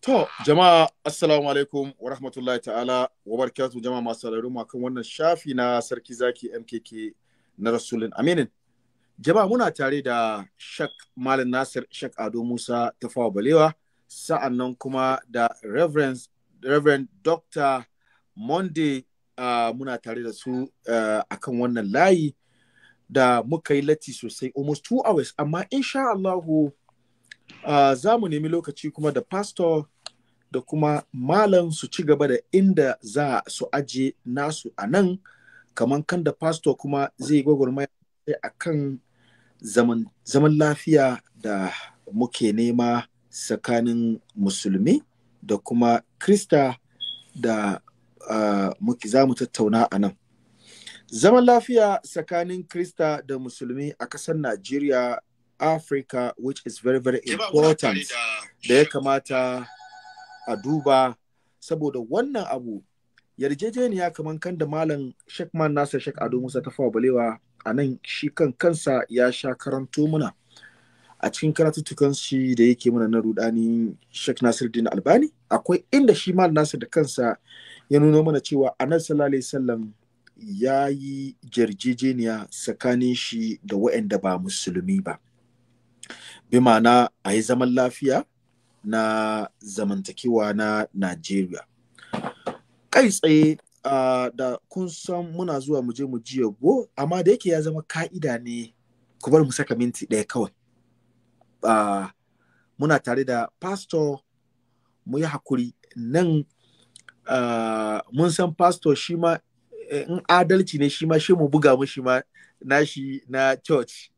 To, jama'a assalamu alaikum wa rahmatullahi ta'ala wa barakatuhu jama'a masu sauraro kan wannan shafi na sarki zaki MKK na Rasulun Aminin. Jama'a muna tare da Shak Malam Nasir Shak Ado Musa Tafawa Balewa sa'an nan kuma da Reverend, Dr. Monday uh, muna tare da su uh, akan wannan layi da muka yi latti sosai almost two hours amma insha Allahu uh, za mu nemi lokaci kuma da pastor da kuma malam su ci gaba da inda za su aje nasu a nan kamar kan da pastor kuma zai gwagwarmaya a kan zaman, lafiya da muke nema tsakanin musulmi da kuma krista da uh, za mu tattauna a nan zaman lafiya tsakanin krista da musulmi a ƙasar najeriya Africa which is very very important da ya kamata a duba saboda wannan abu yarjejeniya kamar kan da malam Sheikh Nasir Ado Musa ta fawa balewa a nan shi kan kansa ya sha karanto muna a cikin karatuttukan shi da yake mana na rudani nasir din Albani akwai inda shi Malam Nasir da kansa ya nuna mana cewa Annabi sallallahu alaihi wasallam ya yi jarjejeniya tsakanin shi da waɗanda ba musulmi ba bi ma'ana a yi zaman lafiya na zamantakewa na Najeriya. Kai tsaye da kun san muna zuwa mu je mu ji yabo amma da yake ya zama ka'ida ne ku bar mu saka minti ɗaya kawai. muna tare da pastor mu yi hakuri nan mun san pastor shi ma eh, in adalci ne shi ma shi mu buga mu shi ma nashi na church.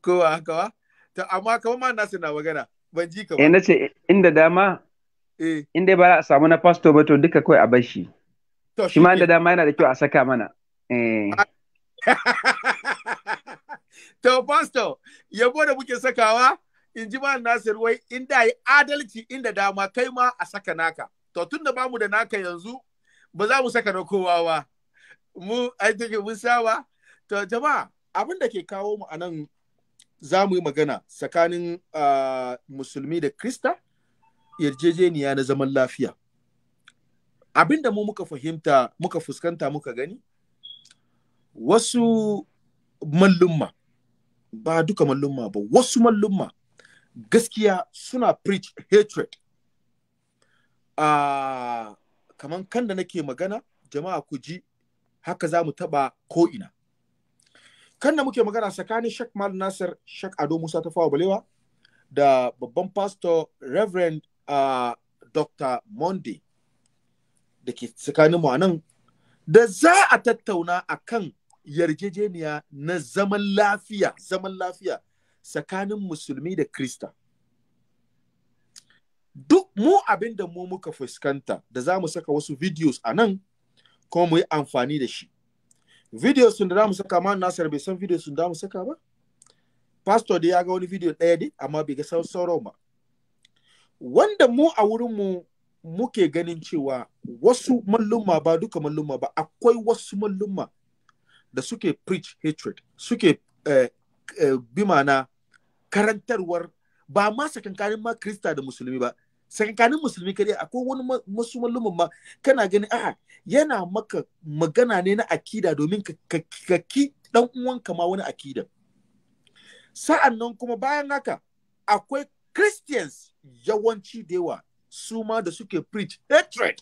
Kowa haka wa? ta amma kamar ma nasu na magana ban ji ka ba. Ina eh, ce, inda dama eh. inda ba a samu na pastor ba to duka kawai a bar shi. Shi ma inda dama yana da kyau a saka mana. Eh. Ah. To pastor yabo da muke sakawa in ji ma Nasir wai inda yi adalci inda dama kai ma a saka naka. To tun da bamu da naka yanzu ba za mu saka na kowa ba. Mu ai take mun saba. To jama'a abin da ke kawo mu a nan za mu yi magana tsakanin musulmi da krista yarjejeniya na zaman lafiya abinda mu muka fahimta muka fuskanta muka gani wasu mallumma ba duka mallumma ba wasu mallumma gaskiya suna preach hatred uh, kaman kan da nake magana jama'a ku ji haka za mu taɓa ko'ina kan da muke magana tsakanin Sheikh Mal Nasir Sheikh Ado Musa ta Fawa Balewa da babban pastor Reverend uh, ah, Dr. Monday da ke tsakanin mu nan da za a tattauna a kan yarjejeniya na zaman lafiya zaman lafiya tsakanin musulmi da krista duk mu abin da mu muka fuskanta da za mu saka wasu videos a nan kuma mu yi amfani da shi video sun da mu saka ma Nasir bai san video sun da mu saka ba pastor da ya ga wani video ɗaya dai amma bai ga sauran ba wanda mu a wurin mu muke ganin cewa wasu mallumma ba duka mallumma ba akwai wasu mallumma da suke preach hatred suke eh, eh, bimana karantarwar ba ma sakankanin ma krista da musulmi ba tsakanin musulmi kadai akwai wani masu mallumin ma kana gani a'a yana maka magana ne na akida domin ka ki dan uwan ma wani akida sa'an nan kuma bayan haka akwai christians yawanci da yawa su ma da suke preach hatred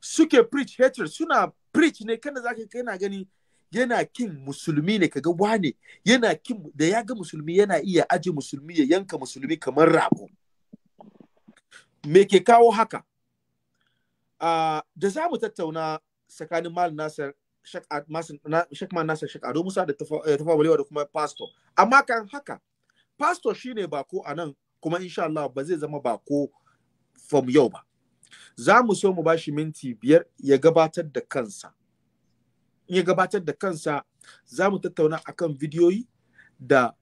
suke preach hatred suna preach ne kana zaka kana gani yana kin musulmi ne kaga wane yana kin da ya ga musulmi yana iya aji musulmi ya yanka musulmi kamar rago. me ke kawo haka uh, da za mu tattauna tsakanin mal nasir shakman nasir Ado musa da walewa eh, da kuma pastor amma kan haka pastor shine bako a nan kuma insha Allah ba zai zama bako from yau ba za mu so mu bashi minti biyar ya gabatar da kansa in ya gabatar da kansa za mu tattauna akan bidiyoyi da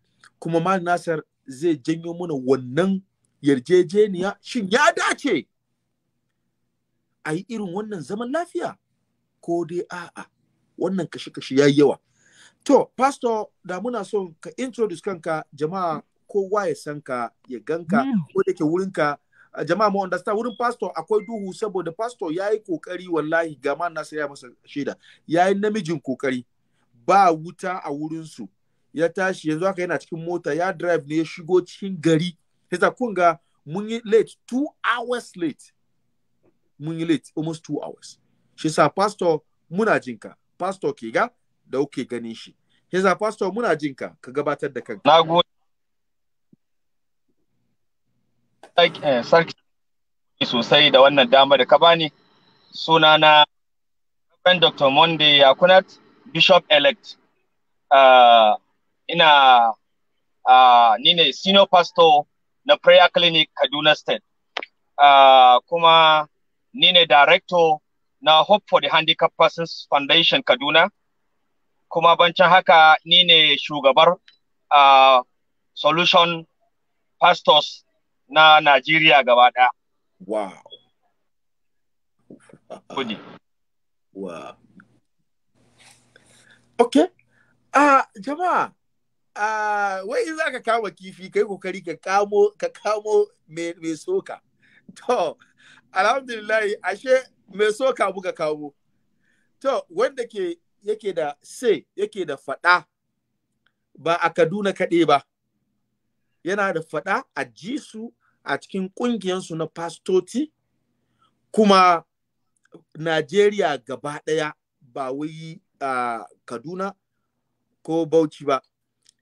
kuma mal nasir zai janyo mana wannan yarjejeniya shin ya dace ayi irin wannan zaman lafiya ko dai a'a wannan kashe-kashe ya yi yawa to pastor da muna son ka introduce kanka jama'a kowa ya san ka ya ganka mm. ko da ke wurinka jama'a mu understand wurin pastor akwai duhu saboda pastor ya yi kokari wallahi gama na saya masa shaida ya yi namijin kokari ba wuta a wurinsu ya tashi yanzu haka yana cikin mota ya drive ne ya shigo cikin gari Yasa kun ga mun yi late two hours late. Mun yi late almost two hours. Shi sa pastor muna jinka. Pastor ke ga da kuke ganin shi. Yasa pastor muna jinka ka gabatar da kanka. Na gode. Eh, sarki sosai da wannan dama da ka bani sunana Reverend Dr. Monday Yakunat Bishop Elect. Uh, ina uh, ni ne senior pastor na prayer clinic kaduna state uh, kuma ni ne director na hope for the handicapped persons foundation kaduna kuma bancin haka ni ne shugabar uh, solution pastors na Nigeria gaba ɗaya wow wow okay uh, jama'a wai in zaka kama kifi kai kokari ka kamo ka kamo mai soka to alhamdulillah ashe mai soka muka kamo to wanda ke yake da sai yake da fada ba a Kaduna kaɗai ba yana da fada a jisu a cikin ƙungiyarsu na fastoci kuma Najeriya gaba ɗaya ba wai a Kaduna ko Bauchi ba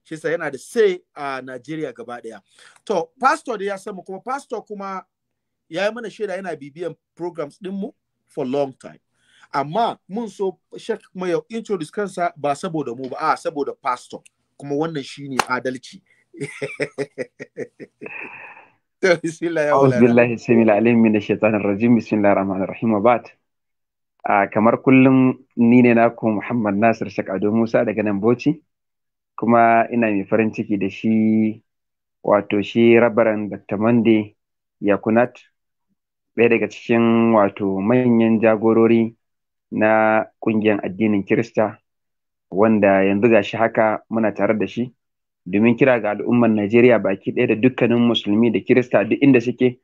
shi sa yana da sai a Najeriya gaba daya to pastor da ya samu kuma pastor kuma ya yi mana shaida yana bibiyan programs dinmu for long time amma mun so shek mai introduce kansa ba saboda mu ba a saboda pastor kuma wannan shi ne adalci Auzubillahi samil alim min shaitanir rajim rahim kamar kullum ni ne naku Muhammad Nasir Shek Musa daga nan Bauchi kuma ina mai farin ciki da shi wato shi rabaran dr monday yakunat ɗaya daga cikin wato manyan jagorori na ƙungiyar addinin kirista wanda yanzu gashi haka muna tare da shi domin kira ga al'ummar najeriya baki ɗaya da dukkanin musulmi da kirista duk inda suke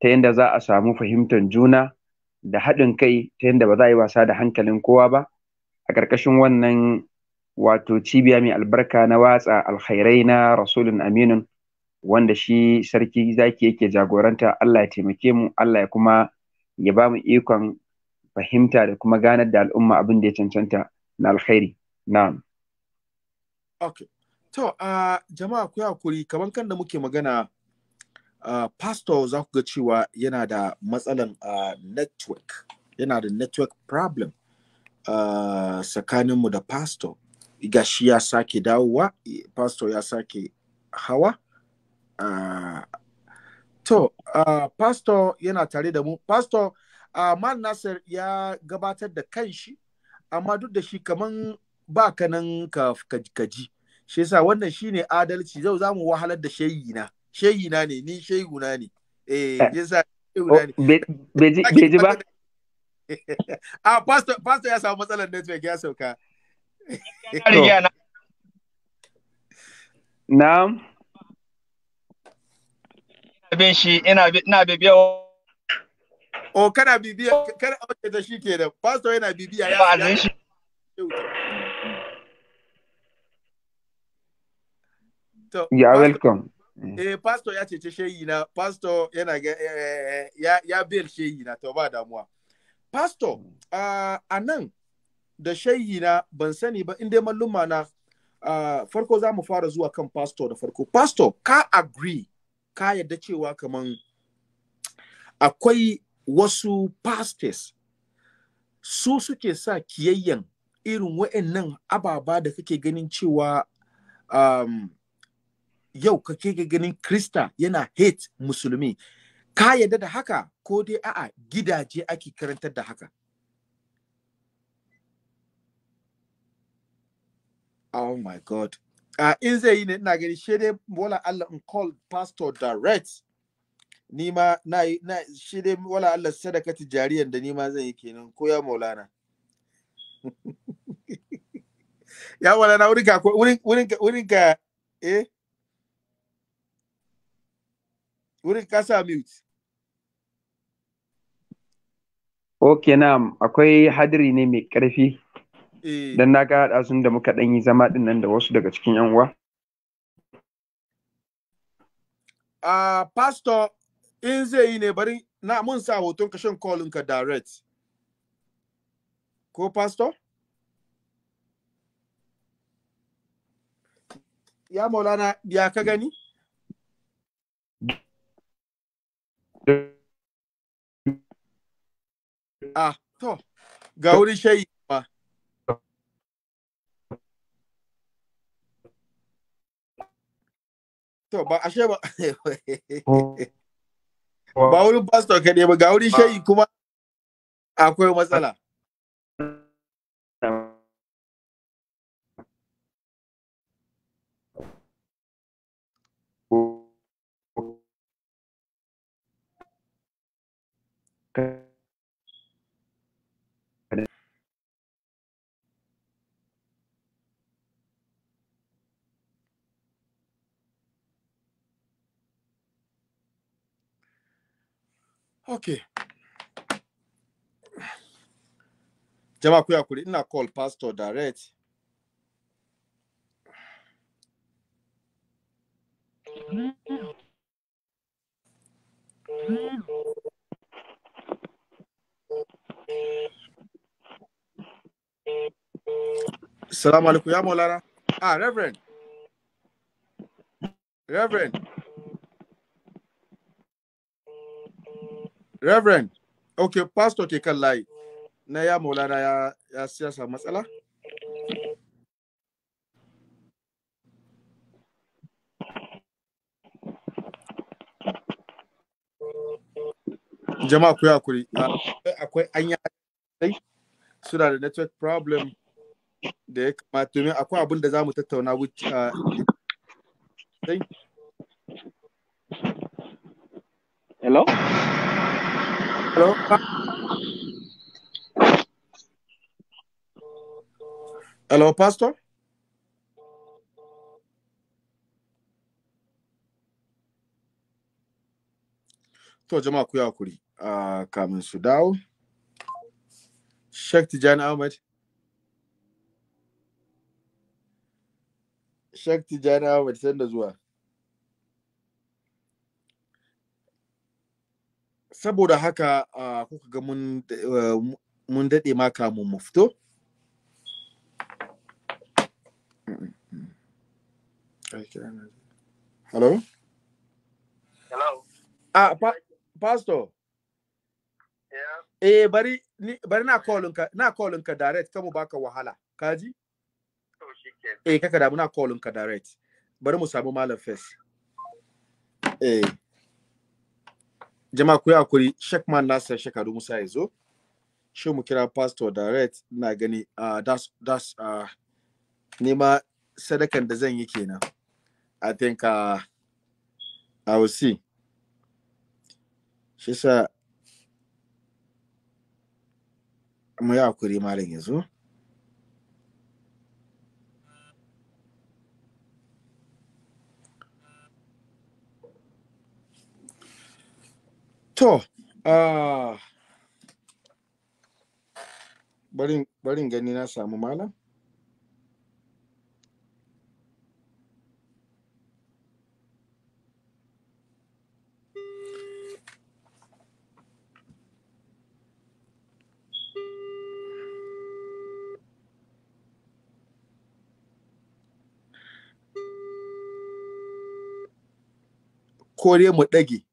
ta yadda za a samu fahimtar juna da haɗin kai ta yadda ba za a yi wasa da hankalin kowa ba a ƙarƙashin wannan wato cibiya mai albarka na watsa alkhairai na rasulun aminun wanda shi sarki zaki yake jagoranta Allah ya taimake mu Allah ya kuma ya ba mu ikon fahimta da kuma ganar da al'umma abin da ya cancanta na alkhairi na'am okay to uh, jama'a ku hakuri kamar kan da muke magana uh, pastor za ku ga cewa yana da matsalan uh, network yana da network problem uh, tsakaninmu da pastor gashi ya sake dawowa pastor ya sake hawa uh, to uh, pastor yana tare da mu pastor uh, ah, man nasir ya gabatar da kanshi amma duk da shi kaman ba ka nan ka kaji shi yasa wannan shine adalci zau za mu wahalar da sheyina sheyina ne ni sheyuna ne eh yasa sheyuna oh, beji ba a pastor pastor ya samu matsalar network ya sauka Na'am. Bin shi ina pastor ya azin shi. Ya welcome. Eh pastor ya cece shehi na pastor yana ga ya ya bail shehi na to ba damuwa. Pastor a nan da na ban sani ba in dai malluma na farko za mu fara zuwa kan pastor da farko pastor ka agree ka yadda cewa kaman akwai wasu pastors su suke sa kiyayyen irin wa'annan ababa da kake ganin cewa um, yau kake ganin krista yana hate musulmi ka yadda da haka ko dai a'a gidaje ake karantar da haka oh my god uh, in zai yi ne ina gani shi dai wala Allah in mm, call pastor direct ni ma na na shi dai wala Allah sadaka tijariyan da ni ma zan yi kenan ko ya maulana ya maulana wurin ka wurin wurin ka wurin ka eh wurin ka sa mute Okay, na'am, akwai hadiri ne mai karfi. Eh. dan na ga haɗa sun da muka ɗan yi zama ɗin nan da wasu daga cikin yan uwa a ah, pastor in zai yi ne bari na mun sa hoton kashin kolinka, ka direct ko pastor ya maulana ya ka gani ah to ga wuri shayi To ba ashe ba. Oh. Ba wurin pastor kaɗai ba ga wurin shayi kuma akwai matsala. Okay. okay jama'a ku kuri ina call pastor direct Salamu alaikum ya Maulana. Ah, Reverend. Reverend. Reverend, Ok, pastor ke kan layi. Na ya maulana ya ya siyasa matsala? Jama'a ku kuri? Akwai anya sai suna da network problem da ya kamata domin akwai abin da za mu tattauna uh, Hello? Hello. Hello, Pastor. To jama'a ku yi hakuri a ah, kamin su dawo. Sheikh Tijani Ahmed. Sheikh Tijani Ahmed sanda zuwa. saboda haka kuka ga mun uh, mun daɗe ma mu fito hello hello ah pa pastor yeah. eh bari ni, bari na callin ka na callin ka direct kamu baka wahala kaji eh kaka da muna callin ka direct bari mu samu malam face eh jama'a ku yi hakuri shekman man nasir shekaru musa ya zo shi mu kira pastor direct na gani a das das nema sadakan da zan yi kenan i think a i will see shi sa mu yi hakuri malam ya zo To, barin, barin gani na samu malam. Ko dai mu ɗage.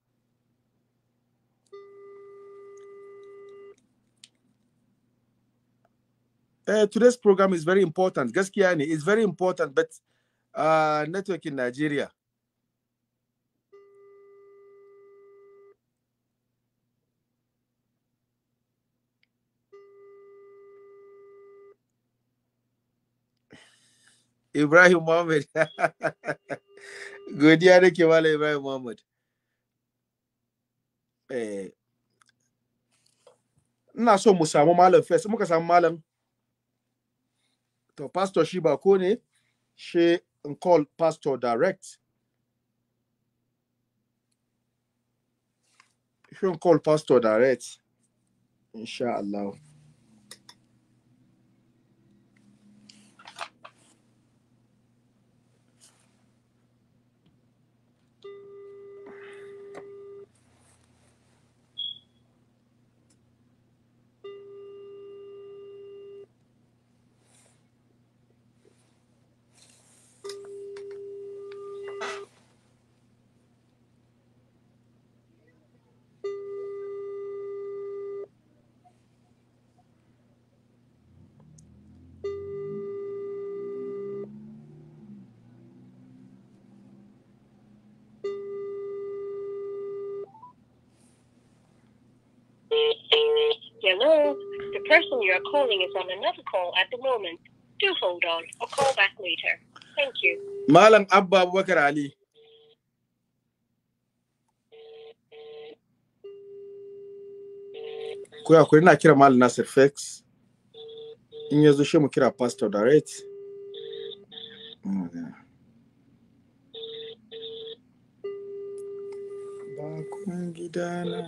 Uh, today's program is very important. Gaskiya ne, it's very important, but uh, network in Nigeria. Ibrahim mohammed Godiya nake Malam Ibrahim mohammed Eh, ina so mu samu Malam Fes, muka samu Malam to pastor Shiba Kone, she in call pastor direct she in call pastor direct inshallah. are calling is on another call at the moment. Do hold on or call back later. Thank you. Malam Abba Abubakar Ali. Kuya kuri na kira Malam Nasir Fex. In yazo shi mu kira Pastor Direct. Bakon gidana.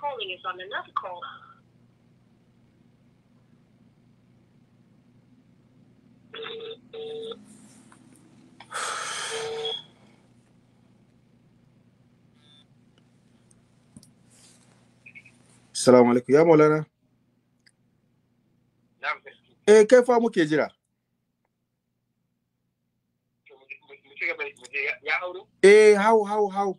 calling is on another call. Salaam alaikum ya Maulana. Eh kai fa muke Eh how how how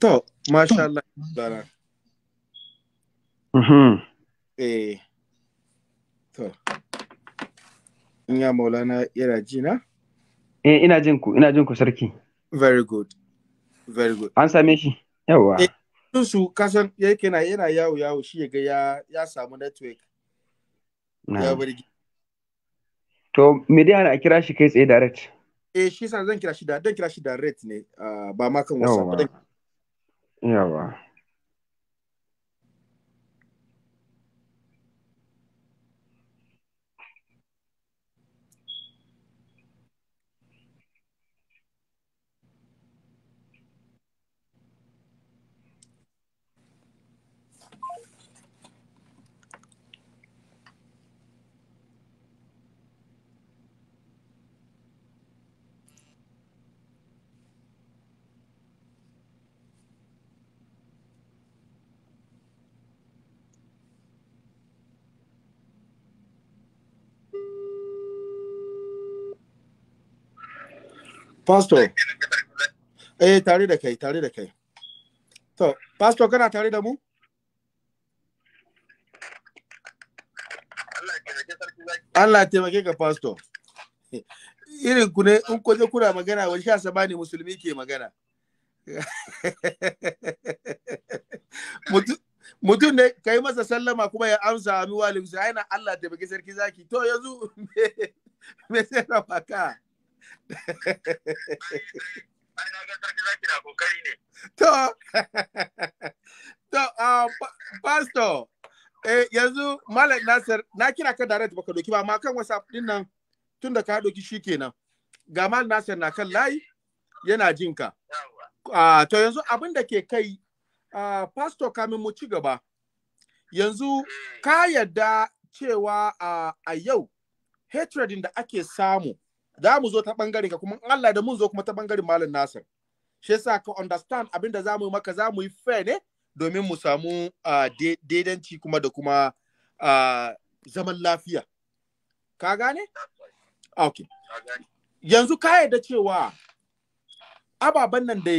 To, masha Allah. Mhm. Eh. To. In ya Maulana yana ji na? Eh, ina jin ku, ina jin ku sarki. Very good. Very good. An same shi. Yawwa. Eh, su kasan yake na yana yawo yawo shi ya ga ya ya samu network. Ya bari. To, me dai ana kira shi kai tsaye direct? Eh, shi sa zan kira shi da, dan kira shi direct ne, ah, ba ma kan WhatsApp. E Pastor. Eh, tare da kai, tare da kai. To, Pastor kana tare da mu? Allah taimake ka Pastor. Irin ku ne in kwaje kuna magana wani sha saba ne musulmi ke magana. Mutum ne ka yi masa sallama kuma ya amsa amin wa alimsa yana Allah taimake sarki zaki to yanzu me sai na maka. To, to, ah, pastor, eh, yanzu Malam Nasir, na kira ka direct baka doki ba, amma kan WhatsApp din nan tun da ka doki shi kenan. Ga Malam Nasir na kan layi yana jin ka. Ah, to yanzu abin da ke kai, uh, pastor kamin mu ci gaba, yanzu ka yadda cewa a yau, hatred da ake samu, za mu zo ta ɓangaren ka kuma Allah da mun zo kuma ta ɓangaren malam Nasir shi yasa ka understand abin da za mu yi maka za mu yi fair ne domin mu samu daidanci kuma da kuma zaman lafiya ka gane okay yanzu ka yarda cewa ababen nan da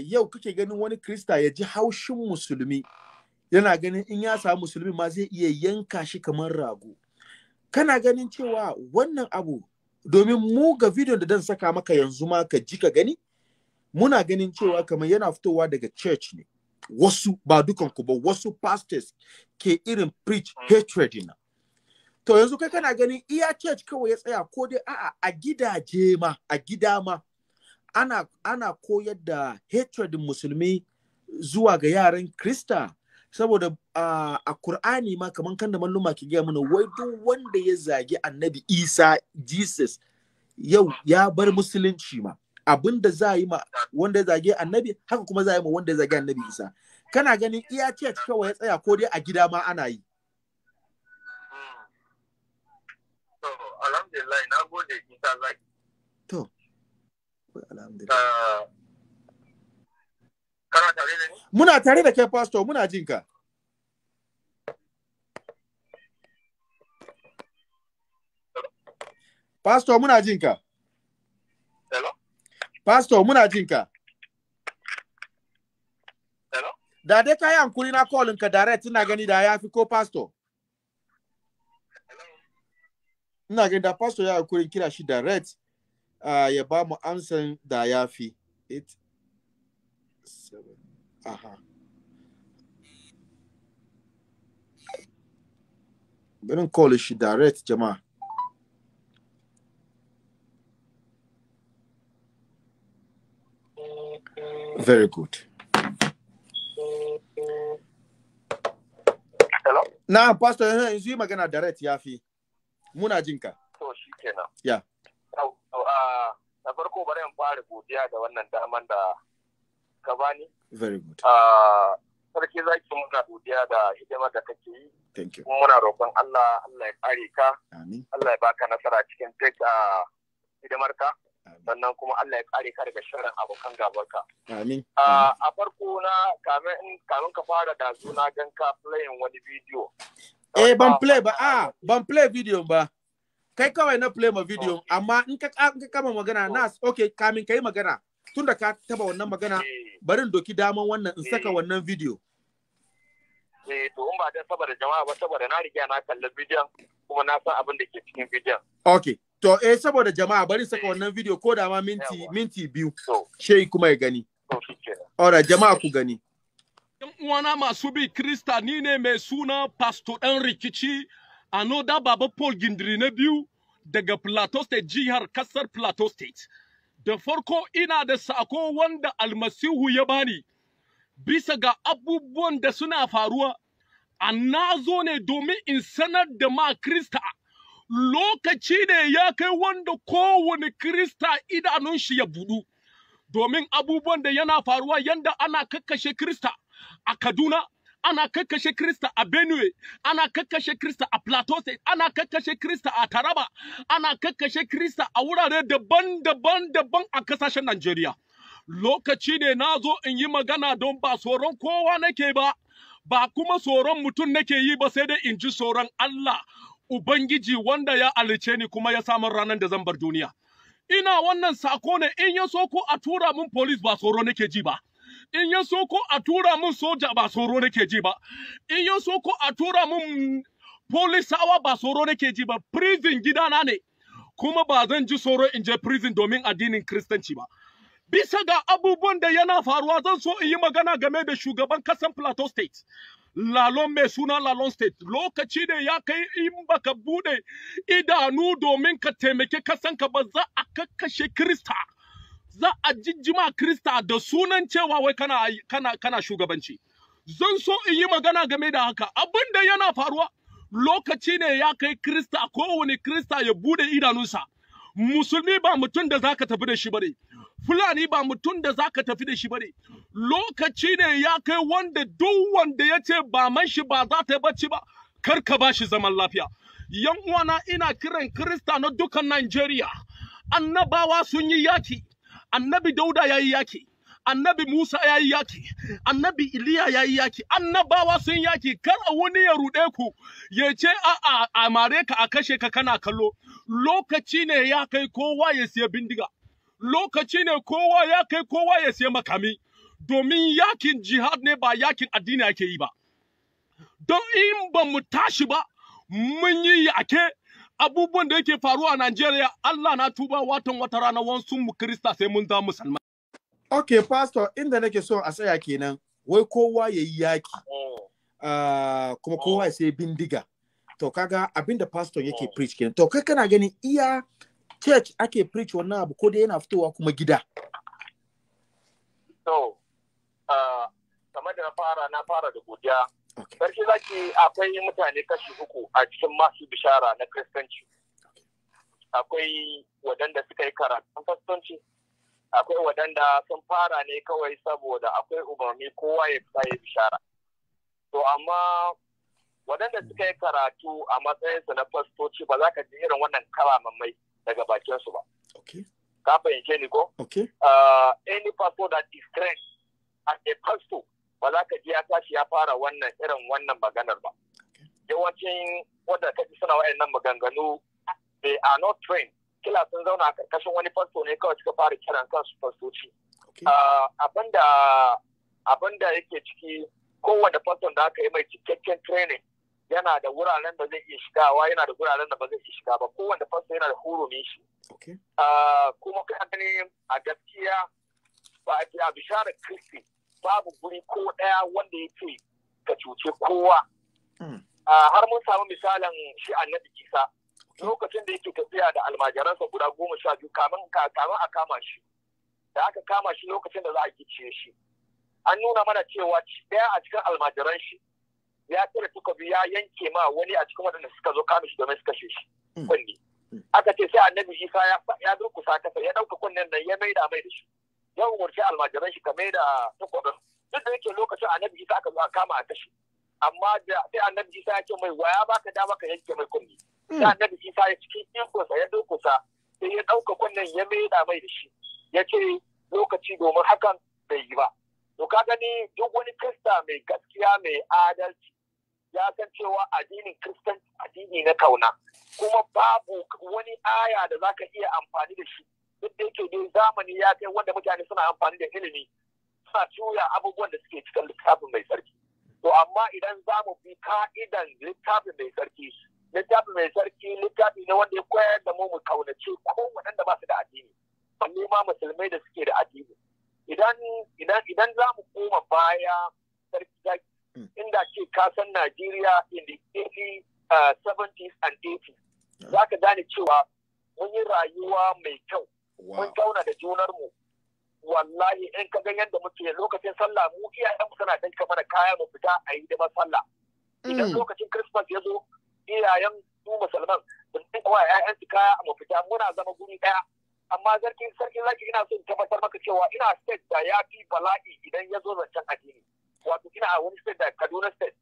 yau kake ganin wani krista ya ji haushin musulmi yana ganin in ya samu musulmi ma zai iya yanka shi kamar rago kana ganin cewa wannan abu domin mu ga bidiyon da dan saka maka yanzu ma ka ji ka gani muna ganin cewa kamar yana fitowa daga church ne wasu ba dukan ku ba wasu pastors ke irin preach mm. hatred na to yanzu kai kana ganin iya church kawai ya tsaya ko dai a'a a gidaje ma a gida ma ana ana koyar da hatred musulmi zuwa ga yaran krista saboda a Kur'ani ma kamar kan da malluma ke gaya mana wai duk wanda ya zagi annabi Isa Jesus yau ya bar musulunci ma abin da za yi ma wanda ya zage annabi haka kuma za yi ma wanda ya zage annabi Isa kana ganin iya ce kawai ya tsaya ko dai a gida ma ana yi alhamdulillah na gode isa zaki to alhamdulillah ah, kana tare da ni muna tare da kai pastor muna jinka pastor muna jinka hello pastor muna jinka hello da dai kai hankuri na callin ka direct ina gani da ya fi ko pastor ina gani da pastor ya hankurin kira shi direct uh, ya ba mu amsan da ya fi 8 7 Ajá. Birin call shi direct jama'a. Very good. Hello? Na, Pastor, yanzu eh, eh, yi magana direct ya fi. Muna jinka. To, shi kenan. Ya. Ah, na farko bari in fara godiya da wannan daman da ka bani. Very good. Ah, sarki ki muna godiya da hidima da kake yi. Thank you. Muna roƙon Allah Allah ya kare ka. Amin. Allah ya baka nasara cikin duk ah, hidimar ka. sannan kuma Allah ya kare ka daga shirin abokan ka ah, Amin. A farko na kamin ka fara da zuna gan ka playin wani video. Eh ban play ba a ban play video ba. Kai kawai na play ma video amma in ka kama magana na okay kamin kai magana tunda ka taba wannan magana eh. barin doki daman wannan in saka eh. wannan video. Eh, to in ba dan saboda jama'a ba saboda na riga na kallon bidiyon kuma na san abin da ke cikin bidiyon. Okay. To eh saboda jama'a bari saka eh. wannan video ko da ma minti minti biyu. Shei kuma ya gani. Ora jama'a ku gani. Yan uwana masu bi Krista ni ne mai suna Pastor Dan Rikici another Baba Paul Gindiri na biyu daga Plateau State jihar kasar Plateau State. da farko ina da sako wanda almasihu ya bani bisa ga abubuwan da suna faruwa anna zo ne domin in sanar da ma Krista lokaci ne ya kai wanda kowane Krista idanun shi ya budu domin abubuwan da yana faruwa yanda ana kakkashe Krista a Kaduna ana kakkashe Krista a Benue, ana kakkashe Krista a Plateau State, ana kakkashe Krista a Taraba, ana kakkashe Krista a wurare daban-daban-daban a kasashen Najeriya. Lokaci ne na zo in yi magana don ba tsoron kowa nake ba, ba kuma tsoron mutum nake yi ba sai dai in ji soron Allah, Ubangiji wanda ya alice ni kuma ya samun ranar da zan bar duniya. Ina wannan sako ne in ya so ko a tura min polis ba tsoro nake ji ba. in ya so ko a tura mun soja ba tsoro nake ji ba in ya so ko a tura mun polisawa ba tsoro nake ji ba prison gidana ne kuma ba zan ji tsoro in je prison domin addinin kristanci ba bisa ga abubuwan da yana faruwa zan so in yi magana game da shugaban kasan plateau state lalon mai suna lalon state lokaci ne ya kai in baka bude idanu domin ka taimake kasanka ba za a kakkashe krista za a jijjima Krista da sunan cewa wai kana, kana, kana shugabanci. Zan so in yi magana game da haka, abin da yana faruwa lokaci ne ya kai Krista kowane Krista ya bude idanunsa. Musulmi ba mutum da zaka tafi da shi bane. Fulani ba mutum da zaka tafi da shi bane. Lokaci ne ya kai wanda duk wanda ya ce ba man shi ba za ta bacci ba, kar ka ba shi zaman lafiya. Yan uwana ina kiran Krista na dukan Najeriya. Annabawa sun yi yaki, annabi dauda ya yi yaki annabi musa ya yi yaki annabi iliya ya yi yaki annabawa sun yaki kar a wani ya ruɗe ku ya ce a a mare ka a kashe ka kana kallo lokaci ne ya kai kowa ya siya bindiga lokaci ne kowa ya kai kowa ya siya makami domin yakin jihad ne ba yakin addini ake yi ba don in ba mu tashi ba mun yi yake abubuwan da yake faruwa a Najeriya Allah na tuba watan wata rana wansu mu Kirista sai mun za musulma. Ok, pastor, inda nake so a tsaya kenan, wai kowa ya yi yaki, uh, oh. ah, kuma kowa ya oh. sai bindiga. To kaga da pastor yake oh. preach kenan. To kai kana ganin iya church ake preach wannan abu ko dai yana fitowa kuma gida. To, so, ah, kamar da na fara, na fara da godiya Sarki zaki akwai mutane kashi uku a cikin masu bishara na kiristanci. Akwai waɗanda suka yi karatun fastanci. akwai waɗanda sun fara ne kawai saboda akwai umarni kowa ya fita ya bishara. To amma waɗanda suka yi karatu a matsayinsu na fastoci ba za ka ji irin wannan kalamamai daga bakinsu ba. Ka fahimce ni ko? Okay. Uh, any pastor that is trained as a pastor ba za ka ji ya tashi ya fara wannan irin wannan maganar ba yawancin wanda ka ji suna nan maganganu they are not trained kila sun zauna a karkashin wani fasto ne kawai suka fara kiran kansu fastoci ah, abinda yake ciki kowane faston da aka yi mai cikakken training yana da wuraren da zai iya shigawa yana da wuraren da ba zai iya shiga ba kowane fasto yana da hurumin shi ah, kuma ka gani a gaskiya ba a bishara kristi babu guri ko ɗaya wanda ya ce ka cuce kowa. Hmm. Ah, har mun samu misalin shi annabi Isa lokacin da yake tafiya da almajiransa guda goma sha biyu kamin a kama shi. Da aka kama shi lokacin da za a gicciye shi. An nuna mana cewa ɗaya a cikin almajiran shi ya tura biyu, ya yanke ma wani a cikin waɗanda suka zo kama shi domin su kashe shi. Hmm. Hmm. Aka ce sai annabi Isa ya durkusa kasa ya ɗauka kunnen nan ya maida mai da shi. ya umarci almajiran shi kamar da takwabin duk da yake lokacin annabi isa aka zo a kama a kashi amma da sai annabi isa ya ce mai waya baka dama ka yanke mai kunni hmm. sai annabi isa ya cikin ikonsa ya dokusa sai ya ɗauka kunnen ya maida mai da shi ya ce lokaci domin hakan bai yi ba to ka gani duk wani kirista mai gaskiya mai adalci ya san cewa addinin kristan addini na kauna kuma babu wani aya da zaka iya amfani da shi duk da yake dai zamani ya kai wanda mutane suna amfani da ilimi suna cuya abubuwan da suke cikin littafin mai tsarki to amma idan za mu bi ka'idan littafin mai tsarki littafi mai sarki littafi na wanda ya koyar da mu mu kaunace ko waɗanda ba su da addini balle ma musulmai da suke da addini idan idan idan za mu koma baya sarki hmm. inda ce kasan Najeriya in the early uh, 70s and 80 hmm. za ka gane cewa mun yi rayuwa mai kyau mun tauna da junar mu wallahi in ka ganyen da muke lokacin sallah mu iyayen mu suna danka mana kaya mu fita a yi da sallah mm. idan lokacin christmas ya zo iyayen su musulman sun dinka wa ƴaƴan su kaya mu fita muna zama guri daya amma zarkin sarki zaki ina son tabbatar maka cewa ina state da ya fi bala'i idan ya zo zancen addini wato ina a wani state da kaduna state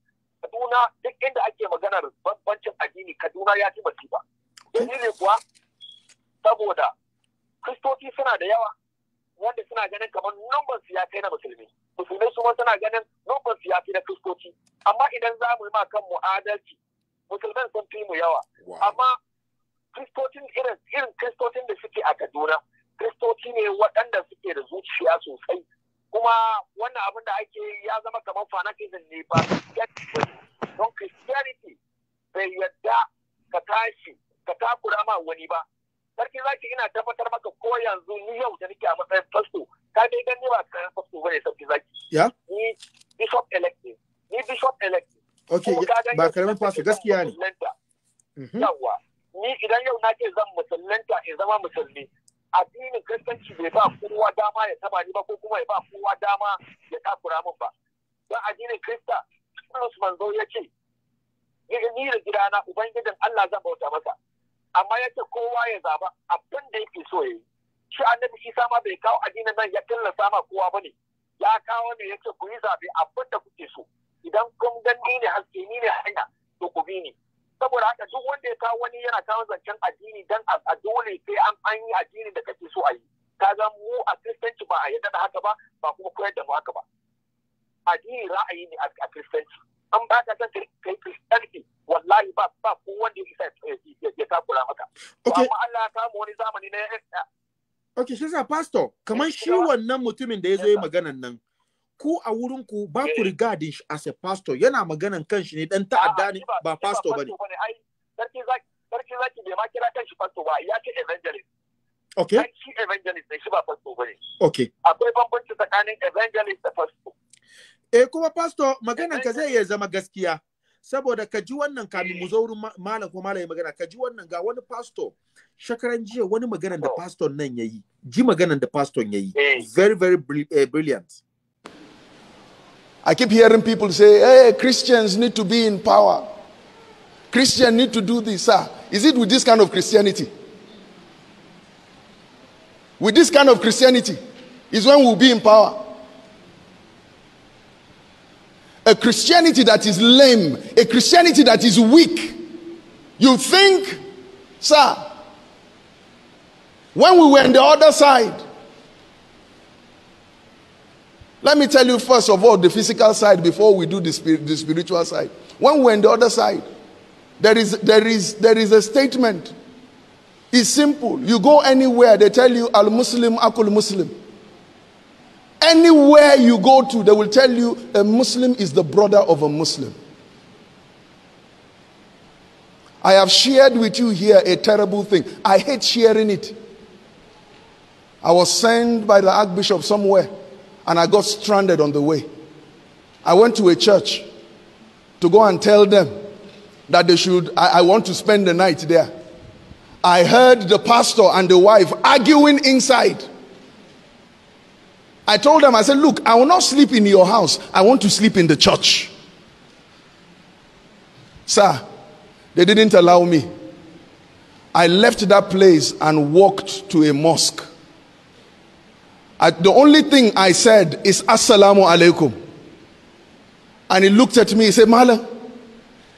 kaduna duk inda ake maganar bambancin addini kaduna ya fi masifa dalilin kuwa saboda kristoci suna da yawa wanda suna ganin kamar numban su na musulmi musulmai su suna ganin numban su kai na kristoci amma idan za mu yi ma kanmu adalci musulman sun fi mu yawa amma kristocin irin irin kristocin da suke a kaduna kristoci ne waɗanda suke da zuciya sosai kuma wannan abin da ake ya zama kamar fanatism ne ba don christianity bai yadda ka tashi ka takura ma wani ba sarki ki ina tabbatar maka ko yanzu ni yau da nake a matsayin fasto ka dai gani ba ka fasto bane sarki ki ya ni bishop elect ni bishop elect okay ba karamin fasto gaskiya ne mhm. yawa ni idan yau na ce zan musallanta in zama musulmi addinin kristanci bai ba kowa dama ya taba ni ba ko kuma ya ba kowa dama ya takura min ba don addinin krista Carlos manzo ya ce ni da gidana ubangijin Allah zan bauta masa amma yake kowa ya zaba abin da yake so yayi shi annabi isa ma bai kawo addinin nan ya killa sama kowa bane ya kawo ne yake ku yi zabe abin da kuke so idan kun gan ni ne haske ni ne hanya to ku bi ni saboda haka duk wanda ya kawo wani yana kawo zancen addini dan a dole sai an an yi addini da kake so a yi ka ga mu a kristanci ba a yadda da haka ba ba kuma koyar da mu haka ba addini ra'ayi ne a kristanci an ba ka san kai kristanci wallahi ba ba ko wanda ya ya takura maka okay amma Allah ya samu wani zamani ne Okay, shi sa pastor, kamar eh, shi wannan mutumin da ya zo yi maganan nan, ku a wurin ku ba ku eh. regardin shi as a pastor, yana maganan kanshi ne dan ta'adda ne ba pastor bane. Sarki zaki sarki zaki bai ma kira kanshi pastor ba, ya ce evangelist. Okay. Shi evangelist ne shi ba pastor bane. Okay. Akwai bambanci tsakanin evangelist da pastor. Eh kuma pastor maganan ka zai iya zama gaskiya. saboda ka ji wannan kamin mu zo eh. wurin malam ko malam ya magana ka ji wannan ga wani pastor shakaran jiya wani maganan da oh. pastor nan yayi ji maganan da pastor yayi eh. very very eh, brilliant I keep hearing people say, hey, Christians need to be in power. Christians need to do this, sir. Is it with this kind of Christianity? With this kind of Christianity is when we'll be in power a Christianity that is lame, a Christianity that is weak. You think, sir, when we were on the other side, let me tell you first of all the physical side before we do the, spirit, the spiritual side. When we were on the other side, there is, there is, there is a statement. It's simple. You go anywhere, they tell you, Al Muslim, Akul Muslim. Anywhere you go to, they will tell you a Muslim is the brother of a Muslim. I have shared with you here a terrible thing. I hate sharing it. I was sent by the Archbishop somewhere and I got stranded on the way. I went to a church to go and tell them that they should, I, I want to spend the night there. I heard the pastor and the wife arguing inside. I told them, I said, Look, I will not sleep in your house. I want to sleep in the church. Sir, they didn't allow me. I left that place and walked to a mosque. I, the only thing I said is Assalamu alaikum. And he looked at me, he said, Mala.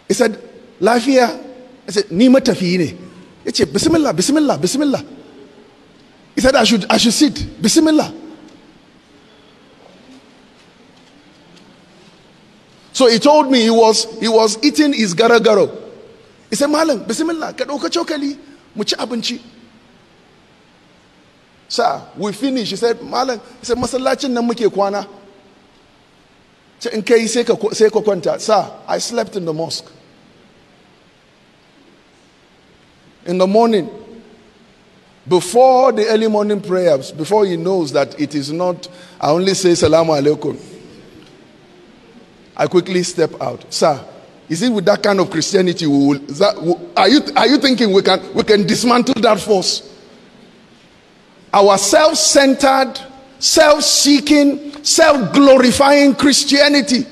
He said, Lafia. I said, Nima tafine. He said, Bismillah, Bismillah, Bismillah. He said, I should, I should sit. Bismillah. So he told me he was, he was eating his garagaro. He said, Malam, bismillah, ka ɗauka mucha abunchi. ci Sir, we finish. He said, Malam, he said, masallacin nan kwana. Ce in kai sai ka kwanta. Sir, I slept in the mosque. In the morning, before the early morning prayers, before he knows that it is not, I only say, Salamu alaikum. I quickly step out. Sir, is it with that kind of Christianity we will, that, are, you, are you thinking we can, we can dismantle that force? Our self centered, self seeking, self glorifying Christianity.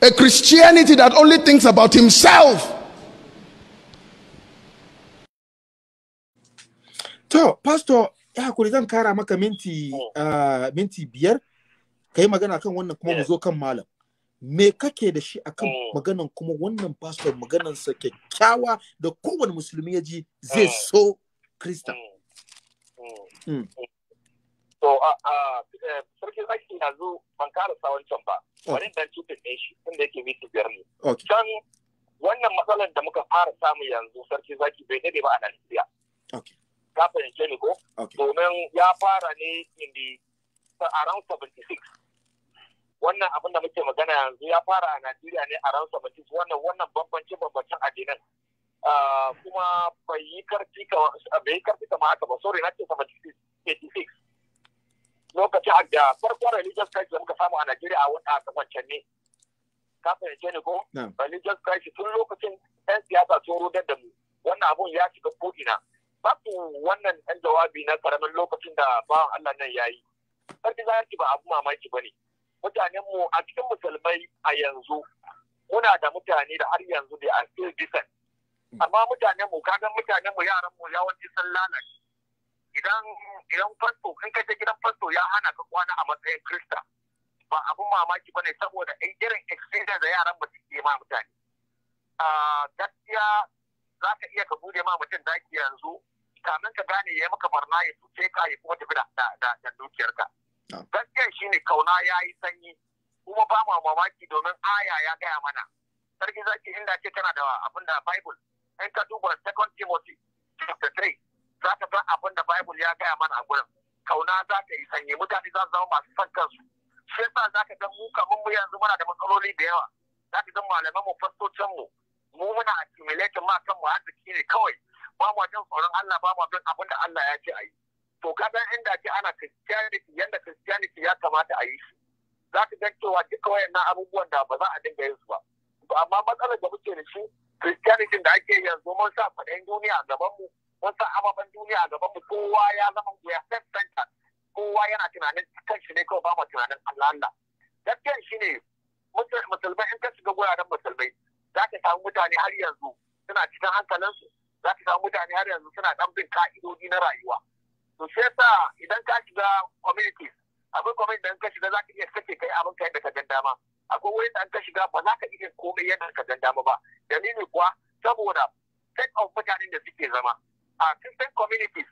A Christianity that only thinks about himself. To, Pastor, ya kuri zan kara maka minti, oh. ah, minti biyar ka yi magana kan wannan kuma mu zo kan malam me kake da shi akan oh. maganan kuma wannan pastor maganansa kyakkyawa da kowane musulmi ya ji zai mm. so krista to mm. mm. a eh, sarki zaki yanzu ban sawan wancan ba bari dan tuke ne shi inda yake miki biyar ne can wannan matsalar da muka fara samu yanzu sarki zaki bai dade ba a Najeriya ka fahimce ni ko domin ya fara ne in around 76 wannan abin da muke magana yanzu ya fara a Najeriya ne a ran 76 wannan wannan bambance bambancen addinan ah, kuma bai yi karfi bai yi karfi kama ma ba sorry na ce 76 lokacin da farkon religious crisis da muka samu a Najeriya a wata wancan ne ka fahimce ne ko religious crisis tun lokacin yan siyasa sun rudar da mu wannan abun ya shiga ko'ina babu wannan ɗan jawabi na karamin lokacin da bawan Allah nan ya yi sarki ki ba abu mamaki ba ne mutanen mu a cikin musulmai a yanzu muna da mutane da har yanzu da a still decent amma mutanen mu kagan mutanen mu yaran mu yawanci sun lalace idan idan fasto in ka gidan fasto ya hana ka kwana a matsayin krista ba abu mamaki bane saboda irin experience da yaran mu suke ma mutane ah, gaskiya za ka iya ka bude ma mutum daki yanzu kamin ka gane ya yi maka barna ya tuce ka ya kuma tafi da dukiyarka ah. gaskiya shi ne kauna ya yi sanyi kuma ba mu mamaki domin aya ya gaya mana sarki zaki inda ce tana da abin da bible in ka duba second timothy chapter three za ka ga abin da bible ya gaya mana a gurin kauna za ka yi sanyi mutane za su zama masu son kansu shi yasa za ka ga mu kamar mu yanzu muna da matsaloli da yawa za ka ga malaman mu fastocin mu mu muna accumulating ma kan mu arziki ne kawai babu jin tsoron Allah babu ma bin abin da Allah ya ce a yi to ka san inda ce ana Christianity yanda Christianity ya kamata a yi shi za ka ga cewa wayan na abubuwan da ba za a dinga yin su ba to amma matsalar da muke da shi Christianity da ake yanzu mun sa faɗin duniya a gaban mu mun sa ababen duniya a gaban mu kowa ya zama ya santa kowa yana tunanin kan shi ne kawai ba mu tunanin Allah Allah gaskiyan shi ne musulmai in ka shiga guraren musulmai za ka samu mutane har yanzu suna cikin hankalinsu za ka samu mutane har yanzu suna ɗan bin ka'idodi na rayuwa to sai yasa idan ka shiga communities abin community da ka shiga za ka iya kace kai abin ka yadda ka gan dama akwai wurin da ka shiga ba za ka iya komai yadda ka ba. dama ba dalili kuwa saboda set of mutanen da suke zama a Christian communities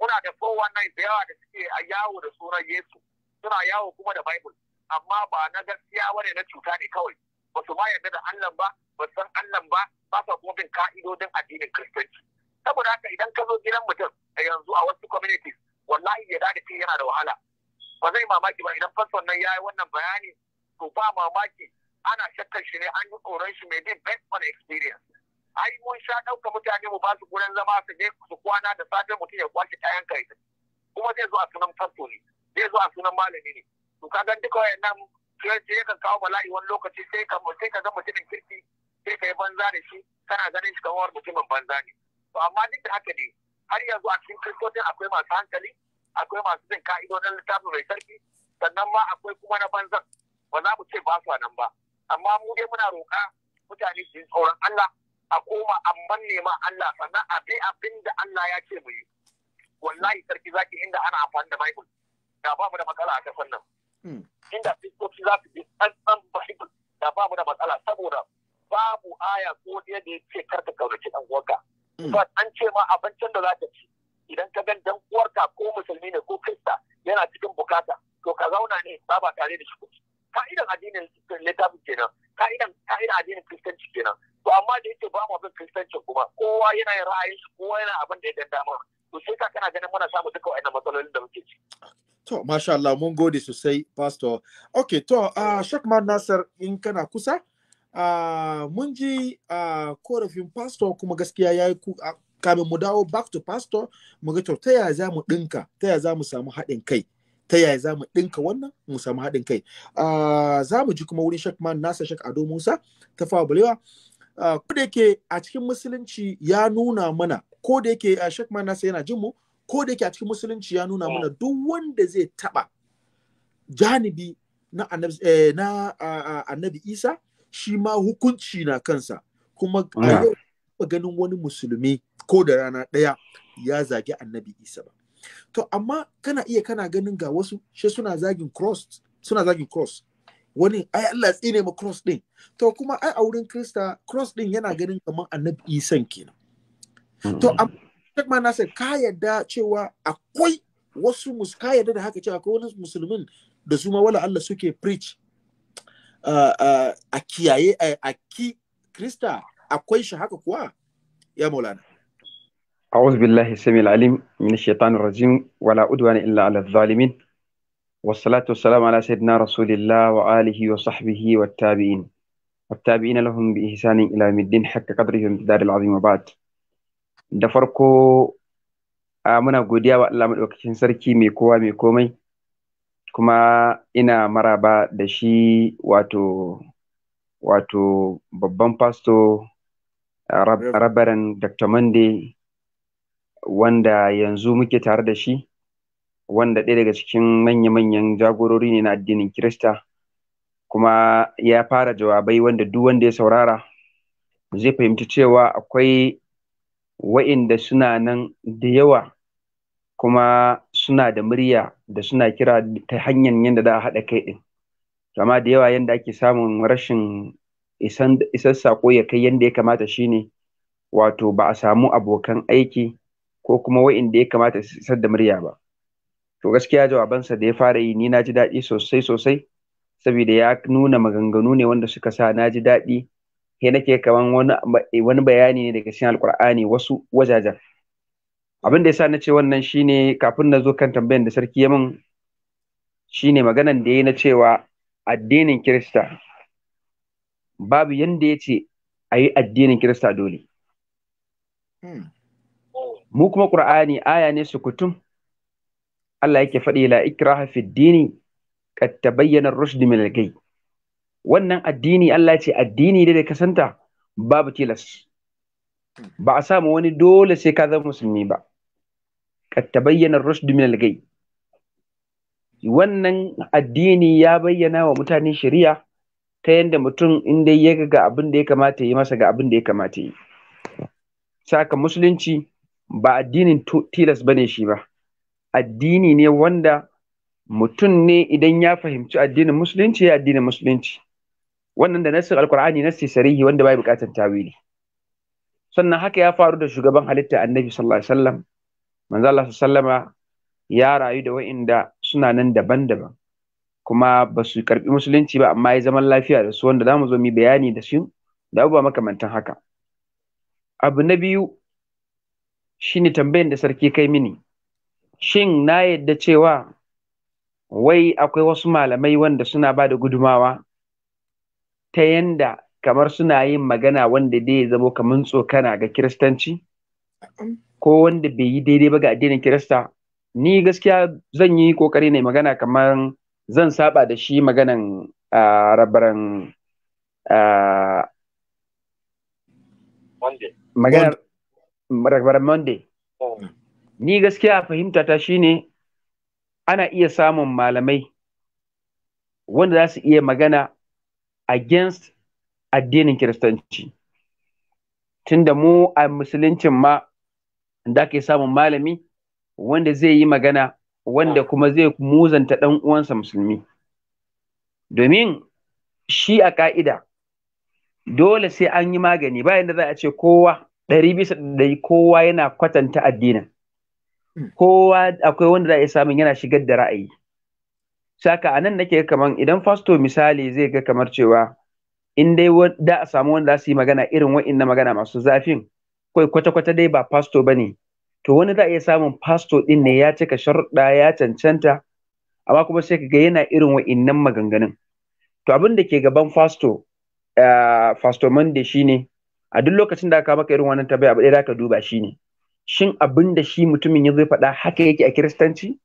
muna da 419 da yawa da suke a yawo da sunan Yesu suna yawo kuma da Bible amma ba na gaskiya bane na cuta ne kawai ba su ma yarda da Allah ba ba san Allah ba ba sa kuma bin ka'idodin addinin Kiristanci. Saboda haka idan ka zo gidan mutum a yanzu a wasu communities wallahi ya da ce yana da wahala. Ba zai mamaki ba idan fasfon nan ya yi wannan bayani to ba mamaki ana shakkar shi ne an yi tsoron shi mai bin based on experience. Ai mun sha ɗauka mutane mu ba su gurin zama su je su kwana da safe mutum ya kwashe kayan kai kuma zai zo a sunan fasto ne zai zo a sunan malami ne. To ka ga duka wayannan sai ya kawo bala'i wani lokaci sai ka zama mutum mutumin kirki sai ka yi banza da shi kana ganin shi kamar mutumin banza ne to amma duk da haka ne har yanzu a cikin kristocin akwai masu hankali akwai masu jin ka'idodin littafin mai sarki sannan ma akwai kuma na banza. ba za mu ce ba su nan ba amma mu dai muna roƙa mutane su yi tsoron Allah a koma amman nema Allah sannan a bi abin da Allah ya ce mu yi wallahi sarki zaki inda ana amfani da Bible da ba mu da matsala a kasan nan hmm. inda kristoci za su bi tsantsan Bible da ba mu da matsala saboda babu aya ko ɗaya da ya ce kar ka kaunaci ɗan uwarka. Ba hmm. an ce ma abincin da za ta ci idan ka gan dan uwarka ko musulmi ne ko kirista, yana cikin bukata to ka zauna ne ba ba tare da shi ka'idan addinin littafin kenan ka'idan ka'idan addinin kiristanci kenan to amma da yake ba mu abin kristancin kuma kowa yana yin ra'ayin shi kowa yana abin da ya dan dama to sai ka kana ganin muna samu duka wa'annan matsalolin da muke ci to masha Allah mun gode sosai pastor okay to uh, ah, Shakman Nasir in kana kusa mun ji korafin pastor kuma gaskiya ya yi kamin mu dawo back to pastor mu ga ta yaya za mu ɗinka ta yaya za mu samu haɗin kai ta yaya za mu ɗinka wannan mu samu haɗin kai za mu ji kuma wurin shak man nasa shak ado musa ta fawa balewa ko da yake a cikin musulunci ya nuna mana ko da yake shek man nasa yana jin mu ko da yake a cikin musulunci ya nuna mana duk wanda zai taɓa janibi na annabi eh, isa shi ma hukunci na kansa kuma ah. ba ganin wani musulmi ko da rana ɗaya ya zagi annabi isa ba to amma kana iya kana ganin ga wasu shi suna zagin cross suna zagin cross wani ai Allah tsine ma cross din to kuma ai a wurin krista cross din yana ganin kamar annabi isa kenan to amma na sai ka yadda cewa akwai wasu mus ka da haka cewa akwai wani musulmin da su ma wala Allah suke preach a kiyaye a ki krista akwai shi haka kuwa ya maulana أعوذ بالله السميع العليم من الشيطان الرجيم ولا أدوان إلا على الظالمين والصلاة والسلام على سيدنا رسول الله وآله وصحبه والتابعين والتابعين لهم بإحسان إلى يوم الدين حق قدره وامتداد العظيم وبعد da farko a muna godiya wa Allah madaukakin sarki mai kowa mai komai kuma ina maraba da shi wato wato babban pasto rabaran dr monday wanda yanzu muke tare da shi wanda ɗaya daga cikin manya-manyan jagorori ne na addinin kirista kuma ya fara jawabai wanda duk wanda ya saurara zai fahimci cewa akwai wa'inda suna nan da yawa kuma suna da murya da suna kira ta hanyar yadda za a haɗa kai ɗin kama da yawa yadda ake samun rashin isan sako ya kai yadda ya kamata shine wato ba a samu abokan aiki ko kuma wa'inda ya kamata su isar da murya ba to gaskiya jawabansa da ya fara yi ni na ji daɗi sosai sosai saboda ya nuna maganganu ne wanda suka sa na ji daɗi sai nake kaman wani bayani ne daga cikin Alƙur'ani wasu wajajen abin da yasa na ce wannan shine kafin na zo kan tambayan da sarki ya min shine maganan da ya yi na cewa addinin kirista babu yanda ya ce a yi addinin kirista dole hmm. mu kuma ƙur'ani aya ne su kutum. Allah yake faɗi la ikraha fi dini qad tabayyana rushd min wannan addini Allah ce addini da kasanta? babu tilas hmm. ba a samu wani dole sai ka zama musulmi ba kad tabayyana rushd min wannan addini ya bayyana wa mutane shari'a ta yadda mutum inda ya ga abin da ya kamata yi masa ga abin da ya kamata yi saka musulunci ba addinin tilas bane shi ba addini ne wanda mutum ne idan ya fahimci addinin musulunci ya addinin musulunci wannan da nassin alkur'ani nassi sarihi wanda bai bukatar tawili sannan haka ya faru da shugaban halitta annabi sallallahu alaihi wasallam manzo Allah sallama ya rayu da wa'inda suna nan daban-daban kuma ba su karbi musulunci ba amma ya zaman lafiya da su wanda zamu zo mu bayani da su da abubuwa makamantan haka abu na biyu shine tambayan da sarki kai mini shin na yadda cewa wai akwai wasu malamai wanda suna ba da gudumawa ta yanda kamar suna yin magana wanda dai zamo kamar tsokana ga kiristanci? ko wanda bai yi daidai ba ga addinin kirista ni gaskiya zan yi kokari ne magana kamar zan saba da shi maganan rabaran maganar rabaran monday ni gaskiya fahimta ta ne ana iya samun malamai wanda za su iya magana against addinin kiristanci tunda mu a musuluncin ma da ake samun malami wanda zai yi magana wanda kuma zai muzanta ɗan uwansa musulmi domin shi a ƙa'ida, dole sai an yi magani bayan da za a ce kowa ɗari bisa ɗari kowa yana kwatanta addinin hmm. kowa akwai wanda za a yi samun yana shigar da ra'ayi saka anan nake kaman idan fasto misali zai ga kamar cewa in dai da a samu wanda za su yi magana irin wa'in na magana masu zafin kwata-kwata dai ba fasto ba ne to wani za a iya samun fasto ɗin ne ya cika sharuɗa ya cancanta amma kuma sai kaga yana irin wa'innan maganganun to abin da ke gaban fasto fasto eh, monday shine a duk lokacin da aka maka irin wannan tabbai abu ɗaya ka duba ne, shin abin da shi mutumin ya zai faɗa haka yake a kiristanci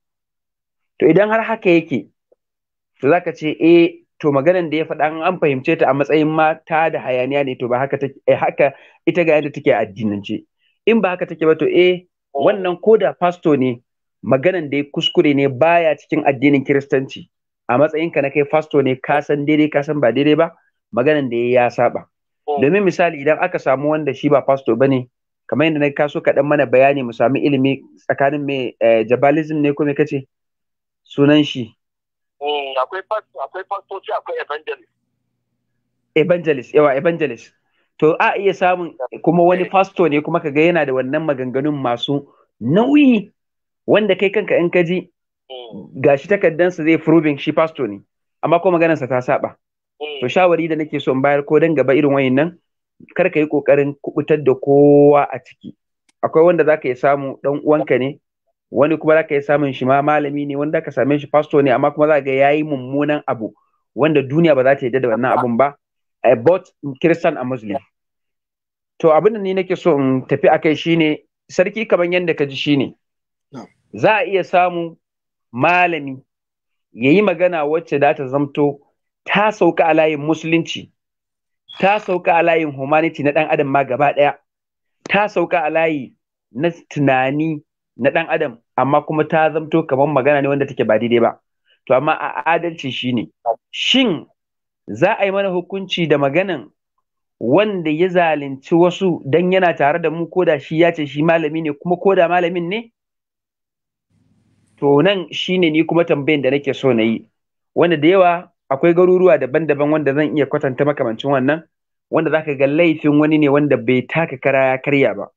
to idan har haka yake to zaka ce eh to maganan da ya faɗa an fahimce ta a matsayin mata da hayaniya ne to ba haka take eh, haka ita ga yadda take addinance in ba haka take ba to eh wannan koda pasto ne maganan da ya kuskure ne baya cikin addinin kiristanci a matsayin ka na kai pasto ne ka san daidai ka san ba daidai ba maganan da ya saba oh. domin misali idan aka samu wanda shi ba pasto bane kamar yadda na kaso kaɗan mana bayani mu sami ilimi tsakanin mai eh, jabalism ne me kace sunan shi Eh, akwai akwai evangelist yawa evangelist to a iya samun kuma wani fasto eh. ne kuma kaga yana da wannan maganganun masu nauyi wanda kai kanka in kaji eh. gashi takaddansa zai furubin shi fasto ne amma ko maganarsa ta saba to shawari da nake so in bayar ko dan gaba irin wayannan kar ka yi kokarin kubutar da kowa a ciki akwai wanda za ka iya samu dan uwanka ne wani kuma zaka yi samun shi ma malami ne wanda ka same shi pastor ne amma kuma zaka ga yayi mummunan abu wanda duniya ba za ta yarda da wannan abun ba both Christian and Muslim to abin da ni nake so in tafi akai shine sarki kamar yadda ka ji shine za a iya samu malami ya yi magana wacce za ta zamto ta sauka a layin musulunci ta sauka a layin humanity na dan adam ma gaba ɗaya ta sauka a layi na tunani na dan adam amma kuma ta zamto kamar magana ne wanda take ba daidai ba to amma a adalci shine shin za a yi mana hukunci da maganan wanda ya zalunci wasu dan yana tare da mu ko da shi ya ce shi malami ne kuma ko da malamin ne to nan shine ni kuma tambayin da nake so na yi wanda da yawa akwai garuruwa daban-daban wanda zan iya kwatanta makamancin wannan wanda zaka ga laifin wani ne wanda bai taka kara ya karya ba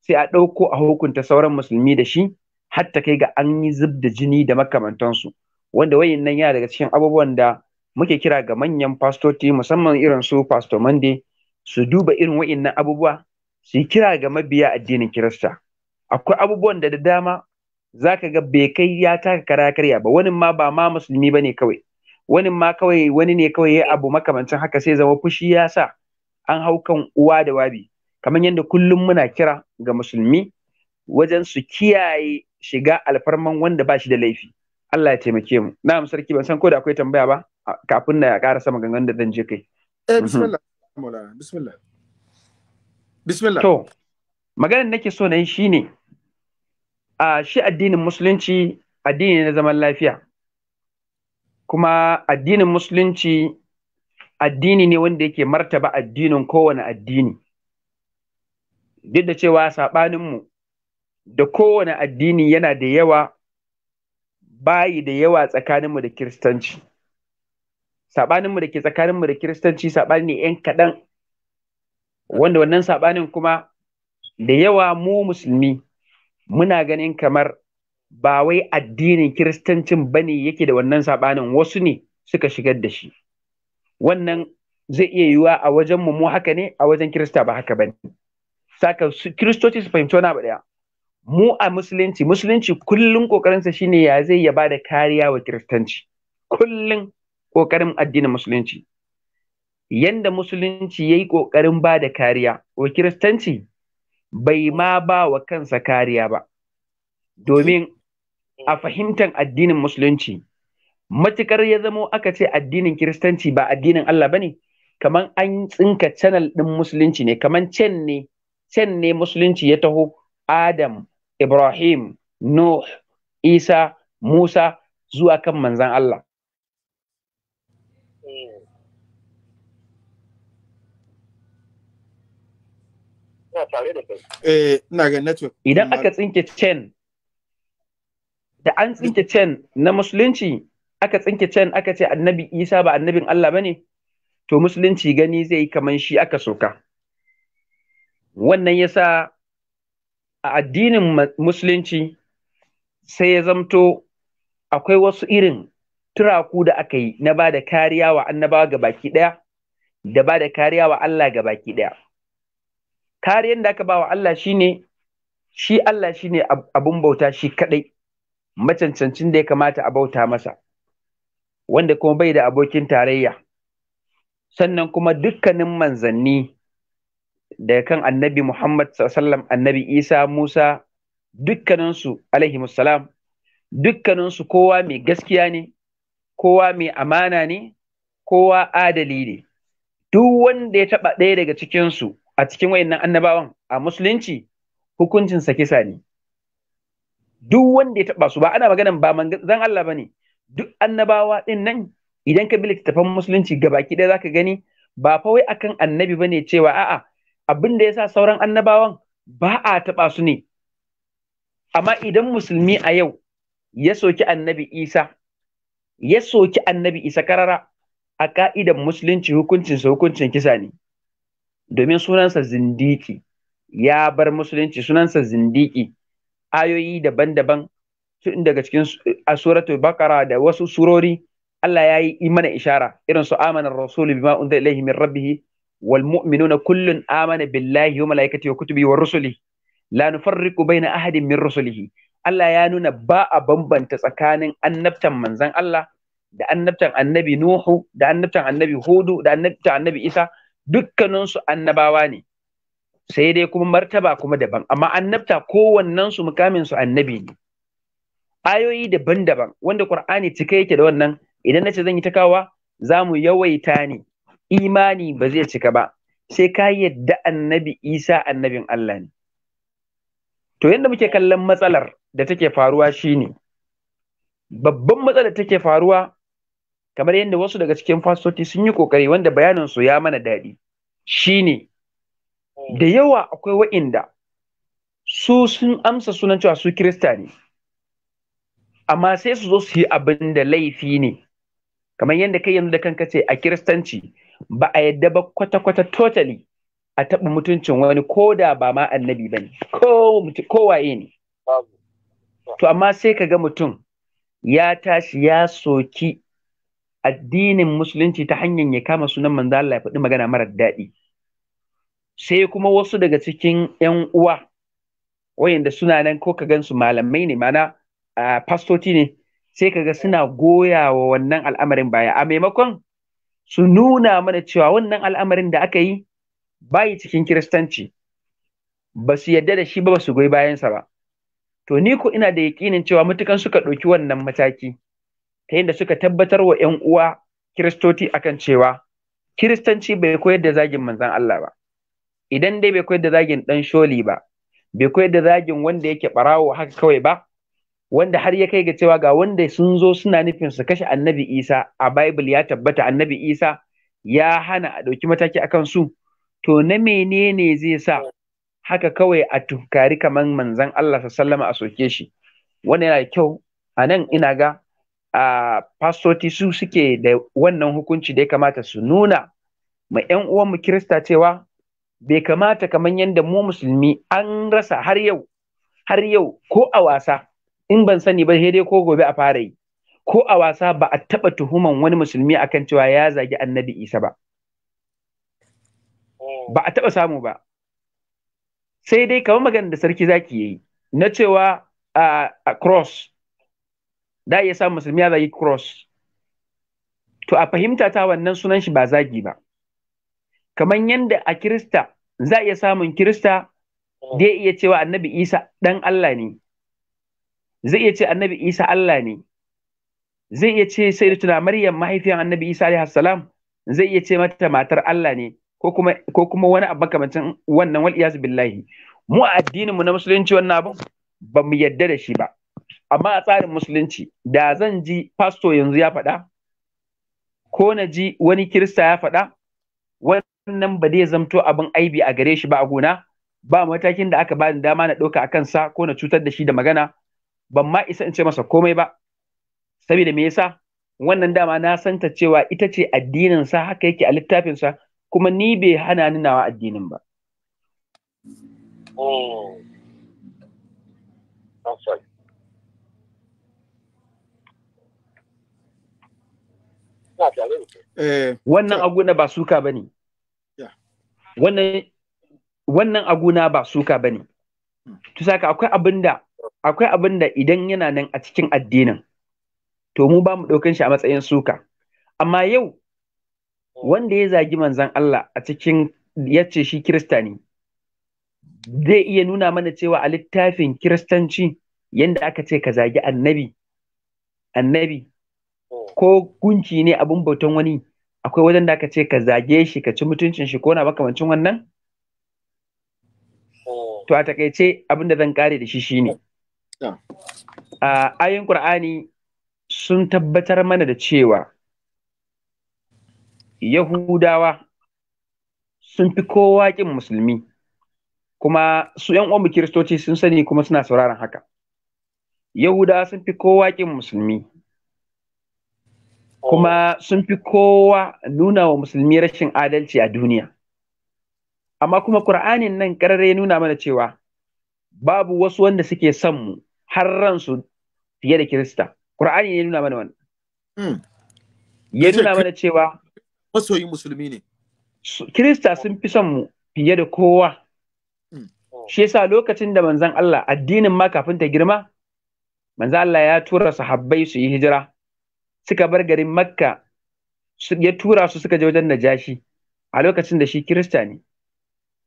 sai a ɗauko a hukunta sauran musulmi da shi har ta kai ga an yi zub da jini da makamantansu wanda nan yana daga cikin abubuwan da muke kira ga manyan fastoti musamman irin su pastor Mande, su duba irin nan abubuwa su yi kira ga mabiya addinin Kirista akwai abubuwan da da dama zaka ga bai kai ya taka kara karya ba wani ma ba ma musulmi bane kawai wani ma kawai wani ne kawai ya abu makamancin haka sai zama fushi ya sa an hau kan uwa da wabi kamar yadda kullum muna kira ga musulmi wajen su kiyaye shiga alfarman wanda ba shi da laifi Allah ya taimake mu na sarki ban san ko da akwai tambaya ba kafin na sama gangan da zan je kai eh mhm. bismillah bismillah to maganar nake so na yi ne, a shi addinin musulunci addini na zaman lafiya kuma addinin musulunci addini ne wanda yake martaba addinin kowane addini duk da cewa saɓaninmu da kowane addini yana da yawa bayi da yawa tsakaninmu da kiristanci saɓaninmu da ke tsakaninmu da kiristanci saɓani ne 'yan kaɗan wanda wannan saɓanin kuma da yawa mu musulmi muna ganin kamar ba wai addinin kiristancin ba ne yake da wannan saɓanin wasu ne suka shigar da shi wannan zai iya yiwuwa a wajen mu haka ne a wajen kirista ba haka ba ne saka kiristoci su fahimci wani abu ɗaya mu a musulunci musulunci kullum kokarinsa shine ya zai ya bada kariya wa kiristanci kullum kokarin addinin musulunci yanda musulunci yayi kokarin da kariya wa kiristanci bai ma ba wa kansa kariya ba domin a fahimtar addinin musulunci matukar ya zamo aka ce addinin kiristanci ba addinin Allah bane kaman an tsinka channel ɗin musulunci ne kaman can ne ne musulunci ya taho Adam Ibrahim, Nuh, Isa, Musa zuwa kan manzan Allah. Eh, Idan aka tsinke cen, da an tsinke cen na musulunci, aka tsinke cen aka ce annabi Isa ba annabin Allah ba ne, to musulunci gani zai yi kamar shi aka soka. Wannan yasa a addinin musulunci sai ya zamto akwai wasu irin turaku da aka yi na bada da kariya wa annabawa ga baki ɗaya da ba da kariya wa Allah ga baki ɗaya kariyan da aka ba wa Allah ne shi Allah shine abun bauta shi kaɗai macancancin da ya kamata a bauta masa wanda kuma bai da abokin tarayya sannan kuma dukkanin manzanni daga kan annabi Muhammad sallam annabi Isa Musa dukkaninsu alaihi musallam dukkaninsu kowa mai gaskiya ne kowa mai amana ne kowa adali ne duk wanda ya taɓa ɗaya daga cikinsu a cikin wayannan annabawan a musulunci hukuncinsa kisa ne duk wanda ya taɓa su ba ana maganan ba zan Allah ba ne duk annabawa ɗin nan idan ka bi littattafan musulunci gabaki ɗaya za ka gani ba fa wai akan annabi ba ne cewa a'a abin da ya sa sauran annabawan ba a taɓa su ne amma idan musulmi a yau ya soki annabi isa ya soki annabi isa karara a ka'idan musulunci hukuncinsa hukuncin kisa ne domin sunansa zindiki ya bar musulunci sunansa zindiki ayoyi daban-daban tun daga cikin a suratu bakara da wasu surori Allah ya yi imana ishara irin su amanar rasulu bima unzila ilaihi min rabbih wal mu'minuna kullun amana billahi wa malaikatihi wa kutubihi wa rusulihi la nufarriqu baina ahadin min rusulihi Allah ya nuna ba a bambanta tsakanin annabtan manzan Allah da annabtan annabi Nuhu da annabtan annabi Hudu da annabtan annabi Isa dukkaninsu annabawa ne sai dai kuma martaba kuma daban amma annabta kowannensu mukaminsu annabi ne ayoyi daban-daban wanda Qur'ani cika yake da wannan idan nace zan yi ta kawa za mu yawaita ne imani ba zai cika ba sai ka yadda annabi isa annabin Allah ne to yadda muke kallon matsalar da take faruwa shine babban matsalar da take faruwa kamar yadda wasu daga cikin fasoci sun yi kokari wanda bayanin su ya mana daɗi shine da yawa akwai wa'inda su sun amsa sunan cewa su kirista ne amma sai su zo su yi abin da laifi ne kamar yadda kai yanzu da kanka ce a kiristanci ba a yadda ba kwata-kwata totally a taɓa mutuncin wani ko da ba ma annabi ba ne ko kowaye ne to amma sai ka ga mutum ya tashi ya soki addinin musulunci ta hanyar ya kama sunan manzo Allah ya faɗi magana marar daɗi sai kuma wasu daga cikin 'yan uwa wayanda suna nan ko ka gansu malamai ne mana a ah, fastoti ne sai kaga suna goya wa wannan al'amarin baya a maimakon su nuna mana cewa wannan al'amarin da aka yi bayi cikin kiristanci ba su yadda da shi ba ba su goyi bayansa ba to ni ko ina da yaƙinin cewa mutukan suka ɗauki wannan mataki ta yadda suka tabbatar wa 'yan uwa kiristoti akan cewa kiristanci bai koyar da zagin manzan Allah ba idan dai bai koyar da zagin ɗan sholi ba bai koyar da zagin wanda yake ɓarawo haka kawai ba wanda har ya kai ga cewa ga wanda sun zo suna nufin su kashe annabi isa a bible ya tabbata annabi isa ya hana a ɗauki mataki akan su to na menene zai sa haka kawai a tukari kaman manzan Allah sallama a soke shi wannan yana da kyau a nan ina ga a fasoti su suke da wannan hukunci da ya kamata su nuna ma 'yan uwanmu kirista cewa bai kamata kamar yadda mu musulmi an rasa har yau har yau ko a wasa in ban sani ba sai dai ko gobe a fara yi ko a wasa ba a taba tuhuman wani musulmi akan cewa ya zagi annabi isa ba oh. ba a taba samu ba sai dai kamar magana da sarki zaki yi na cewa a cross da iya samu musulmi ya zagi cross to a fahimta ta wannan sunan shi ba zagi ba kamar yadda a kirista za a iya samun kirista da oh. iya cewa annabi isa dan Allah ne zai iya ce annabi isa Allah ne zai iya ce sai tuna maryam mahaifiyar annabi isa alaihi salam zai iya ce mata matar Allah ne ko kuma ko wani abu makamancin wannan wal iyaz billahi mu a addinin mu na musulunci wannan abu ba mu yadda da shi ba amma a tsarin musulunci da zan ji pastor yanzu ya faɗa ko na ji wani kirista ya faɗa wannan ba zai zamto abin aibi a gare shi ba a gona ba matakin da aka ba ni dama na ɗauka a kansa ko na cutar da shi da magana ban ma isa in ce masa komai ba saboda me yasa wannan dama na santa cewa ita ce addinin sa haka yake a littafin sa kuma ni bai hana ni nawa addinin ba oh. eh. Wannan aguna ba suka ba ne. Wannan aguna ba suka ba ne. Hmm. Tusaka akwai abin akwai abin da idan yana nan a cikin addinin to mu ba mu ɗaukan shi a matsayin suka amma yau wanda ya zagi manzan Allah a cikin ya ce shi kirista ne zai iya nuna mana cewa a littafin kiristanci yanda aka ce ka zagi annabi annabi ko gunki ne abin bautan wani akwai wajen da aka ce ka zage shi ka ci mutuncin shi ko na makamancin wannan oh. to a takaice abin da zan kare da shi shine A ayin Qur'ani sun tabbatar mana da cewa Yahudawa sun fi kowa ƙin musulmi kuma su ‘yan uwanmu kiristoci sun sani kuma suna sauraron haka. Yahudawa sun fi kowa ƙin musulmi kuma sun fi kowa nuna wa musulmi rashin adalci a duniya. Amma kuma Kur'anin nan ƙarare nuna mana cewa babu wasu wanda suke son mu har ransu fiye da kirista Kur'ani ne nuna mana wannan hmm. ya nuna mana cewa masoyi musulmi ne kirista sun fi son mu fiye da kowa hmm. shi yasa lokacin da manzan Allah addinin ma kafin ta girma manzan Allah ya tura sahabbai su yi hijira suka bar garin Makka ya tura su suka je wajen Najashi a lokacin da shi kirista ne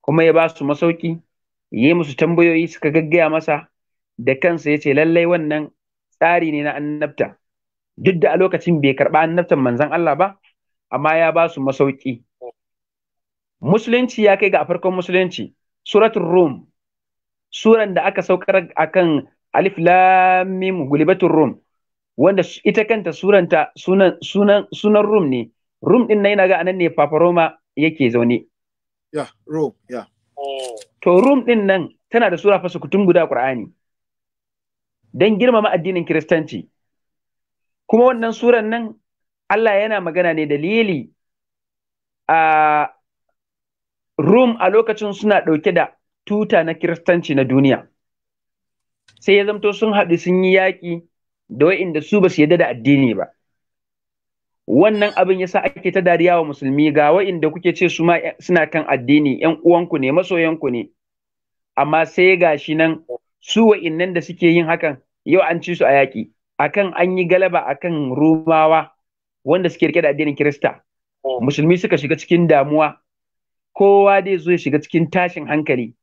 kuma ya ba su masauki yi musu tambayoyi suka gaggaya masa da kansa ya ce lallai wannan tsari ne na annabta duk da a lokacin bai karɓa annabtan manzon Allah ba amma ya ba su masauki musulunci ya kai ga farkon musulunci suratun rum suran da aka saukar akan alif lam mim rum wanda ita kanta suranta sunan rum ne rum din nan yana ga anan ne paparoma yake zaune ya yeah, rum ya oh. to rum din nan tana da sura fasukutun guda qur'ani don girmama addinin kiristanci kuma wannan suran nan Allah yana magana ne dalili a Rum a lokacin suna ɗauke da tuta na kiristanci na duniya sai ya zamto sun haɗu sun yi yaƙi da wa'inda su ba su yarda da addini ba wannan abin yasa ake ta dariya wa musulmi ga wa'inda kuke ce su ma suna kan addini yan uwanku ne masoyanku ne amma sai ga shi nan su wa'innan da suke yin hakan yau an ci su a yaƙi akan an yi galaba akan rumawa wanda suke rike da addinin kirista hmm. musulmi suka shiga cikin damuwa kowa dai zo ya shiga cikin tashin hankali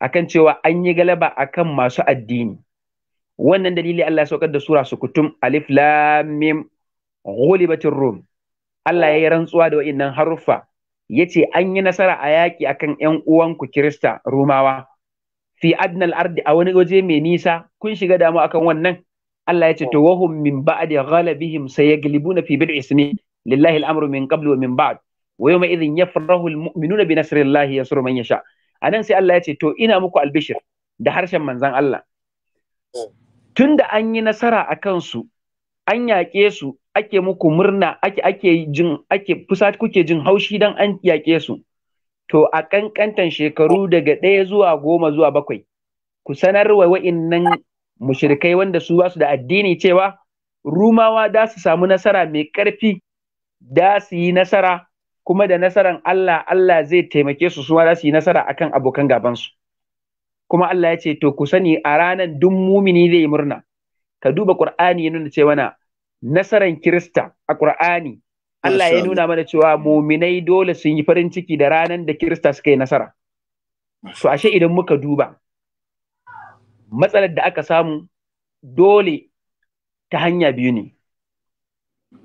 akan cewa an yi galaba akan masu addini wannan dalili Allah ya saukar da sura su kutum alif lam mim ghulibatir rum Allah ya yi rantsuwa da wa'innan haruffa yace an yi nasara a yaƙi akan ƴan uwanku kirista rumawa fi adnal ardi a wani waje mai nisa kun shiga damu akan wannan Allah ya ce to wahum min ba'di ghalabihim sayaglibuna fi bid'i sinin lillahi al'amru min qablu wa min ba'd wa yawma idhin yafrahu almu'minuna bi nasrillahi yasru man yasha anan sai Allah ya ce to ina muku albishir da harshen manzon Allah tunda an yi nasara a kansu an yaƙe su ake muku murna ake ake jin ake kuke jin haushi dan an yaƙe su to a ƙanƙantan shekaru daga ɗaya zuwa goma zuwa bakwai ku sanar wa wa'innan mushrikai wanda su basu da addini cewa rumawa da su samu nasara mai ƙarfi da su yi nasara kuma da nasaran Allah Allah zai taimake su su za su yi nasara akan abokan gabansu kuma Allah ya ce to ku sani a ranan duk mumini zai murna ka duba ƙur'ani ya nuna cewa mana nasaran Kirista a ƙur'ani. Allah ya nuna mana cewa muminai dole sun yi farin ciki da ranar da Kirista suka yi nasara. So ashe idan muka duba matsalar da aka samu dole ta hanya biyu ne.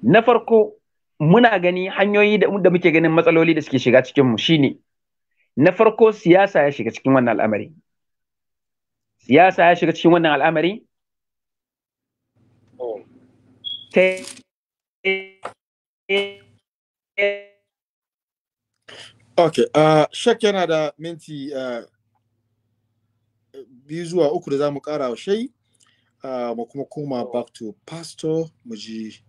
Na farko muna gani hanyoyi da muke ganin matsaloli da suke shiga cikinmu shine na farko siyasa ya shiga cikin wannan al'amari. Siyasa ya shiga cikin wannan al'amari? Oh. Ta Ok, uh, shek yana da minti uh, biyu zuwa uku da za mu ƙara wa shai, uh, mu kuma koma back to pastor mu ji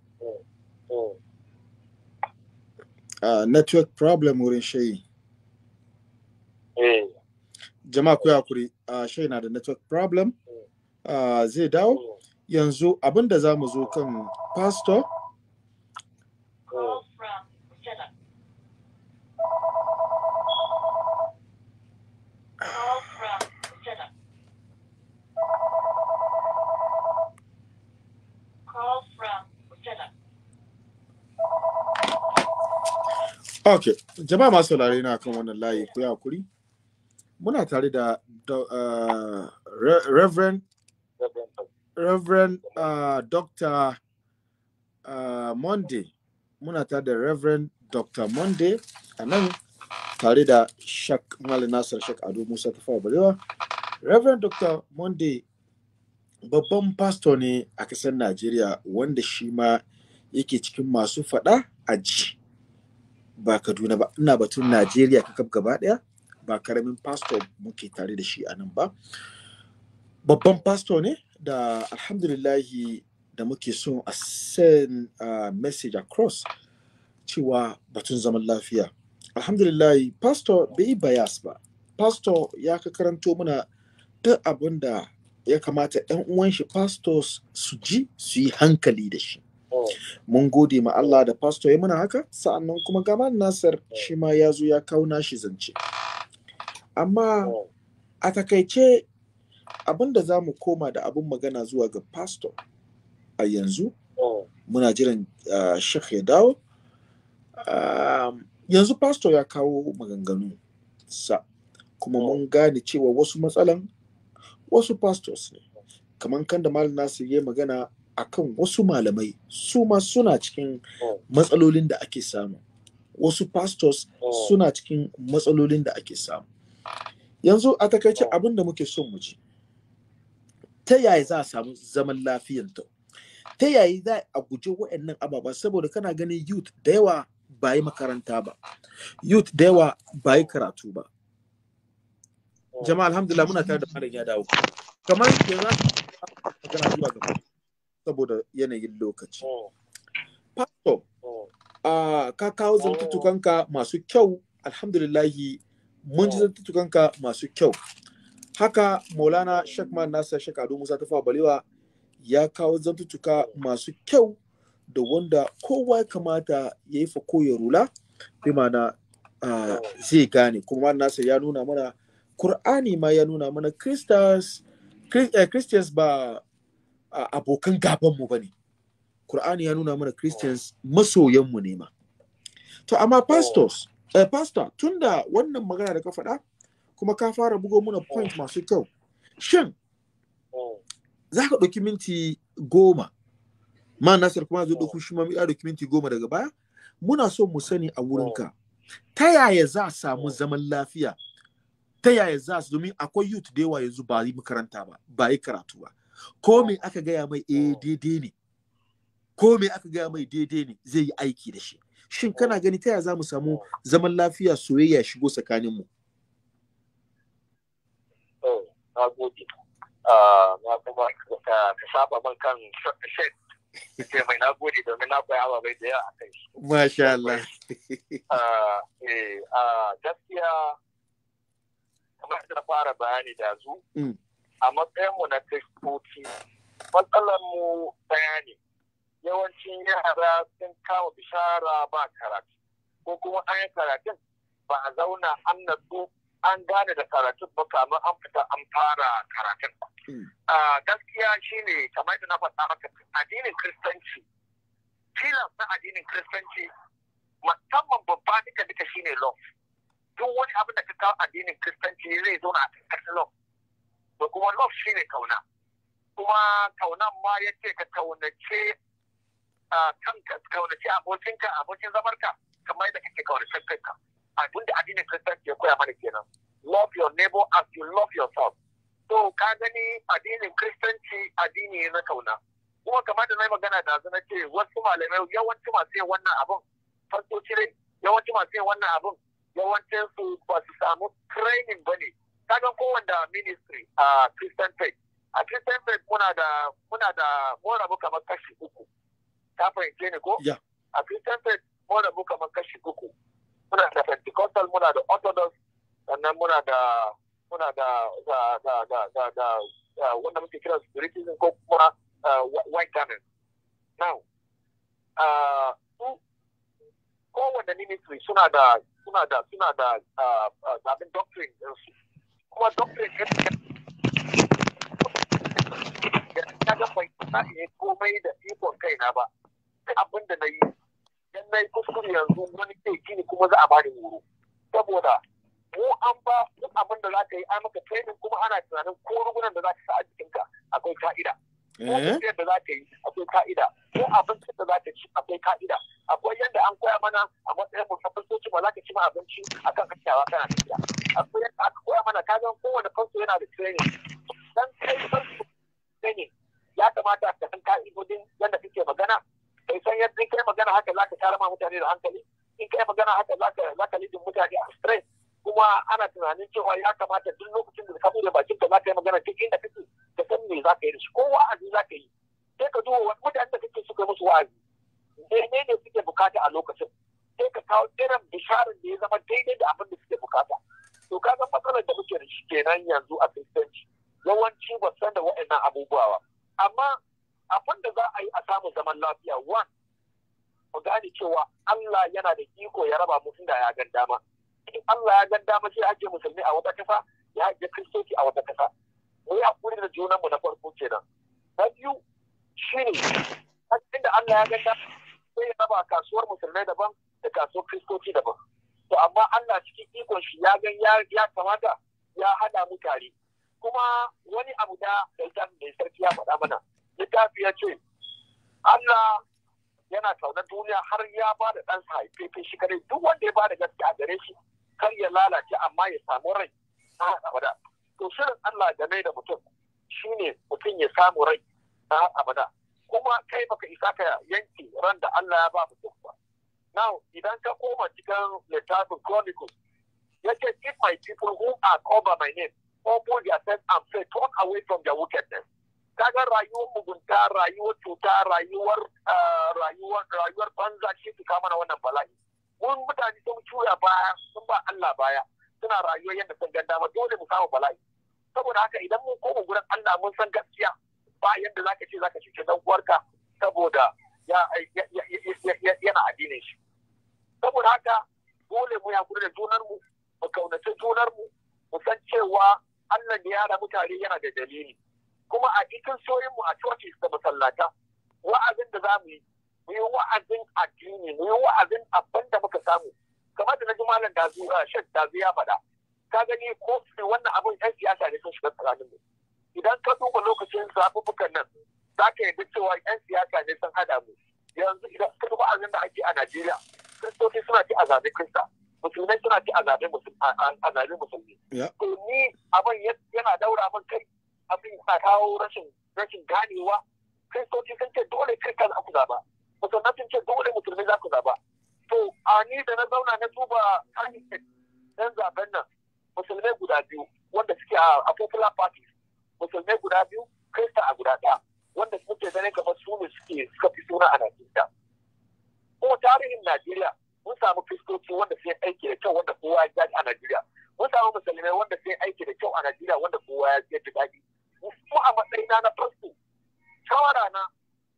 uh, network problem wurin shai. Eh. Jama'a ku kuri, uh, shai na da network problem, uh, zai dawo. Eh. Yanzu abinda za mu zo kan pastor Ok, jama'a masu saurare na kan wannan layi ku ya kuri. Muna tare da uh, Reverend Reverend uh, Dr. Uh, Monday. Muna tare da Reverend Dr. Monday a nan tare da Shak Malam Nasir Shak Ado Musa ta fara barewa Reverend Dr. Monday babban pastor ne a ƙasar Najeriya wanda shi ma yake cikin masu faɗa a ji. ba kaduna ba ina batun najeriya kakaf gaba daya ba karamin pastor muke tare da shi a nan ba babban pastor ne da alhamdulillahi da muke so a send a message across cewa batun zaman lafiya alhamdulillahi pastor bai yi bayas ba pastor ya ka karanto muna duk abin ya kamata 'yan uwan shi pastors su ji su yi hankali da shi mun gode ma Allah da pastor ya muna haka sannan kuma gama Nasir shi ma ya zo ya kawo nashi zance amma a takaice abin da za mu koma da abin magana zuwa ga pastor a yanzu muna jiran ah, Sheikh ya dawo ah, yanzu pastor ya kawo maganganu sa kuma mun gane cewa wasu matsalan wasu pastors ne kamar kan da malam nasir ya magana akan wasu malamai su ma suna cikin oh. matsalolin da ake samu wasu pastors oh. suna cikin matsalolin da ake samu yanzu a takaice oh. abin da muke son mu ta yaya za a samu zaman lafiyan ta Ta yaya za a guje wa'annan ababa saboda kana ganin youth da yawa ba yi makaranta ba youth da yawa ba yi karatu ba jama'a alhamdulillah muna tare da malam ya dawo kamar yanzu magana zuwa gaba saboda yanayin lokaci. Oh. Pastor, oh. ka kawo oh. zantattukanka masu kyau, alhamdulillahi mun ji zantattukanka masu kyau. Haka Maulana Shekman Nasa Shekadu Musa Tafa Balewa ya kawo zantuttuka masu kyau da wanda kowa ya kamata ya yi fako ya rula, bi mana zai gane. Kuma nasa ya nuna mana, Kur'ani ma ya nuna mana eh, Christians ba abokan gabanmu mu bane. Kur'ani ya nuna mana Christians masoyanmu ne ma. To amma pastors, eh, pastor da wannan magana da ka faɗa kuma ka fara bugo mana point masu kyau. Shin za ka ɗauki minti goma, ma Nasir kuma zai ɗauki shi ma ɗauki minti goma daga baya? Muna so mu sani a wurinka. Ta yaya za a samu zaman lafiya? Ta yaya za su domin akwai youth da yawa yanzu ba yi makaranta ba, ba yi karatu ba. ko me aka gaya mai eh oh. daidai ne ko me aka gaya mai daidai ne zai yi aiki da shi shin kana oh. gani ta ya za mu samu oh. zaman lafiya soyayya shigo tsakanin mu na gode ah, na kuma ka kan shed ce mai na gode domin na koya ababai da yawa a kai masha Allah ah, eh, ah, gaskiya kamar da fara bayani da zu mm. a matsayinmu na kristoci matsalar mu ɗaya ne yawancin yara sun kama bishara ba karatu ko kuma an yi karatun ba a zauna an natsu an gane da karatun ba kamar an fita an fara karatun hmm. gaskiya shine kamar yadda na faɗa haka addinin kristanci tilas na addinin kristanci musamman babba duka duka shine love duk wani abin da ka kawo addinin kristanci zai zauna a kankan love da kuma love ne kauna kuma kaunan ma ya ce ka kaunace kanka kaunace abokinka abokin zamarka kamar yadda kake kaunace kanka abin da addinin kristanci ya koya mana kenan love your neighbor as you love yourself to ka gani addinin kristanci addini na kauna kuma kamar da na yi magana da zana ce wasu malamai yawanci masu yin wannan abin farko cire yawanci masu yin wannan abin yawancin su ba su samu training ba ne kaga kowanne ministry a Christian faith a Christian faith muna da muna da mora kamar kashi uku ka fahimce ko a Christian faith mora kamar kashi uku muna da Pentecostal muna da Orthodox sannan muna da muna da da da da da da wanda muke kira ko kuma white now kowane ministry suna da suna da suna da doctrine ɗinsu kuma dole ya ga mai na iya eh, komai da ikon kaina ba sai abin da na yi dan na yi kuskure yanzu wani ke gini kuma za a bani wuro saboda mu an ba duk abin da za ka yi an maka training kuma ana tunanin ko rugunan da za ka sa a jikinka akwai fa'ida Eh? Akwai da za ka yi akwai ka'ida, ko abincin da za ka ci akwai ka'ida. Akwai yadda an koya mana a matsayin fasoci ba za ka ci ma abinci a kan kakkiyawa kana tafiya. Akwai yadda aka koya mana ka zan kowane faso yana da training. Dan kai faso training ya kamata ka san ka'idodin yadda kake magana. Kai san yadda kai magana haka za ka karama mutane da hankali. In kai magana haka za ka lidin mutane a stress. kuma ana tunanin cewa ya kamata duk lokacin da ka bude bakin ka za ka yi magana duk inda kake da kan me za ka yi da shi ko wa'azi za ka yi sai ka duba wani mutane da kake suka musu wa'azi daidai ne suke bukata a lokacin sai ka kawo irin bisharar da ya zama daidai da abin da suke bukata to ka san matsalar da muke da shi kenan yanzu a kristanci yawanci ba san da wa'annan abubuwa ba amma abin da za a yi a samu zaman lafiya one mu gane cewa Allah yana da iko ya raba mu da ya gan dama in Allah ya gan dama sai ake musulmi a wata kasa ya ajiye kristoci a wata kasa mu yi hakuri da junan mu na farko kenan na biyu shine hakkin da Allah ya ganda sai ya raba kasuwar musulmai daban da kasuwar kristoci daban to amma Allah cikin ikon shi ya gan ya kamata ya hada mu tare kuma wani abu da littafin da sarki ya faɗa mana littafi ya ce Allah yana kaunar duniya har ya ba da ɗansa haifafen shi kare duk wanda ya ba da gaske gare shi kar ya lalace amma ya samu rai a abada to shirin Allah game da mutum shine mutum ya samu rai na abada kuma kai baka isa ka yanke ran da Allah ya ba mutum ba now idan ka koma cikin littafin chronicles ce if my people who are called by my name humble themselves and pray turn away from their wickedness kaga rayuwar mugunta rayuwar cuta rayuwar ah, rayuwar rayuwar banza shi su kama na wannan bala'i mun mutane sun cuya baya sun ba Allah baya suna rayuwa yadda sun ganda ba dole mu samu bala'i saboda haka idan mun koma gurin Allah mun san gaskiya ba yadda zaka ce zaka cuce dan uwarka saboda yana addinin shi saboda haka dole mu ya da junar mu mu kaunaci junar mu mu san cewa Allah da yara mutane yana da dalili kuma a cikin soyin mu a coci da masallata wa'azin da za mu yi mu yi wa'azin addini mu yi wa'azin abin da muka samu kamar da na ji malam dazu ah, shek dazu ya faɗa ka gani ko wannan abin yan siyasa ne sun shiga tsakanin mu idan ka duba lokacin zafufukan nan za ka yi duk cewa yan siyasa ne sun hada mu yanzu idan ka duba abin da ake a Najeriya kristoci suna ci a zaɓen krista musulmai suna ci a zaɓen musulmi to ni abin yana daura min kai abin yana kawo rashin rashin ganewa kristoci sun ce dole kristan za ku zaɓa musulmai sun ce dole musulmi za ku zaɓa to a ni da na zauna na duba candidate dan zaben nan musulmai guda biyu wanda suke a popular party musulmai guda biyu krista a guda ɗaya wanda suke ganin kamar su ne suke suka fi suna a Najeriya. Kuma tarihin Najeriya mun samu kristoci wanda sai aiki da kyau wanda kowa ya ji a Najeriya. Mun samu musulmai wanda sai aiki da kyau a Najeriya wanda kowa ya jaji daɗi. Kuma a matsayina na farko shawara na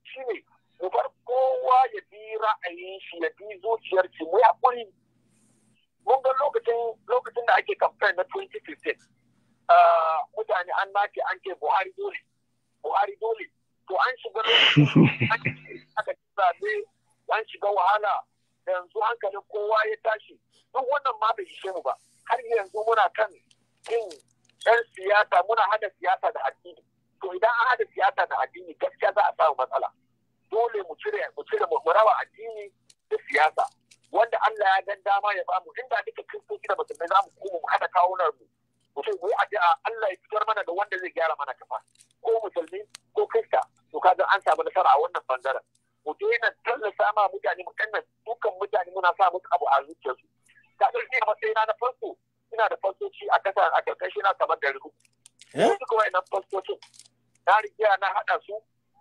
shine mu bar kowa ya bi ra'ayin shi ya bi zuciyar shi mu hakuri mun ga lokacin da ake campaign na 2015 ah, mutane an nace an ke Buhari dole Buhari dole to an shiga aka an shiga wahala yanzu hankalin kowa ya tashi duk wannan ma bai ishe mu ba har yanzu muna kan yin yan siyasa muna hada siyasa da addini to idan an hada siyasa da addini gaskiya za a samu matsala dole mu cire mu cire mu addini da siyasa wanda Allah ya gan dama ya bamu inda duka kristoci da musulmai za mu koma mu hada kawunan mu mu ce mu addu'a Allah ya fitar mana da wanda zai gyara mana kafa ko musulmi ko kista to kaga an samu nasara a wannan bangaren mu daina tallata ma mutane mu kanna dukan mutane muna sa musu abu a zuciyarsu kaga ni a matsayina na farko ina da fastoci a kasa a karkashin na kamar da rubu. Wasu kuma ina fastocin na rigiya na haɗa su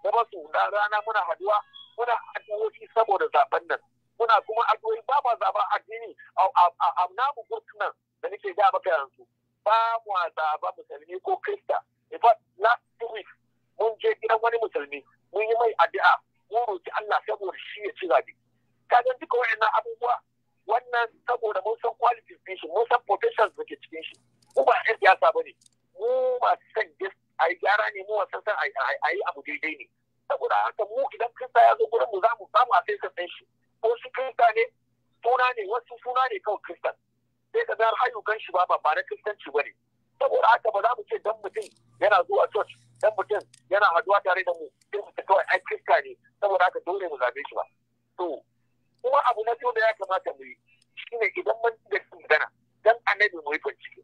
gaba su da rana muna haduwa muna addu'o'i saboda zaben nan muna kuma addu'o'i ba ba zaben addini a namu gurtunan da nake ga maka yanzu ba mu zaben musulmi ko krista in fact last two weeks mun je gidan wani musulmi mun yi mai addu'a mun roki Allah saboda shi ya ci zabe kaga duka wayannan abubuwa wannan saboda mun san qualification mun san potential da ke cikin shi mu ba 'yan siyasa ne. mu masu san a yi gyara ne mu masu san a yi abu daidai ne saboda haka mu idan kirista ya zo gurin mu za mu samu a sai san shi su kirista ne suna ne wasu suna ne kawai Kirista. sai ka zar kan shi ba ba na kiristanci ba ne saboda haka ba za mu ce dan mutum yana zuwa church dan mutum yana haduwa tare da mu sai mu kawai ai kirista ne saboda haka dole mu zabe shi ba to kuma abu na biyu da ya kamata mu yi shine idan mun da magana dan annabi mu yi bincike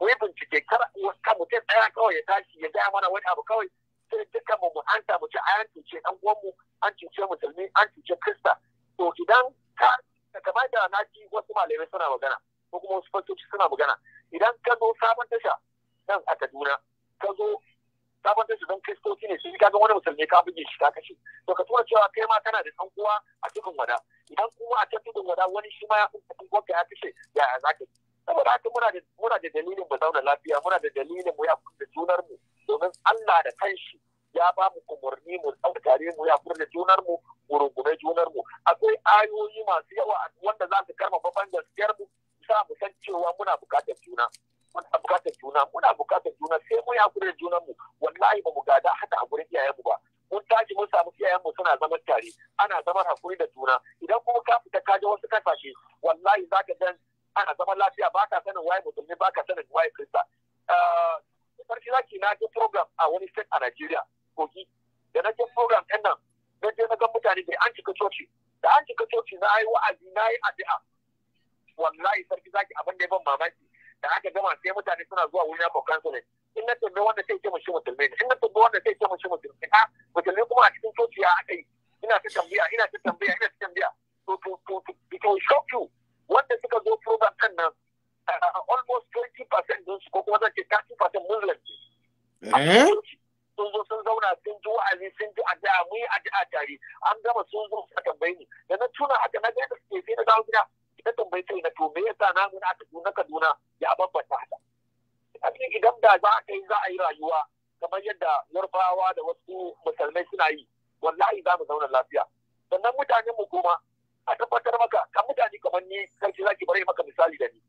mu yi bincike kar ka mutum ɗaya kawai ya tashi ya gaya mana wani abu kawai sai dukkan mu an samu ci an cuce ɗan uwanmu an cuce musulmi an cuce krista to idan ka kamar da na ji wasu malamai suna magana ko kuma wasu fasoci suna magana idan ka zo sabon tasha nan a kaduna ka zo sabon tasha don kristoci ne su ka ga wani musulmi ka buge shi ka kashe to ka tura cewa kai ma kana da ɗan uwa a cikin wada idan kuma a cikin tudun wada wani shi ma ya kuka ya kashe yaya za ka yi saboda haka muna da muna da dalilin mu zauna lafiya muna da dalilin mu ya da junar mu domin Allah da kanshi ya ba mu kumurni mu mu ya furta junar mu mu junar mu akwai ayoyi masu yawa wanda za su karfafa ban gaskiyar mu sa mu san cewa muna bukatar juna muna bukatar juna muna bukatar juna sai mu ya da junar mu wallahi ba mu gada haka a gurin iyayen mu ba mun taji mun samu iyayenmu suna zaman tare ana zaman hakuri da juna idan kuma ka fita ka wasu kasashe wallahi zaka gan ana zaman lafiya ba ka sanin waye musulmi ba ka sanin waye kirista eh, sarki zaki na je program a wani state a Najeriya kogi da na ji program ɗin nan na je na ga mutane da an cika coci da an cika coci na yi wa'azi na yi addu'a wallahi sarki zaki abin da ya ban mamaki da aka gama sai mutane suna zuwa wurin na ne in na tambayi wanda sai ce mushi musulmi in na tambayi wanda sai ce musulmi ah, a musulmi kuma a cikin coci ya aka yi ina ta tambaya ina ta tambaya ina ta tambaya to to to to shock you wanda suka zo program kan nan ah, almost 20% din su ko kuma zan ce percent muslim ce eh? sun zo sun zauna sun ji wa'azi sun ji addu'a mun yi addu'a tare an gama sun zo suka tambaye ni da na tuna haka na ga su suke sai na dawo gida na tambayi kai na to me yasa na mun aka na Kaduna ya babbata haka abin idan da za ka yi za a yi rayuwa kamar yadda Yarbawa da wasu musulmai suna yi wallahi za mu zauna lafiya sannan mutanen mu kuma a tabbatar maka kan mutane kamar ni sarki zaki bare maka misali da ni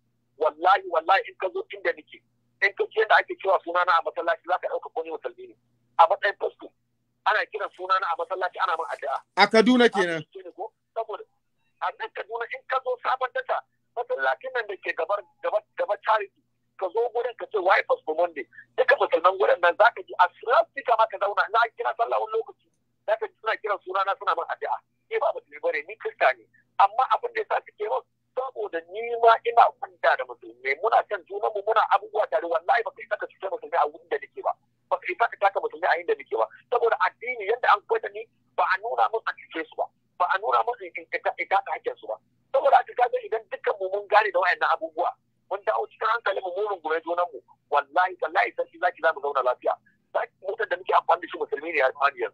wallahi wallahi in ka zo inda nake in ka ce da ake cewa sunana a masallaci za ka ɗauka kone musulmi ne a matsayin fasto ana kiran sunana a masallaci ana min addu'a a Kaduna kenan saboda a nan Kaduna in ka zo sabon data masallacin nan da ke gabar gabar gabar charity ka zo gurin ka ce why fasto monday duka musulman gurin nan za ka ji a sura ma ka zauna na kira sallah wani lokaci za ka ji suna kiran sunana suna min addu'a ni ba musulmi bane ni kirista ne amma abin da yasa suke yau saboda ni ma ina kwanta da musulmi muna kan junan mu muna abubuwa tare wallahi ba kai saka cutar musulmi a wurin da nake ba ba kai saka taka musulmi a inda nake ba saboda addini yadda an koyar ni ba a nuna mun a cike su ba ba a nuna mun ita ita hakkin su ba saboda haka kaga idan dukkan mu mun gane da wayannan abubuwa mun dawo cikin hankali mu mun rungume junan mu wallahi wallahi sarki zaki za mu zauna lafiya mutan da muke amfani da shi musulmi ne ya yanzu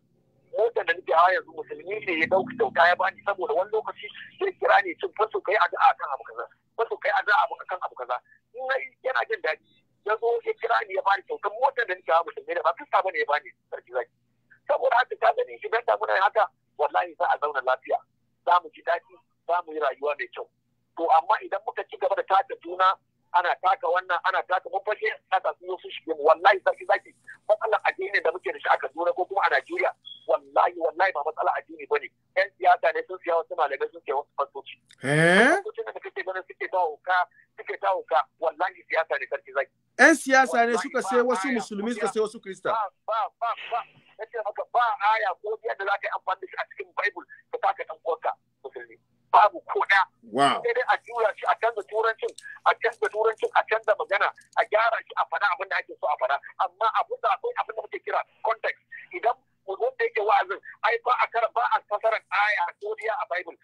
motar da nake hawa yanzu musulmi ne ya dauki kyauta ya bani saboda wani lokaci zai kira ne cin fasu kai addu'a kan abu kaza fasu kai a akan abu kaza yana jin daɗi ya zo ya kira ni ya bani kyautar motar da nake hawa musulmi ne ba fista bane ya bani sarki zaki saboda haka ka gani shi dan muna haka wallahi za a zauna lafiya za mu ji daɗi za mu yi rayuwa mai kyau to amma idan muka ci gaba da tada juna ana taka wannan ana taka mun fashe siyasa sun yi su shige mu wallahi sarki zaki matsalar addini da muke da shi a Kaduna ko kuma a Najeriya wallahi wallahi ba matsalar addini bane yan siyasa ne sun siya wasu malamai sun siya wasu fasoci eh fasoci da kake ganin suke ta hoka suke ta hoka wallahi siyasa ne sarki zaki yan siyasa ne suka sai wasu musulmi suka sai wasu krista ba ba ba ba maka ba aya ko yadda za ka yi amfani da shi a cikin bible ka taka dan uwanka musulmi babu ko ɗaya. Sai dai a juya shi a canza turancin a canza turancin a canza magana a gyara shi a faɗa abin da ake so a faɗa amma abin da akwai abin da muke kira context idan wanda yake wa'azin ai ba a kara ba a fasarar aya a Suriya a Bible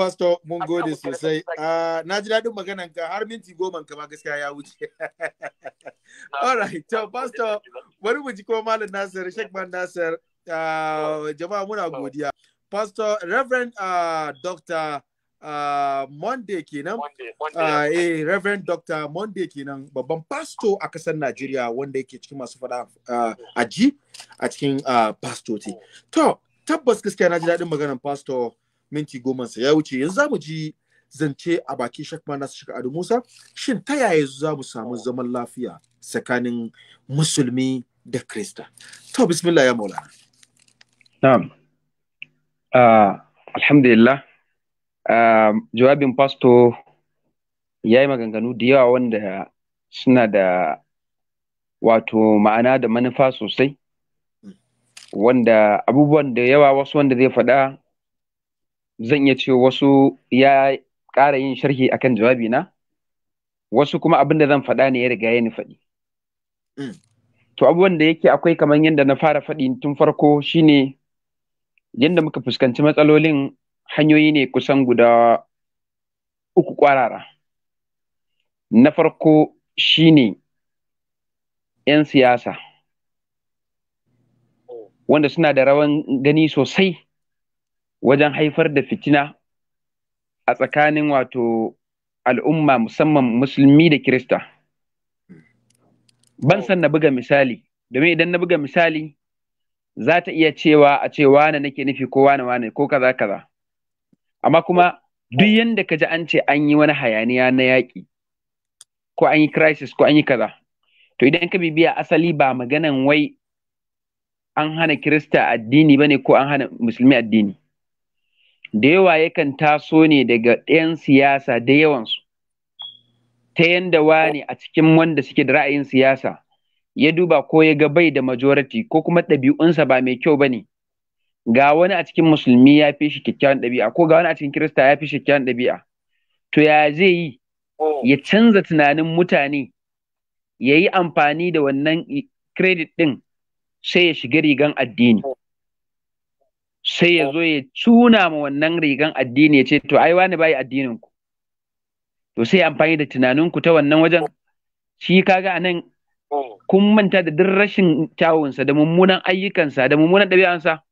pastor mun gode sosai. Ah, na ji daɗin maganan ka har minti goma ka ma gaskiya ya wuce. All right, to pastor bari mu ji ko Malam Nasir, Sheikh Man Nasir, ah, jama'a muna godiya. Pastor Reverend ah, Dr. Monday kenan. eh, Reverend Dr. Monday kenan babban pastor a kasar Najeriya wanda yake cikin masu faɗa aji a cikin pastor ce. To, tabbas gaskiya na ji daɗin maganar pastor minti goma sa ya wuce yanzu zamu ji zance a baki shakma nasu shaka adu musa shin ta yaya zamu zamu samu zaman lafiya tsakanin musulmi da krista to bismillah ya maula na'am ah, alhamdulillah ah, jawabin pasto ya yi maganganu da yawa wanda suna da wato ma'ana da manufa sosai hmm. wanda abubuwan da yawa wasu wanda zai faɗa zan iya ce wasu ya ƙara yin sharhi akan jawabi na wasu kuma abin da zan faɗa ne ya riga ya ni faɗi mm. to abubuwan da yake akwai kamar yadda na fara faɗi tun farko shine yadda muka fuskanci matsalolin hanyoyi ne kusan guda uku kwarara na farko shine 'yan siyasa wanda suna da rawan gani sosai wajen haifar da fitina a tsakanin wato al'umma musamman musulmi da kirista. Ban san na buga misali, domin idan na buga misali za ta iya cewa a ce wane nake nufi ko wane wane ko kaza kaza. Amma kuma duk yadda ka ji an ce an yi wani hayaniya na yaƙi ko an yi crisis ko an yi kaza. To idan ka bibiya asali ba maganan wai an hana Kirista addini bane ko an hana Musulmi addini. da yawa yakan taso ne daga ɗayan siyasa da yawansu ta yanda wani a cikin wanda suke da ra'ayin siyasa ya duba ko ya ga bai da majority ko kuma ɗabi'unsa ba mai kyau ba ne ga wani a cikin musulmi ya fi shi kyakkyawan ɗabi'a ko ga wani a cikin kirista ya fi shi kyakkyawan ɗabi'a to ya zai yi ya canza tunanin mutane ya yi amfani da wannan credit ɗin sai ya shiga rigan addini sai ya oh. zo ya cuna ma wannan rigan addini ya ce to ai wani bai addinin ku to sai amfani da tunanin ku ta wannan wajen shi kaga anan oh. kun manta da duk rashin sa da mummunan ayyukansa da mummunan ɗabi'ansa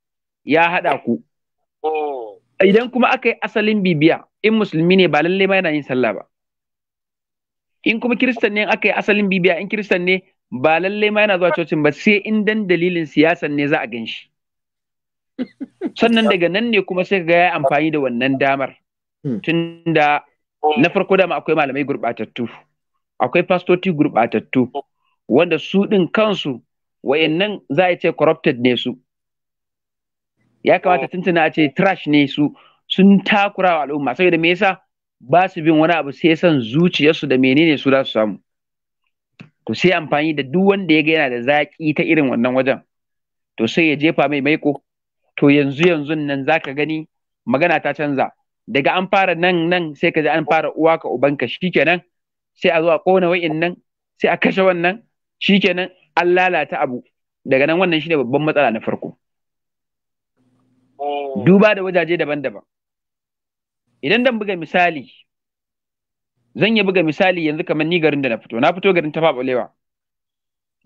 ya haɗa ku oh. idan kuma aka yi asalin bibiya in musulmi ne ba lallai ma yana yin sallah ba in kuma kiristan ne aka yi asalin bibiya in kiristan ne ba lallai ma yana zuwa cocin ba sai in dan dalilin siyasan ne za a ganshi. shi sannan daga nan ne kuma sai ga ya amfani da wannan damar hmm. tunda na farko dama akwai malamai gurbatattu akwai fastoti gurbatattu wanda su ɗin kansu wayannan za a ce corrupted ne su ya kamata oh. tuntuna a ce trash ne su sun takura wa al'umma saboda me yasa ba su bin wani abu sai san zuciyarsu da menene su za su samu to sai amfani da duk wanda ya ga yana da zaƙi ta irin wannan wajen to sai ya jefa mai maiko to yanzu yanzun nan zaka gani magana ta canza daga an fara nan nan sai ka ji an fara uwa ka ubanka shikenan sai a zo a kona wa'innan sai a kashe wannan shikenan an lalata abu daga nan wannan shine babban matsala na farko oh. duba da wajaje daban-daban idan dan buga misali zan yi buga misali yanzu kamar ni garin da na fito na fito garin ta faɓa balewa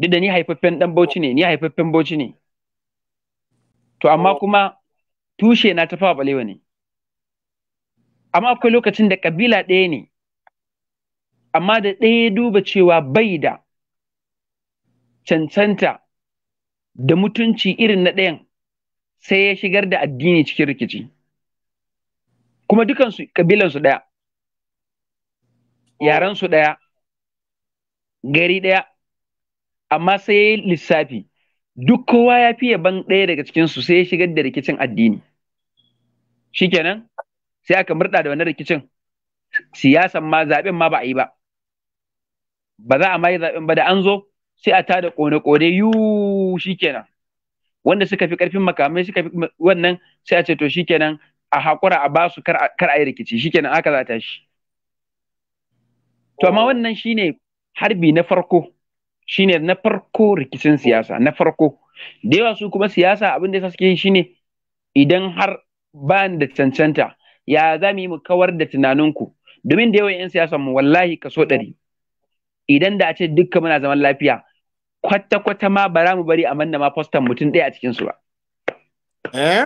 duk da ni haifaffen dan bauchi ne ni haifaffen bauchi ne to amma oh. kuma tushe na ta fawa balewa ne amma akwai lokacin da kabila ɗaya ne amma da ɗaya ya duba cewa bai da cancanta da mutunci irin na ɗayan sai ya shigar da addini cikin rikici kuma dukansu kabilansu ɗaya oh. yarensu ɗaya gari ɗaya amma sai ya yi lissafi duk kowa ya fiye ban ɗaya daga cikinsu sai ya shigar da rikicin addini shikenan sai aka murɗa da wannan rikicin siyasan ma zaɓen ma ba a yi ba ba za a ma yi zaɓen ba da an zo sai a tada kone-kone yuu shikenan wanda suka fi ƙarfin makamai suka fi wannan sai a ce to shikenan a haƙura a basu kar a yi rikici shikenan aka za ta shi to amma wannan shine harbi na farko shine na farko rikicin siyasa na farko da yawa su kuma siyasa abin da yasa suke yi shine idan har ba da cancanta ya za mu yi mu kawar da tunaninku domin da yawan 'yan siyasa mu wallahi kaso ɗari idan da a ce dukkan muna zaman lafiya kwata-kwata ma ba mu bari a manna ma fostan mutum ɗaya a cikin ba. Eh?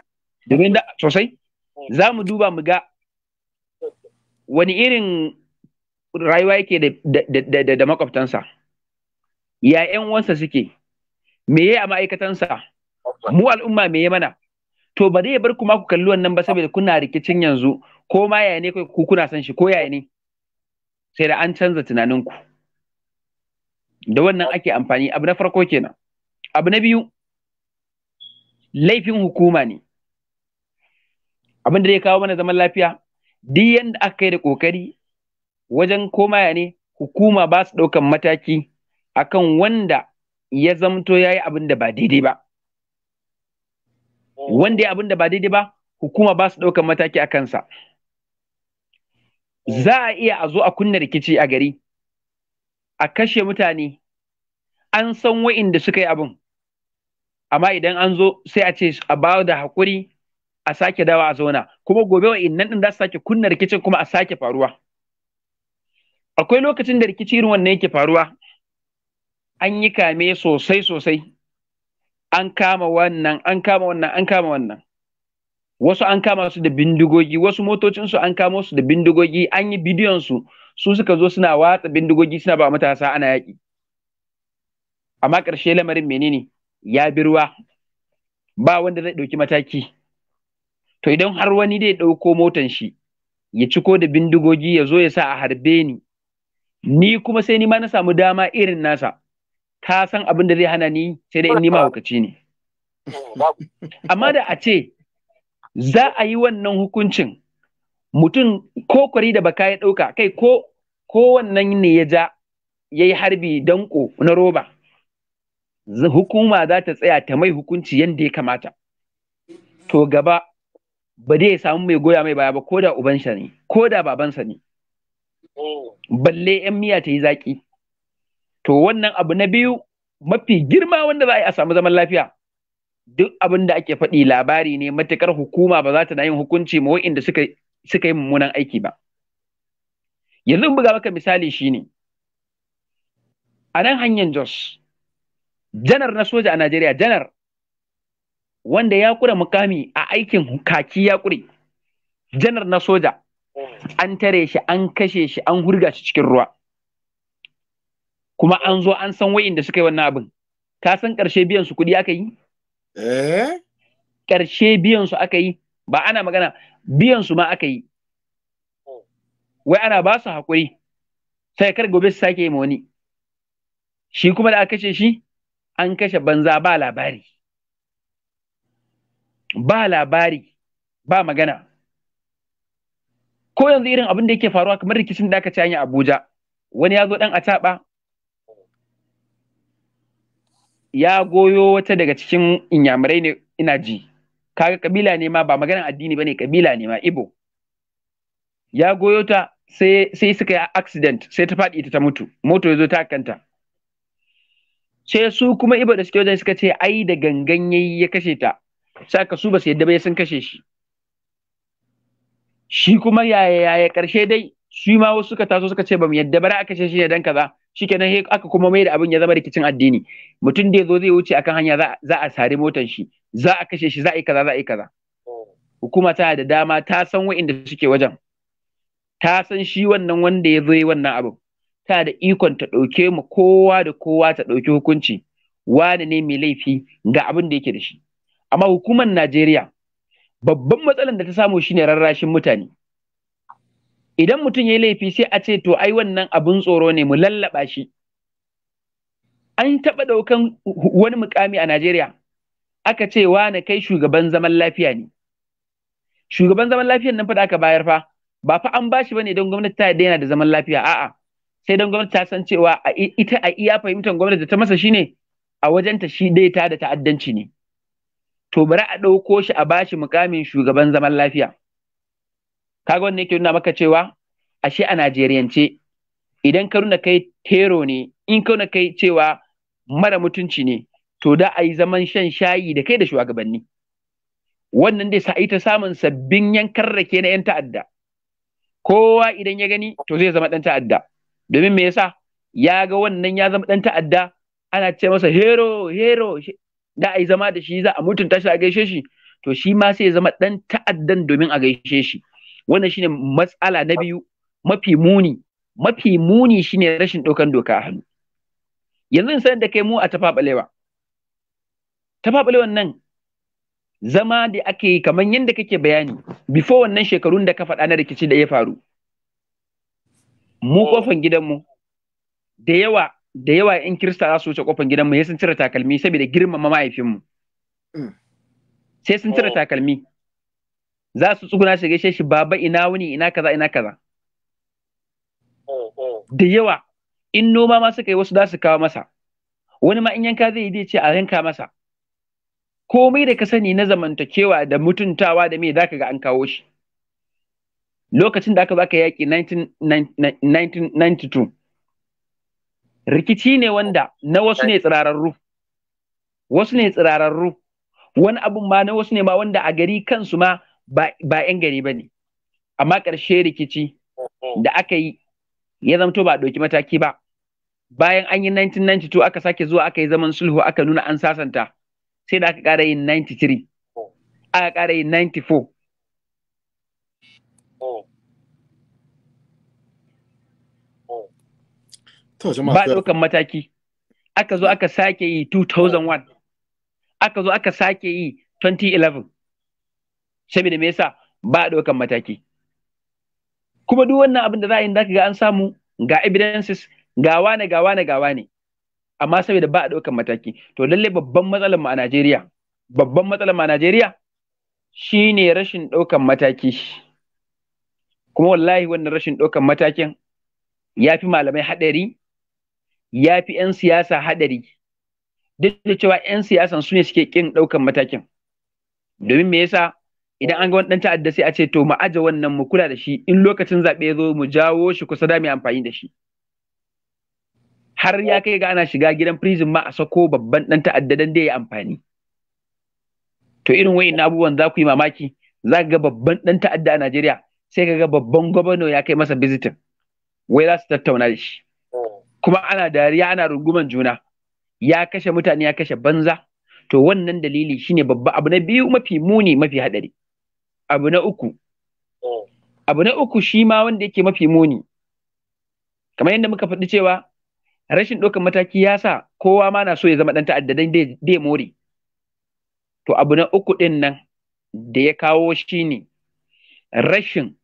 Domin da sosai eh. za mu duba mu ga wani irin rayuwa yake da makwabtansa. ya ƴan wansa suke me ya a sa? mu al'umma me ya mana to ba zai bar ku ma ku kalli wannan ba saboda kuna rikicin yanzu ko ma yaya ne ku kuna san shi ko yaya ne sai da an canza tunaninku da wannan ake amfani abu na farko kenan abu na biyu laifin hukuma ne abin da zai kawo mana zaman lafiya duk yanda aka yi da kokari wajen koma ya ne hukuma ba su ɗaukan mataki akan wanda ya zamto ya yi abin da ba daidai ba mm. wanda ya abin da ba daidai ba hukuma ba su ɗaukar mataki a kansa mm. za a iya a zo a kunna rikici a gari a kashe mutane an san wa'inda suka yi abin amma idan an zo sai a ce a ba da haƙuri a sake dawa a zauna kuma gobe wa'innan ɗin za su sake kunna rikicin kuma a sake faruwa akwai lokacin da rikici irin wannan yake faruwa an yi kame sosai sosai an kama wannan an kama wannan an kama wannan wasu an kama su da bindigogi wasu motocinsu an kama su da bindigogi an yi bidiyonsu, su su suka zo suna watsa bindigogi suna ba matasa ana yaƙi amma ƙarshe lamarin menene ya bi ruwa ba wanda zai ɗauki mataki to idan har wani zai ɗauko motan shi ya ciko da bindigogi ya zo ya sa a harbe ni ni kuma sai ni ma na samu dama irin nasa ka san abin da zai hana ni sai dai in nima hukaci ne amma da a ce za a yi wannan hukuncin mutum ko kwari da baka ya ɗauka kai ko ko wannan ne ya ja ya yi harbi danko na roba hukuma za ta tsaya ta mai hukunci yadda ya kamata to gaba ba dai samu mai goya mai baya ba ko da ubansa ne ko da babansa ne mm. balle yan miya ta yi zaƙi. to wannan abu na biyu mafi girma wanda za a yi a samu zaman lafiya duk abin da ake faɗi labari ne matukar hukuma ba za ta na yin hukunci ma wa'inda suka suka yi mummunan aiki ba yanzu buga maka misali shine a nan hanyar jos janar na soja a najeriya janar wanda ya kura mukami a aikin kaki ya kure janar na soja an tare shi an kashe shi an hurga shi cikin ruwa kuma an zo an san da suka yi wannan abin ka san ƙarshe biyan su kuɗi aka yi eh ƙarshe biyan su aka yi ba ana magana biyan su ma aka yi wai ana ba su haƙuri sai kar gobe su sake ma wani shi kuma da aka kashe shi an kashe banza ba labari ba labari ba magana ko yanzu irin abin da yake faruwa kamar rikicin da aka ci Abuja wani ya zo dan a ya goyo wata daga cikin inyamurai ne ina ji kaga kabila ne ma ba maganan addini bane kabila ne ma ibo ya goyo ta sai sai suka yi accident sai ta faɗi ita ta mutu moto ya zo ta kanta ce su kuma ibo da suke wajen suka ce ai da gangan yayi ya kashe ta saka su ba su yadda ba sun kashe shi shi kuma yaya ya karshe dai shi ma wasu suka taso suka ce ba mu yadda ba a kashe shi ne dan kaza shikenan sai aka kuma mai da abin ya zama rikicin addini mutum da ya zo zai wuce akan hanya za a sari motan shi za a kashe shi za a yi kaza za a yi kaza hukuma ta da dama ta san wa'inda suke wajen ta san shi wannan wanda ya zo yi wannan abin ta da ikon ta ɗauke mu kowa da kowa ta ɗauki hukunci wane ne mai laifi ga abin da yake da shi amma hukumar Najeriya babban matsalar da ta samu shine rarrashin mutane idan mutum ya yi laifi sai a ce to ai wannan abin tsoro ne mu lallaba shi an taɓa ɗaukan wani mukami a Najeriya aka ce na kai shugaban zaman lafiya ne shugaban zaman lafiyan nan fa aka bayar fa ba fa an bashi bane don gwamnati ta daina da zaman lafiya a'a sai don gwamnati ta san cewa ita a iya fahimtar gwamnati ta masa shine a wajenta shi dai ta da ta'addanci ne to bari a ɗauko shi a bashi mukamin shugaban zaman lafiya kaga wannan yake nuna maka cewa ashe a Najeriyance idan ka nuna kai tero ne in ka nuna kai cewa mara mutunci ne to da a yi zaman shan shayi da kai da shugabanni wannan dai yi ta samun sabbin yankan rake na 'yan ta'adda kowa idan ya gani to zai zama ɗan ta'adda domin me yasa ya ga wannan ya zama ɗan ta'adda ana ce masa hero hero da a yi zama da shi za a mutunta shi a gaishe shi to shi ma sai ya zama ɗan ta'addan domin a gaishe shi wannan shine matsala na biyu mafi muni mafi muni shine rashin ɗaukan doka a hannu yanzu in sanar da kai mu a tafaɓalewa tafaɓalewan nan zama da ake yi kamar yadda kake bayani before wannan shekarun da ka faɗa na rikici da ya faru mu kofan oh. gidanmu da yawa da yawa in kirista za su wuce kofan gidanmu sai sun cire takalmi saboda girmama mahaifinmu mm. sai sun cire oh. takalmi za su tsuguna su gaishe shi baba ina wuni ina kaza ina kaza mm, mm. da yawa in noma ma suka yi wasu za su kawo masa wani ma in yanka zai yi zai ce a yanka masa komai da ka sani na zamantakewa da mutuntawa da me zaka ga an kawo shi lokacin da aka baka yaƙi 1992 rikici ne wanda na wasu ne tsirararru wasu ne tsirararru wani abun ma na wasu ne ma wanda a gari kansu ma ba 'yan gari ba ne amma ƙarshe rikici oh. da aka yi ya zamto ba ɗauki mataki ba bayan an yi 1992 aka sake zuwa aka yi zaman sulhu aka nuna an sasanta sai da aka ƙara yin 93 aka ƙara yin 94 ba ɗaukan mataki aka zo aka sake yi 2001 aka zo aka sake yi 2011 saboda me yasa ba a ɗaukan mataki kuma duk wannan abin da za a yi ga an samu ga evidences ga wane ga wane ga wane amma saboda ba a ɗaukan mataki to lallai babban matsalar mu a Najeriya babban matsalar mu a Najeriya shi ne rashin ɗaukan mataki kuma wallahi wannan rashin ɗaukan matakin ya fi malamai haɗari ya fi 'yan siyasa haɗari duk da cewa 'yan siyasan su ne suke ƙin ɗaukan matakin domin me yasa idan an ga wani dan ta'adda sai a ce to mu aje wannan mu kula da shi in lokacin zaɓe ya zo mu jawo shi kusa da mu amfani da shi har ya kai ga ana shiga gidan prison ma a sako babban dan ta'adda dan da ya amfani to irin wayin abubuwan za ku yi mamaki za ga babban dan ta'adda a Najeriya sai ka ga babban gwamna ya kai masa bizitin wai za su tattauna da shi kuma ana dariya ana runguman juna ya kashe mutane ya kashe banza to wannan dalili shine babba abu na biyu mafi muni mafi haɗari. abu na uku oh. abu na uku shi ma wanda yake mafi muni kamar yadda muka faɗi cewa rashin ɗaukar mataki ya sa kowa ma na so ya zama ɗan ta'adda dai dai more to abu na uku ɗin nan da ya kawo shi ne rashin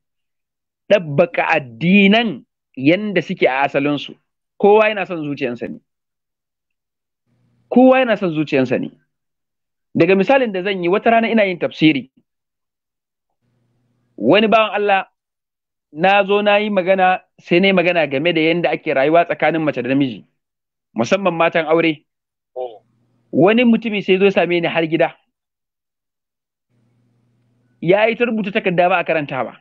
ɗabbaka addinan yanda suke a asalinsu kowa yana son zuciyarsa ne kowa yana son zuciyarsa ne daga misalin da zan yi wata rana ina yin tafsiri wani bawan Allah na zo na yi magana sai na yi magana game da yadda ake rayuwa tsakanin mace da namiji musamman matan aure wani mutumi sai zo same ni har gida ya yi ta rubuta takarda ba a karanta ba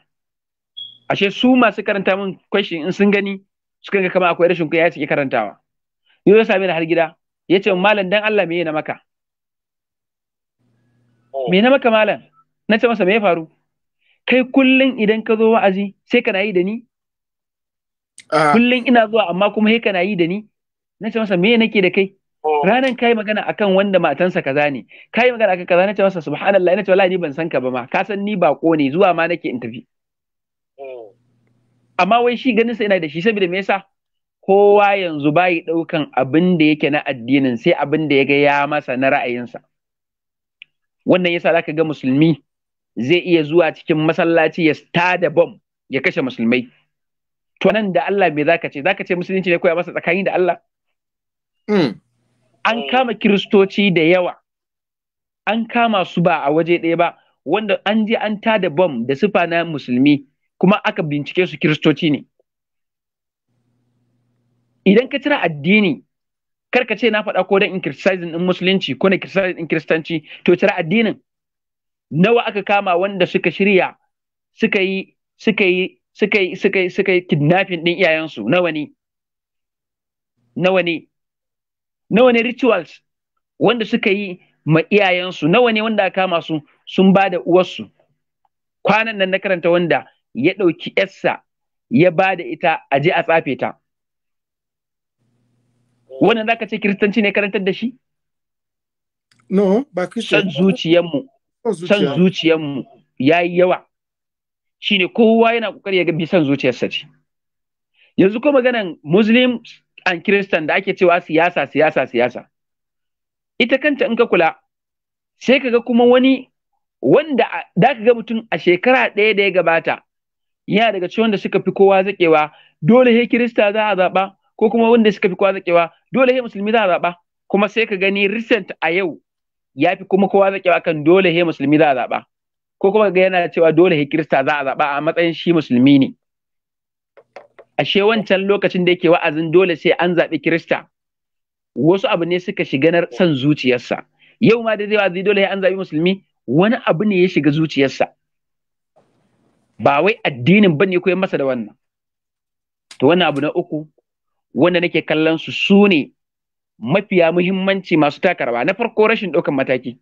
ashe su masu karanta min question in sun gani su ga kama akwai rashin ya suke karantawa yau ya same ni har gida ya ce malam dan Allah me na maka oh. me na maka malam na ce masa me ya faru kai kullum idan ka zo wa'azi sai kana yi da ni kullum ina zuwa amma kuma sai kana yi da ni na ce masa me nake da kai oh. ranan kai magana akan wanda matansa kaza ne kai magana akan kaza na ce masa subhanallah na ce wallahi ni ban san ka ba ma ka san ni bako ne zuwa ma nake in tafi oh. amma wai shi ganin sa ina da shi saboda me yasa kowa yanzu bayi daukan abin da yake na addinin sai abin da ya ga ya masa na ra'ayinsa wannan yasa zaka ga musulmi zai iya zuwa cikin masallaci ya da bom ya kashe musulmai to nan da Allah me zaka ce zaka ce musulunci ne koya masa tsakani da Allah hmm. an kama kiristoci da yawa an kama su ba a waje ɗaya ba wanda an je an ta da bom da sufa na musulmi kuma aka bincike su kiristoci ne idan ka cira addini kar ka ce na faɗa ko don in criticizing musulunci ko na criticizing din kiristanci to tira addinin nawa aka kama wanda suka shirya suka yi suka yi suka yi suka yi suka yi kidnapping din iyayensu nawa ne nawa ne nawa ne rituals wanda suka yi ma iyayensu nawa ne wanda aka kama su sun ba da uwarsu kwanan nan na karanta wanda ya ɗauki yarsa ya ba da ita a je a tsafe ta wannan ka ce kiristanci ne karantar da shi no ba kristanci san zuciyarmu san zuciyarmu ya yi yawa shine kowa yana kokari ya ga bi zuciyarsa ce yanzu ko maganan muslim and christian da ake cewa siyasa siyasa siyasa ita kanta in ka kula sai ka ga kuma wani wanda da ka ga mutum a shekara ɗaya da ya gabata yana daga ciwon da suka fi kowa zaƙewa dole he kirista za a zaɓa ko kuma wanda suka fi kowa zaƙewa dole he musulmi za a zaɓa kuma sai ka gani recent a yau ya fi kuma kowa zaƙewa kan dole he musulmi za a zaɓa ko kuma ga yana cewa dole he kirista za a zaɓa a matsayin shi musulmi ne ashe wancan lokacin da yake wa'azin dole sai an zaɓi kirista wasu abu ne suka shiga na son zuciyarsa yau ma da zai wa'azi dole an zaɓi musulmi wani abu ne ya shiga zuciyarsa ba wai addinin ba ne bane ya masa da wannan to wannan abu na uku wanda nake kallon su su ne mafiya muhimmanci masu taka rawa na farko rashin ɗaukan mataki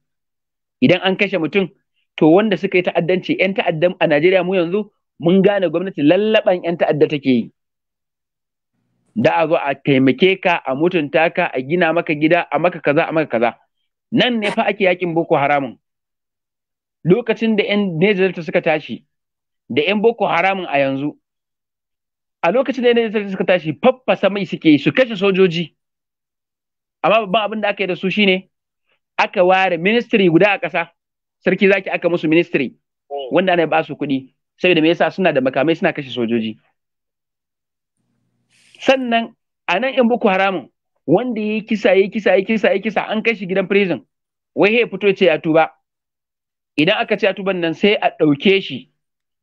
idan an kashe mutum to wanda suka yi ta'addanci 'yan ta'addan a Najeriya mu yanzu mun gane gwamnati lallaban 'yan ta'adda take yi da a zo a taimake ka a mutunta ka a gina maka gida a maka kaza a maka kaza nan ne fa ake yakin boko haramun lokacin da 'yan Nijar suka tashi da 'yan boko haramun a yanzu a lokacin da 'yan Nijar suka tashi faffasa mai suke su kashe sojoji amma babban abin da aka yi da su shine aka ware ministry guda a ƙasa sarki zaki aka musu ministry hmm. wanda ana ba su kuɗi saboda me yasa suna da makamai suna kashe sojoji sannan a nan in buku haramun wanda ya yi kisa ya kisa ya kisa ya kisa an kai shi gidan prison wai ya fito ce ya tuba idan aka ce ya tuban nan sai a ɗauke shi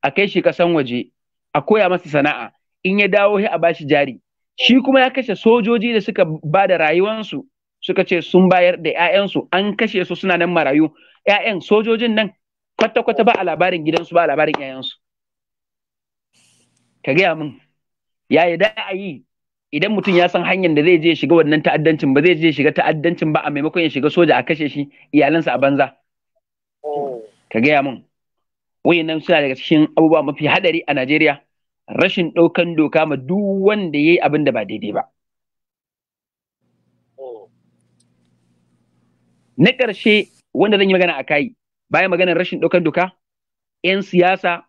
a kai shi ƙasan waje a koya masa sana'a in ya dawo sai a bashi jari shi kuma ya kashe sojoji da suka ba da rayuwansu suka ce sun bayar da 'ya'yansu an kashe su suna nan marayu 'ya'yan sojojin nan kwata-kwata ba a labarin gidansu ba a labarin 'ya'yansu ka gaya min yaya da a idan mutum ya san hanyar da zai je shiga wannan ta'addancin ba zai je shiga ta'addancin ba a maimakon ya shiga soja a kashe shi iyalansa a banza oh. ka gaya min wayannan suna daga cikin abubuwa mafi haɗari a Najeriya rashin ɗaukan doka ma duk wanda ya yi abin da ba daidai ba. Na ƙarshe wanda zan yi magana a kai bayan maganar rashin ɗaukan doka, 'yan siyasa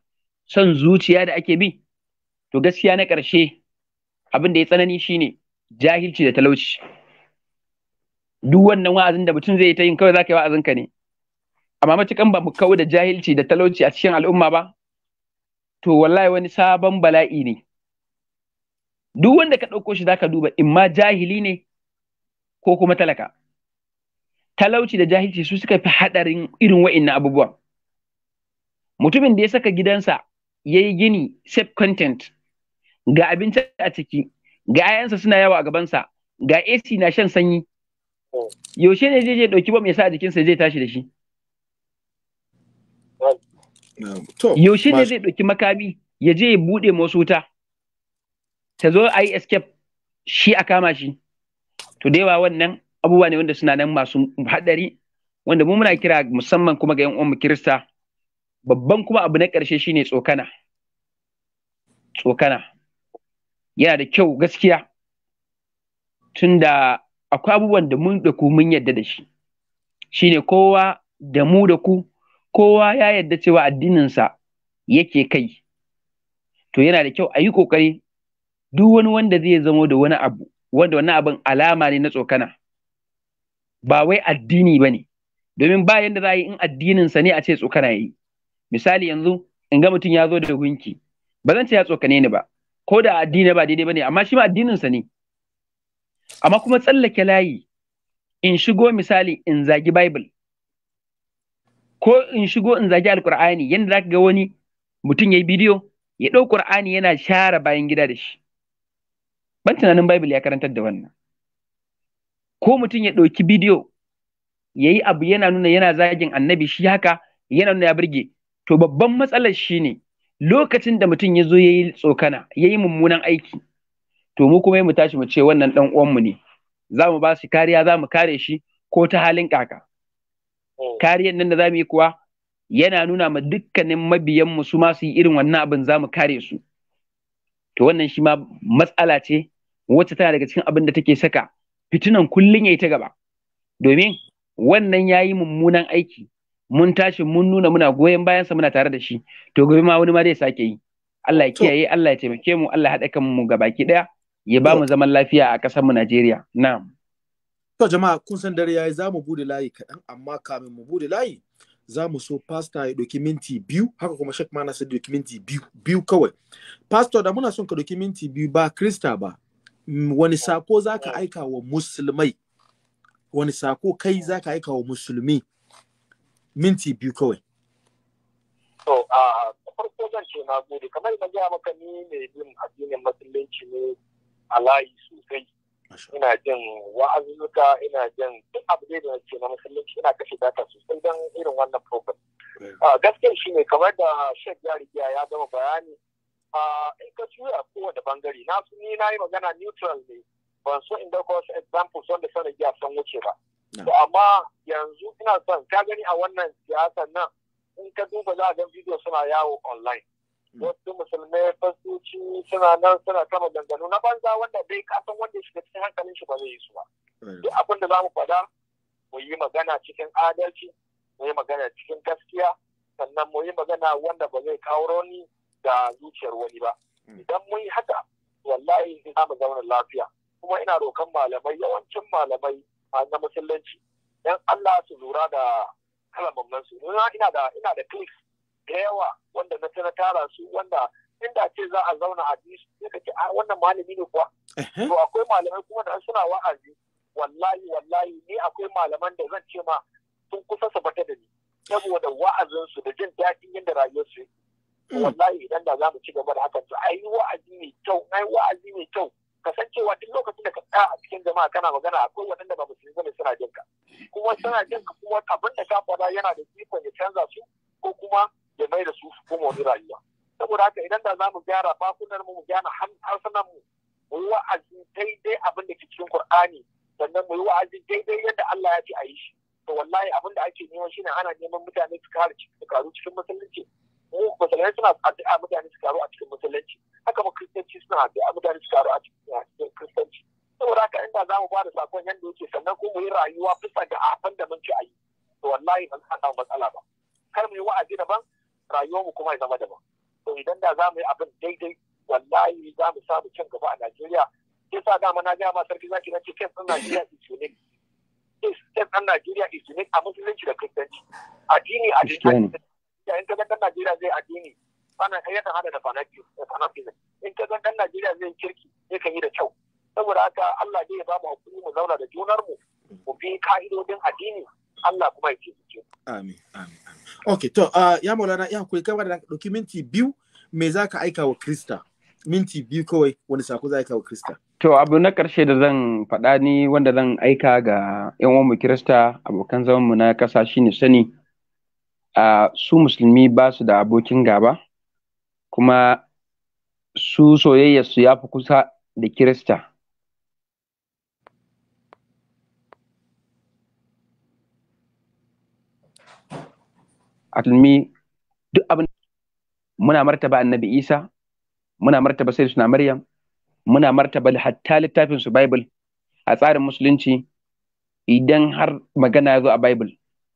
son zuciya da ake bi, to gaskiya na ƙarshe abin da ya tsanani shi ne jahilci da talauci. Duk wannan wa'azin da mutum zai yi ta yin kawai za ka yi wa'azinka ne. Amma matukan ba mu kawo da jahilci da talauci a cikin al'umma ba, to wallahi wani sabon bala'i ne duk wanda ka ɗauko shi za ka duba in ma jahili ne ko kuma talaka talauci da jahilci su suka fi haɗarin irin na abubuwa mutumin da ya saka gidansa ya yi gini safe content ga abinci a ciki ga 'ya'yansa suna yawa a gabansa ga AC na shan sanyi oh. yaushe ne zai je ɗauki bam ya sa a jikinsa zai tashi da shi Yaushe ne zai ɗauki makami ya je ya buɗe masu wuta, ta zo a yi escape shi a kama shi. To da yawa wannan abubuwa ne wanda suna nan masu haɗari wanda mu muna kira musamman kuma ga 'yan uwanmu Kirista babban kuma abu na ƙarshe shine tsokana. Tsokana. Yana da kyau gaskiya Tun da akwai abubuwan da mun da ku mun yadda da shi. Shine kowa da mu da ku kowa ya yadda cewa addininsa yake kai to yana da kyau a yi ƙoƙari duk wani wanda zai zamo da wani abu wanda wani abin alama ne na tsokana ba wai addini ba ne domin ba yanda za a yi in addininsa ne a ce tsokana ya yi misali yanzu in ga mutum ya zo da gunki ba zan ce ya tsokane ni ba ko da addini ba daidai ba ne amma shi ma addininsa ne amma kuma tsallake layi in shigo misali in zagi bible ko in shigo in zagi alkur'ani yanda ka ga wani mutum ya yi bidiyo ya ɗau qur'ani yana share bayan gida da shi ban tunanin bible ya karantar da wannan ko mutum ya ɗauki bidiyo ya yi abu yana nuna yana zagin annabi shi haka yana nuna ya birge. to babban matsalar shi ne lokacin da mutum ya zo ya yi tsokana ya yi mummunan aiki to mu kuma mu tashi mu ce wannan dan uwanmu ne za mu ba shi kariya za mu kare shi ko ta halin kaka Mm. kariyar nan da za mu yi kuwa yana nuna ma dukkanin mabiyan mu su ma yi irin wannan abin za mu kare su to wannan shi ma matsala ce wacce tana daga cikin abin da take saka fitinan kullun yi ta gaba domin wannan ya yi mummunan aiki mun tashi mun nuna muna goyon bayansa muna tare da shi to gobe ma wani ma zai sake yi Allah ya kiyaye Allah ya taimake mu Allah ya haɗa kanmu gabaki ɗaya ya ba mu zaman lafiya a ƙasar mu Najeriya na'am To jama'a kun san dare yayi za mu bude layi kaɗan amma kamin mu bude layi za mu so pastor ya ɗauki minti biyu haka kuma shek ma nasu ɗauki minti biyu biyu kawai. Pastor da muna son ka ɗauki minti biyu ba krista ba mm, wani sako za ka aika wa musulmai wani sako kai za ka aika wa musulmi minti biyu kawai. To a farko zan ce na gode kamar da gaya maka ni mai bin addinin musulunci ne a layi sosai. ina jin wa'azuka ina jin duk abu da ke na musulunci ina kashe data sosai don irin wannan program ah, gaskiyar shi ne kamar da shek ya riga ya gama bayani ah, in ka a kowane bangare na su ni na yi magana neutral ne ban so in dauka wasu examples wanda sana giya san wuce ba to amma yanzu ina son ka gani a wannan siyasan nan in ka duba za a ga bidiyo suna yawo online Mm. wasu musulmai fasoci suna nan suna kama dangano na banza wanda bai kasan wanda shiga cikin hankalin shi ba zai yi su ba duk abin da za mu faɗa mu yi magana cikin adalci mu yi magana cikin gaskiya sannan mu yi magana wanda ba zai kawo rauni da zuciyar wani ba mm. idan mun yi haka wallahi za mu zauna lafiya kuma ina rokan malamai yawancin malamai na musulunci dan Allah su lura da kala su ina da ina da clicks da yawa da na ta tara su wanda inda ce za a zauna a ji su ka ce a wannan malami ne kuwa to akwai malamai kuma da suna wa'azi wallahi wallahi ni akwai malaman da zan ce ma sun kusa su bata da ni saboda wa'azinsu da jin daɗin yadda rayuwarsu su mm. wallahi idan da za mu ci gaba da hakan to ai wa'azi mai kyau ai wa'azi mai kyau kasancewa duk lokacin da ka tsaya a cikin jama'a kana magana akwai waɗanda ba musulmi bane suna jin kuma suna jinka kuma abin da ka faɗa yana da ikon ya canza su ko kuma ya mai da su su koma wani rayuwa saboda haka idan da zamu gyara bakunan mu mu gyara harsunan mu mu yi wa'azi daidai abin da ke cikin Qur'ani sannan mu yi wa'azi daidai yadda Allah ya ce a yi shi to wallahi abin da ake nema shine ana neman mutane su kare su karu cikin musulunci mu musulmai suna addu'a mutane su karu a cikin musulunci haka ma kristanci suna addu'a mutane su karu a cikin kristanci saboda haka inda za mu ba da sakon yadda yake sannan kuma mu yi rayuwa bisa ga abin da mun ci a yi to wallahi ba za a samu matsala ba kar mu yi wa'azi daban rayuwar mu kuma ya zama daban to idan da za mu yi abin daidai wallahi za mu samu cin gaba a Najeriya sai sa dama na gaya ma sarki zaki na ce kai ɗan Najeriya is unique state ɗan Najeriya is unique a musulunci da kristanci addini a cikin in ka ɗan Najeriya zai addini sanan kai yakan hada da fanatism in ka ɗan Najeriya zai kirki zai kan yi da kyau saboda haka Allah zai ba mu hakuri mu zauna da junar mu mu bi ka'idodin addini Allah kuma ya ce amin amin amin Ok to uh, ya maulana ya hakuri kama da ɗauki minti biyu me za ka aika wa krista minti biyu kawai wani sako za aika wa krista to abu na karshe da zan faɗa ni wanda zan aika ga yan uwanmu krista abokan zaman mu na shi shine sani uh, su musulmi ba su da abokin gaba kuma su soyayya su ya fi kusa da kirista almi duk abin muna martaba annabi isa muna martaba sai suna maryam muna martaba hatta littafin su bible a tsarin musulunci idan har magana ya zo a bible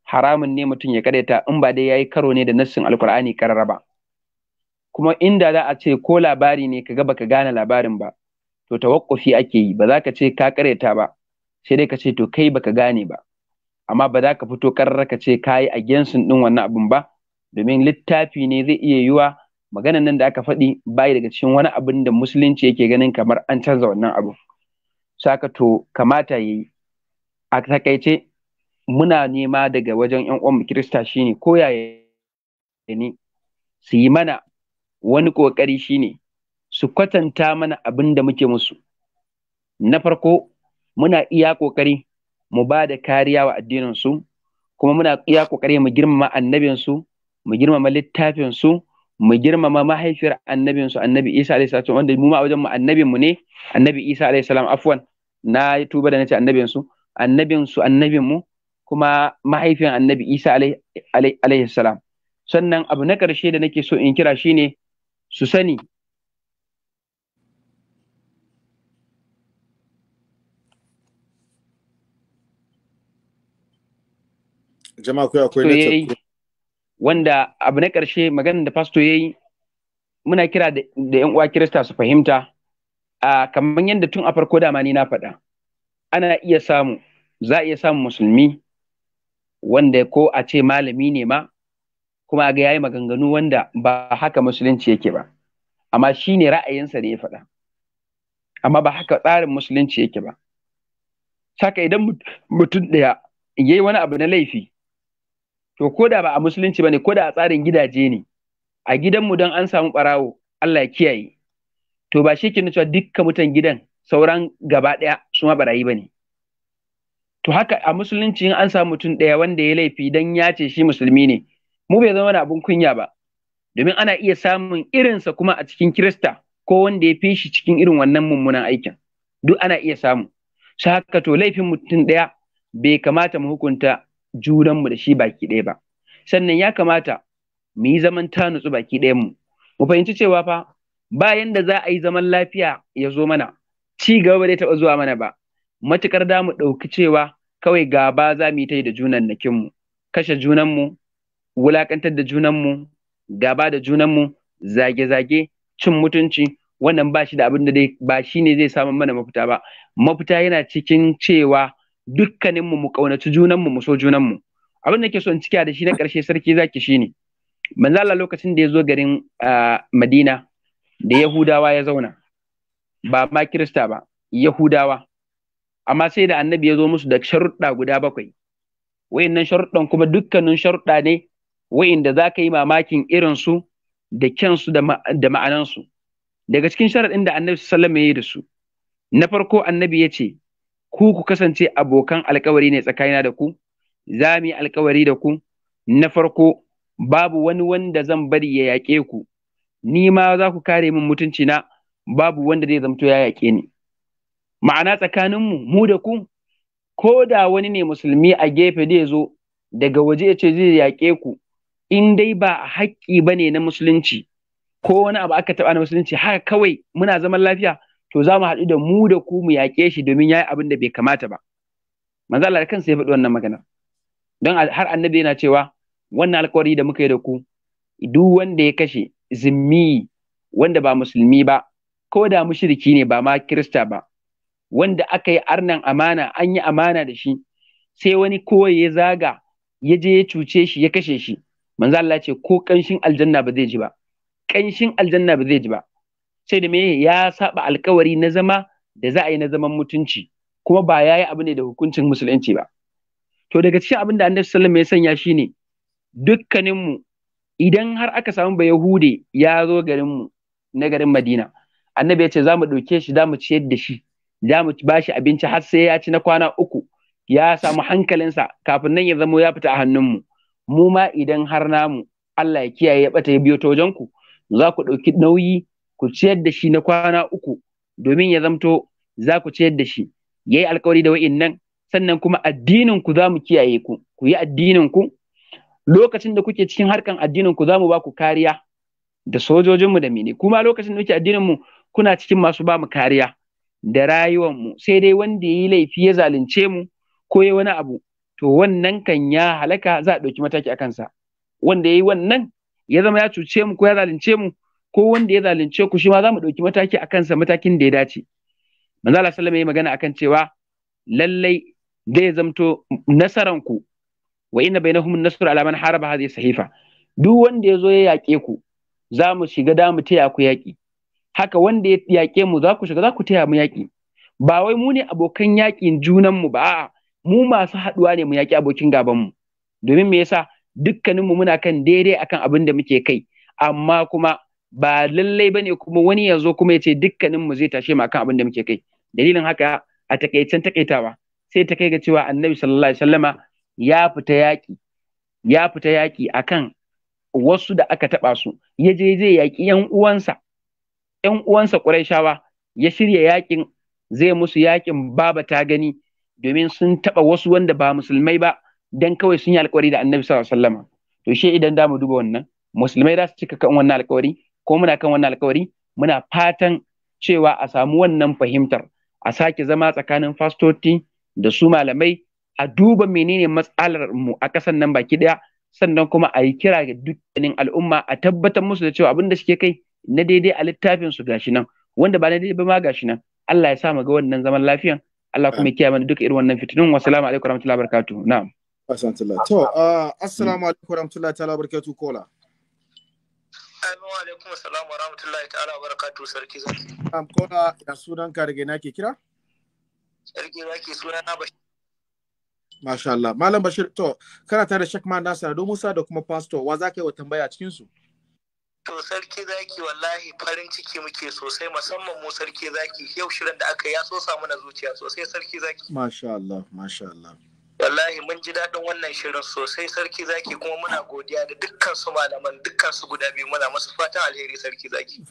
haramun ne mutum ya kadaita in ba dai yayi karo ne da nassin alkur'ani karara ba kuma inda za a ce ko labari ne ka kaga baka gane labarin ba to tawakkufi ake yi ba za ka ce ka kareta ba sai dai ka ce to kai baka gane ba amma ba za ka fito karrar ka ce kayi a gensin din wannan abun ba domin littafi ne zai iya yiwa maganan nan da aka faɗi bayi daga cikin wani abin da musulunci yake ganin kamar an canza wannan abu saka to kamata yayi a takaice muna nema daga wajen yan uwan kirista shine ko yaya ne su yi mana wani kokari shine su kwatanta mana abin da muke musu na farko muna iya kokari mu ba da kariya wa addinin kuma muna iya kokari mu girmama annabinsu, mu girmama littafinsu, mu girmama mahaifiyar annabinsu annabi Isa alaihi salatu wanda mu ma wajen mu annabin mu ne annabi Isa alaihi salam afwan na yi tuba da nace annabin annabinsu, annabin su kuma mahaifin annabi Isa alaihi salam sannan abu na karshe da nake so in kira shine su sani jama'a ku akwai wanda abu na ƙarshe maganar da fasto ya yi, muna kira da yan uwa kirista su fahimta a kamar yadda tun a farko dama ni na faɗa ana iya samu za a iya samu musulmi wanda ko a ce malami ne ma kuma ga yayi maganganu wanda ba haka musulunci yake ba amma shi ne ra'ayinsa da ya faɗa amma ba haka tsarin musulunci yake ba saka idan mutum ɗaya ya wani abu na laifi to ko da ba a musulunci bane ko da a tsarin gidaje ne a gidanmu don an samu barawo Allah ya kiyaye to ba shi ke nutsuwa dukkan mutan gidan sauran gaba ɗaya su ma barayi bane to haka a musulunci in an samu mutum ɗaya wanda ya laifi dan ya ce shi musulmi ne mu bai zama abin kunya ba domin ana iya samun irinsa kuma a cikin kirista ko wanda ya fi shi cikin irin wannan mummunan aikin duk ana iya samu su haka to laifin mutum ɗaya bai kamata mu hukunta junanmu da shi baki ɗaya ba sannan ya kamata mu yi zaman ta nutsu baki ɗayan mu mu fahimci cewa fa bayan da za a yi zaman lafiya ya zo mana ci gaba ba zai taɓa zuwa mana ba matukar da mu ɗauki cewa kawai gaba za mu yi ta yi da junan nakinmu kashe junanmu wulakantar da junanmu gaba da junanmu zage-zage cin mutunci wannan ba shi da abin da dai ba shi ne zai samun mana mafita ba mafita yana cikin cewa dukkaninmu mu ƙaunaci junanmu mu so junanmu abin da ke so in ciki da shi na ƙarshe sarki zaki shine ne Allah lokacin da ya zo garin Madina da Yahudawa ya zauna ba ma Kirista ba Yahudawa amma sai da annabi ya zo musu da sharuɗa guda bakwai wayannan sharuɗan kuma dukkanin sharuɗa ne wayanda za ka yi mamakin irinsu da kyansu da ma'anansu daga cikin sharaɗin da annabi sallama ya yi da su na farko annabi ya ce ku ku kasance abokan alkawari ne tsakanina da ku za mu yi alkawari da ku na farko babu wani wanda zan bari ya yaƙe ku ni ma za ku kare min mutunci na babu wanda zai zamto ya yaƙe ni ma'ana tsakaninmu mu da ku ko da wani ne musulmi a gefe zai zo daga waje ya ce zai yaƙe ku in dai ba a haƙƙi ba ne na musulunci ko wani abu aka taɓa na musulunci haka kawai muna zaman lafiya to za mu haɗu da mu da ku mu yaƙe shi domin ya yi abin da bai kamata ba manzo Allah kansa ya faɗi wannan magana don har annabi yana cewa wannan alƙawari da muka yi da ku duk wanda ya kashe zimmi wanda ba musulmi ba ko da mushriki ne ba ma kirista ba wanda aka yi arnan amana an yi amana da shi sai wani kowai ya zaga ya je ya cuce shi ya kashe shi manzo Allah ce ko ƙanshin aljanna ba zai ji ba ƙanshin aljanna ba zai ji ba sai da me ya saba alkawari na zama da za a yi na zaman mutunci kuma ba ya yi abu ne da hukuncin musulunci ba to daga cikin abin da annabi sallallahu alaihi wasallam ya sanya shine dukkaninmu idan har aka samu ba yahude ya zo garin mu na garin madina annabi ya ce za mu ɗauke shi za mu ciyar da shi za mu ba shi abinci har sai ya ci na kwana uku ya samu hankalinsa kafin nan ya zamo ya fita a hannunmu mu ma idan har namu Allah ya kiyaye ya bata ya biyo ta ku za ku ɗauki nauyi ku ciyar da shi na kwana uku domin ya zamto za ku ciyar da shi Ya yi alkawari da wa'innan sannan kuma addinin ku za mu kiyaye ku ku yi addinin ku lokacin da kuke cikin harkan addinin ku za mu ba ku kariya da sojojinmu da mene kuma lokacin da kuke addinin mu kuna cikin masu ba mu kariya da rayuwar mu sai dai wanda ya yi laifi ya zalunce mu ko ya wani abu to wannan kan ya halaka za a ɗauki mataki a kansa wanda ya yi wannan ya zama ya cuce mu ko ya zalunce mu ko wanda ya zalunce ku shi ma za mu ɗauki mataki a kansa matakin da ya dace manzo Allah sallama ya magana akan cewa lallai zai zamto nasaran ku wa inna bainahum nasr ala man haraba hadhihi sahifa duk wanda ya zo ya yaƙe ku za mu shiga da mu taya ku yaƙi haka wanda ya yaƙe mu za ku shiga za ku taya mu yaƙi ba wai mu ne abokan yaƙin junan mu ba a'a mu masu haɗuwa ne mu yaƙi abokin gaban mu domin me yasa dukkanin mu muna kan daidai akan abin da muke kai amma kuma ba lallai ne kuma wani ya zo kuma ya ce dukkanin mu zai tashe mu akan abin da muke kai dalilin haka a takaicen takaitawa sai ta kai ga cewa annabi sallallahu alaihi wasallama ya fita yaki ya fita yaki akan wasu da aka taba su ya je zai yaki yan uwansa yan uwansa Qurayshawa ya shirya yakin zai musu yakin baba ta gani domin sun taba wasu wanda ba musulmai ba dan kawai sun yi alkawari da annabi sallallahu alaihi wasallama to she idan da mu duba wannan musulmai za su cika kan wannan alkawari ko muna kan wannan alkawari muna fatan cewa a samu wannan fahimtar a sake zama tsakanin fastoti da su malamai a duba menene matsalar mu a ƙasar nan baki ɗaya sannan kuma a yi kira ga dukkanin al'umma a tabbatar musu da cewa abin da suke kai na daidai a littafin su gashi nan wanda ba na daidai ba ma gashi nan Allah ya sa mu ga wannan zaman lafiya. Allah kuma ya kiyaye mana duka irin wannan fitinun wa salamu alaikum warahmatullahi wabarakatuh na'am assalamu alaikum warahmatullahi wabarakatuh kola Amin alaikum salam wa rahmatullahi ta'ala wa barakatuhu sarki zaki. Am kola ya sunan ka daga ke kira? Sarki zaki sunan na Bashir. Masha Allah. Malam Bashir to kana tare da Sheikh Man Nasir Ado Musa da kuma pastor wa za ka yi wa tambaya cikin su? To sarki zaki wallahi farin ciki muke sosai musamman mu sarki zaki yau shirin da aka yi ya so samu na zuciya sosai sarki zaki. Masha Allah, masha Allah. wallahi mun ji daɗin wannan shirin sosai sarki zaki kuma muna godiya da dukkan su malaman dukkan su guda biyu muna masu fatan alheri sarki zaki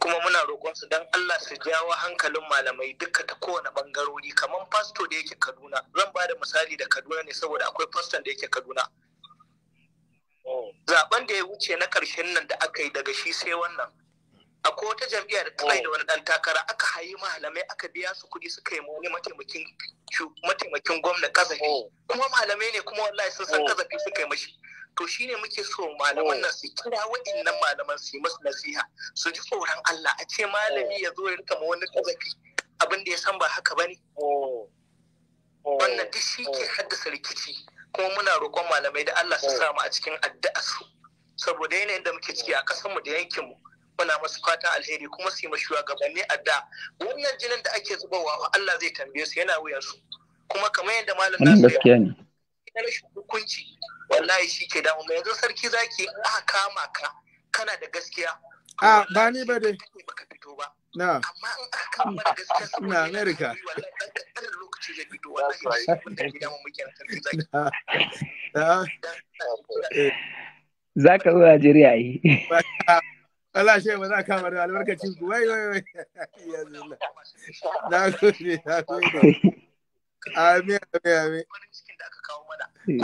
kuma muna roƙon su dan Allah su jawo hankalin malamai duka ta kowane bangarori kamar fasto da yake Kaduna zan ba da misali da Kaduna ne saboda akwai faston da yake Kaduna oh. zaben da ya wuce na ƙarshen nan da aka yi daga shi sai wannan akwai wata jam'iyyar da ta da oh. wani dan takara aka hayi malamai aka biya su kuɗi suka yi wani mataimakin mataimakin gwamna kazafi oh. kuma malamai ne kuma wallahi sun san kazafi oh. suka yi mashi to shine muke so malaman nan su kira wa'innan malaman su yi masu nasiha su ji tsoron Allah a ce malami ya zo ya rika ma wani kazafi abin da ya san ba haka bane wannan duk shi ke haddasa rikici kuma muna roƙon malamai da Allah su samu a cikin addu'a su saboda yanayin da muke ciki a kasar mu da yankin mu muna masu fatan alheri kuma su yi mashi shugabanni adda wannan jinin da ake zubawa wa Allah zai tambaye su yana wuyan su kuma kamar yadda malam nasu gaskiya ne rashin hukunci wallahi shi ke damu mai yanzu sarki zaki aka kama ka kana da gaskiya a ba ni ba dai baka fito ba na amma in aka kama da gaskiya saboda America lokaci zai fito wallahi da za ka zo Najeriya yi. Allah shi ba za ka mara albarkacin ku wai wai wai na gode na gode amin amin amin amin na gode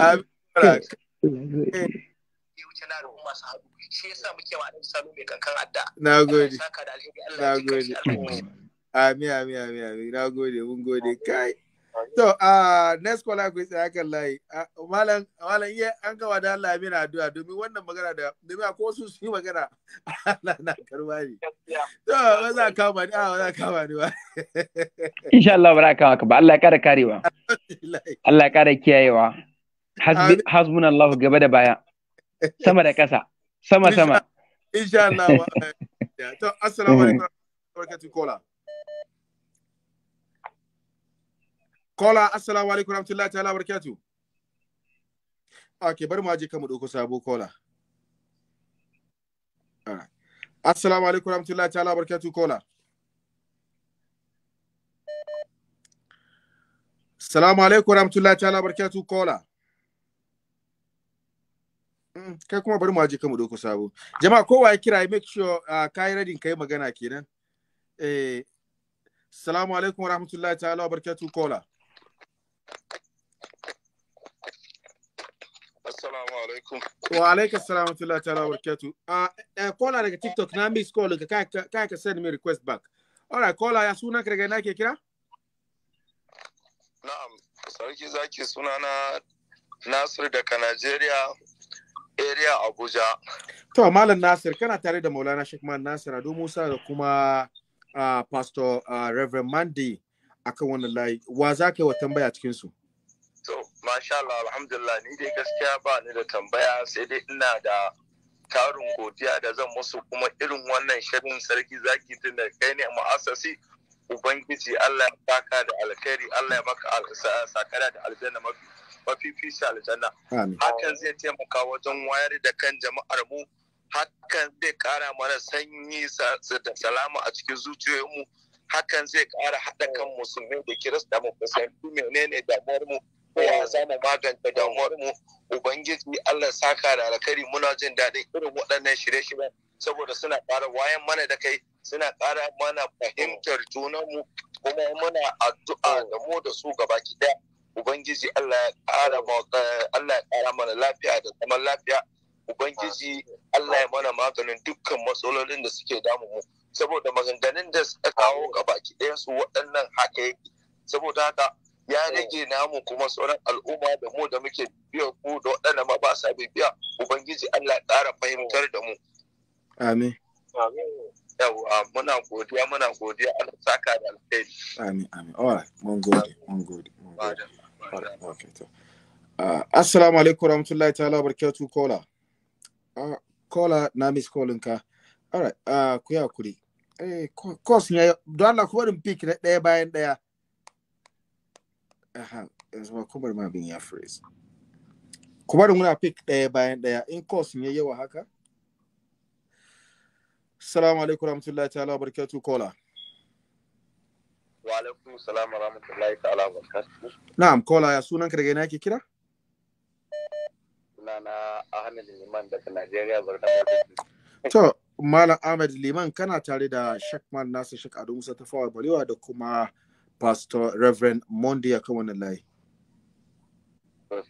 na gode amin amin amin amin na gode mun gode kai To, uh, next caller ku tsaya kan layi. Malam, malam iya an gawa da Allah mina addu'a domin wannan magana da domin ko su su yi magana Allah na karba ne. To, ba za ka ba ni, ba za ka ba ni ba. Insha Allah ba ka ba, Allah ya kara karewa. Allah ya kara kiyayewa. Hasbun Allah gaba da baya. Sama da kasa Sama sama. Insha Allah. To, assalamu alaikum. Barkatu kola. Kola, assalamu alaikum rahmatullahi ta'ala barakatu. Ake bar mu aje kamu ɗauko sabo kola. Assalamu alaikum rahmatullahi ta'ala barakatu kola. Assalamu alaikum rahmatullahi ta'ala barakatu kola. Mm, kai kuma bari mu aje kamu ɗauko sabo. Jama'a kowa ya kira make sure uh, kayi radin kai magana kenan. Eh, Assalamu alaikum rahmatullahi ta'ala barakatu kola. Assalamu alaikum. Wa alaikum salam wa ta'ala wa barakatu. Ah, eh kola daga TikTok na miss call daga kai ka send me request back. Alright kola ya suna ka daga na kira? Na'am, sarki zaki suna na Nasir daga Najeriya area Abuja. To Malam Nasir kana tare da Maulana Sheikh Man Nasir Ado Musa da kuma uh, Pastor uh, Reverend Mandy akan wannan layi wa za ka yi wa tambaya cikin su to masha Allah alhamdulillah ni dai gaskiya ba ni da tambaya sai dai ina da tarin godiya da zan musu kuma irin wannan shirin sarki zaki tunda kai ne mu'assasi ubangiji Allah ya baka da alkhairi Allah ya maka sakara da aljanna mafi mafi shi aljanna hakan zai taimaka wajen wayar da kan jama'ar mu hakan zai kara mana sanyi da salama a cikin zuciyoyinmu hakan zai kara haɗa kan musulmi da kirista mu fahimci menene damuwar mu ya za mu magance damuwar mu ubangiji Allah saka da alkhairi muna jin daɗin irin waɗannan shirye-shiryen saboda suna ƙara wayan mana da kai suna ƙara mana fahimtar mu kuma muna addu'a da mu da su gaba ɗaya ubangiji Allah ya ƙara eh, Allah ya ƙara mana lafiya da zaman lafiya ubangiji Allah ya mana maganin dukkan matsalolin da suke damu mu saboda maganganun da suka kawo ga baki ɗayan su waɗannan haka yake saboda haka ya hmm. rage namu kuma sauran al'umma da mu da muke biya ku da waɗanda ma ba sa bibiya ubangiji Allah ƙara fahimtar da mu amin yawa muna godiya muna godiya Allah saka da alheri amin amin all right mun gode mun gode mun gode okay to uh, assalamu alaikum warahmatullahi ta'ala barakatuh kola uh, kola na miss callin ka all right uh, ku yi hakuri eh course ne don Allah ku barin pick na ɗaya bayan ɗaya aha yanzu ma ku bari ma bin ya phrase ku bari muna pick ɗaya bayan ɗaya in course ne yawa haka Assalamu alaikum warahmatullahi ta'ala wa barakatuh kola wa alaikum salam wa rahmatullahi ta'ala wa barakatuh na'am kola ya sunan ka daga ina yake kira na Ahmed Liman daga Najeriya Borno To, Malam Ahmed Liman kana tare da Shekman Nasir Shek Ado Musa Tafawa Balewa da kuma Pastor Reverend Mondi a kan wannan layi.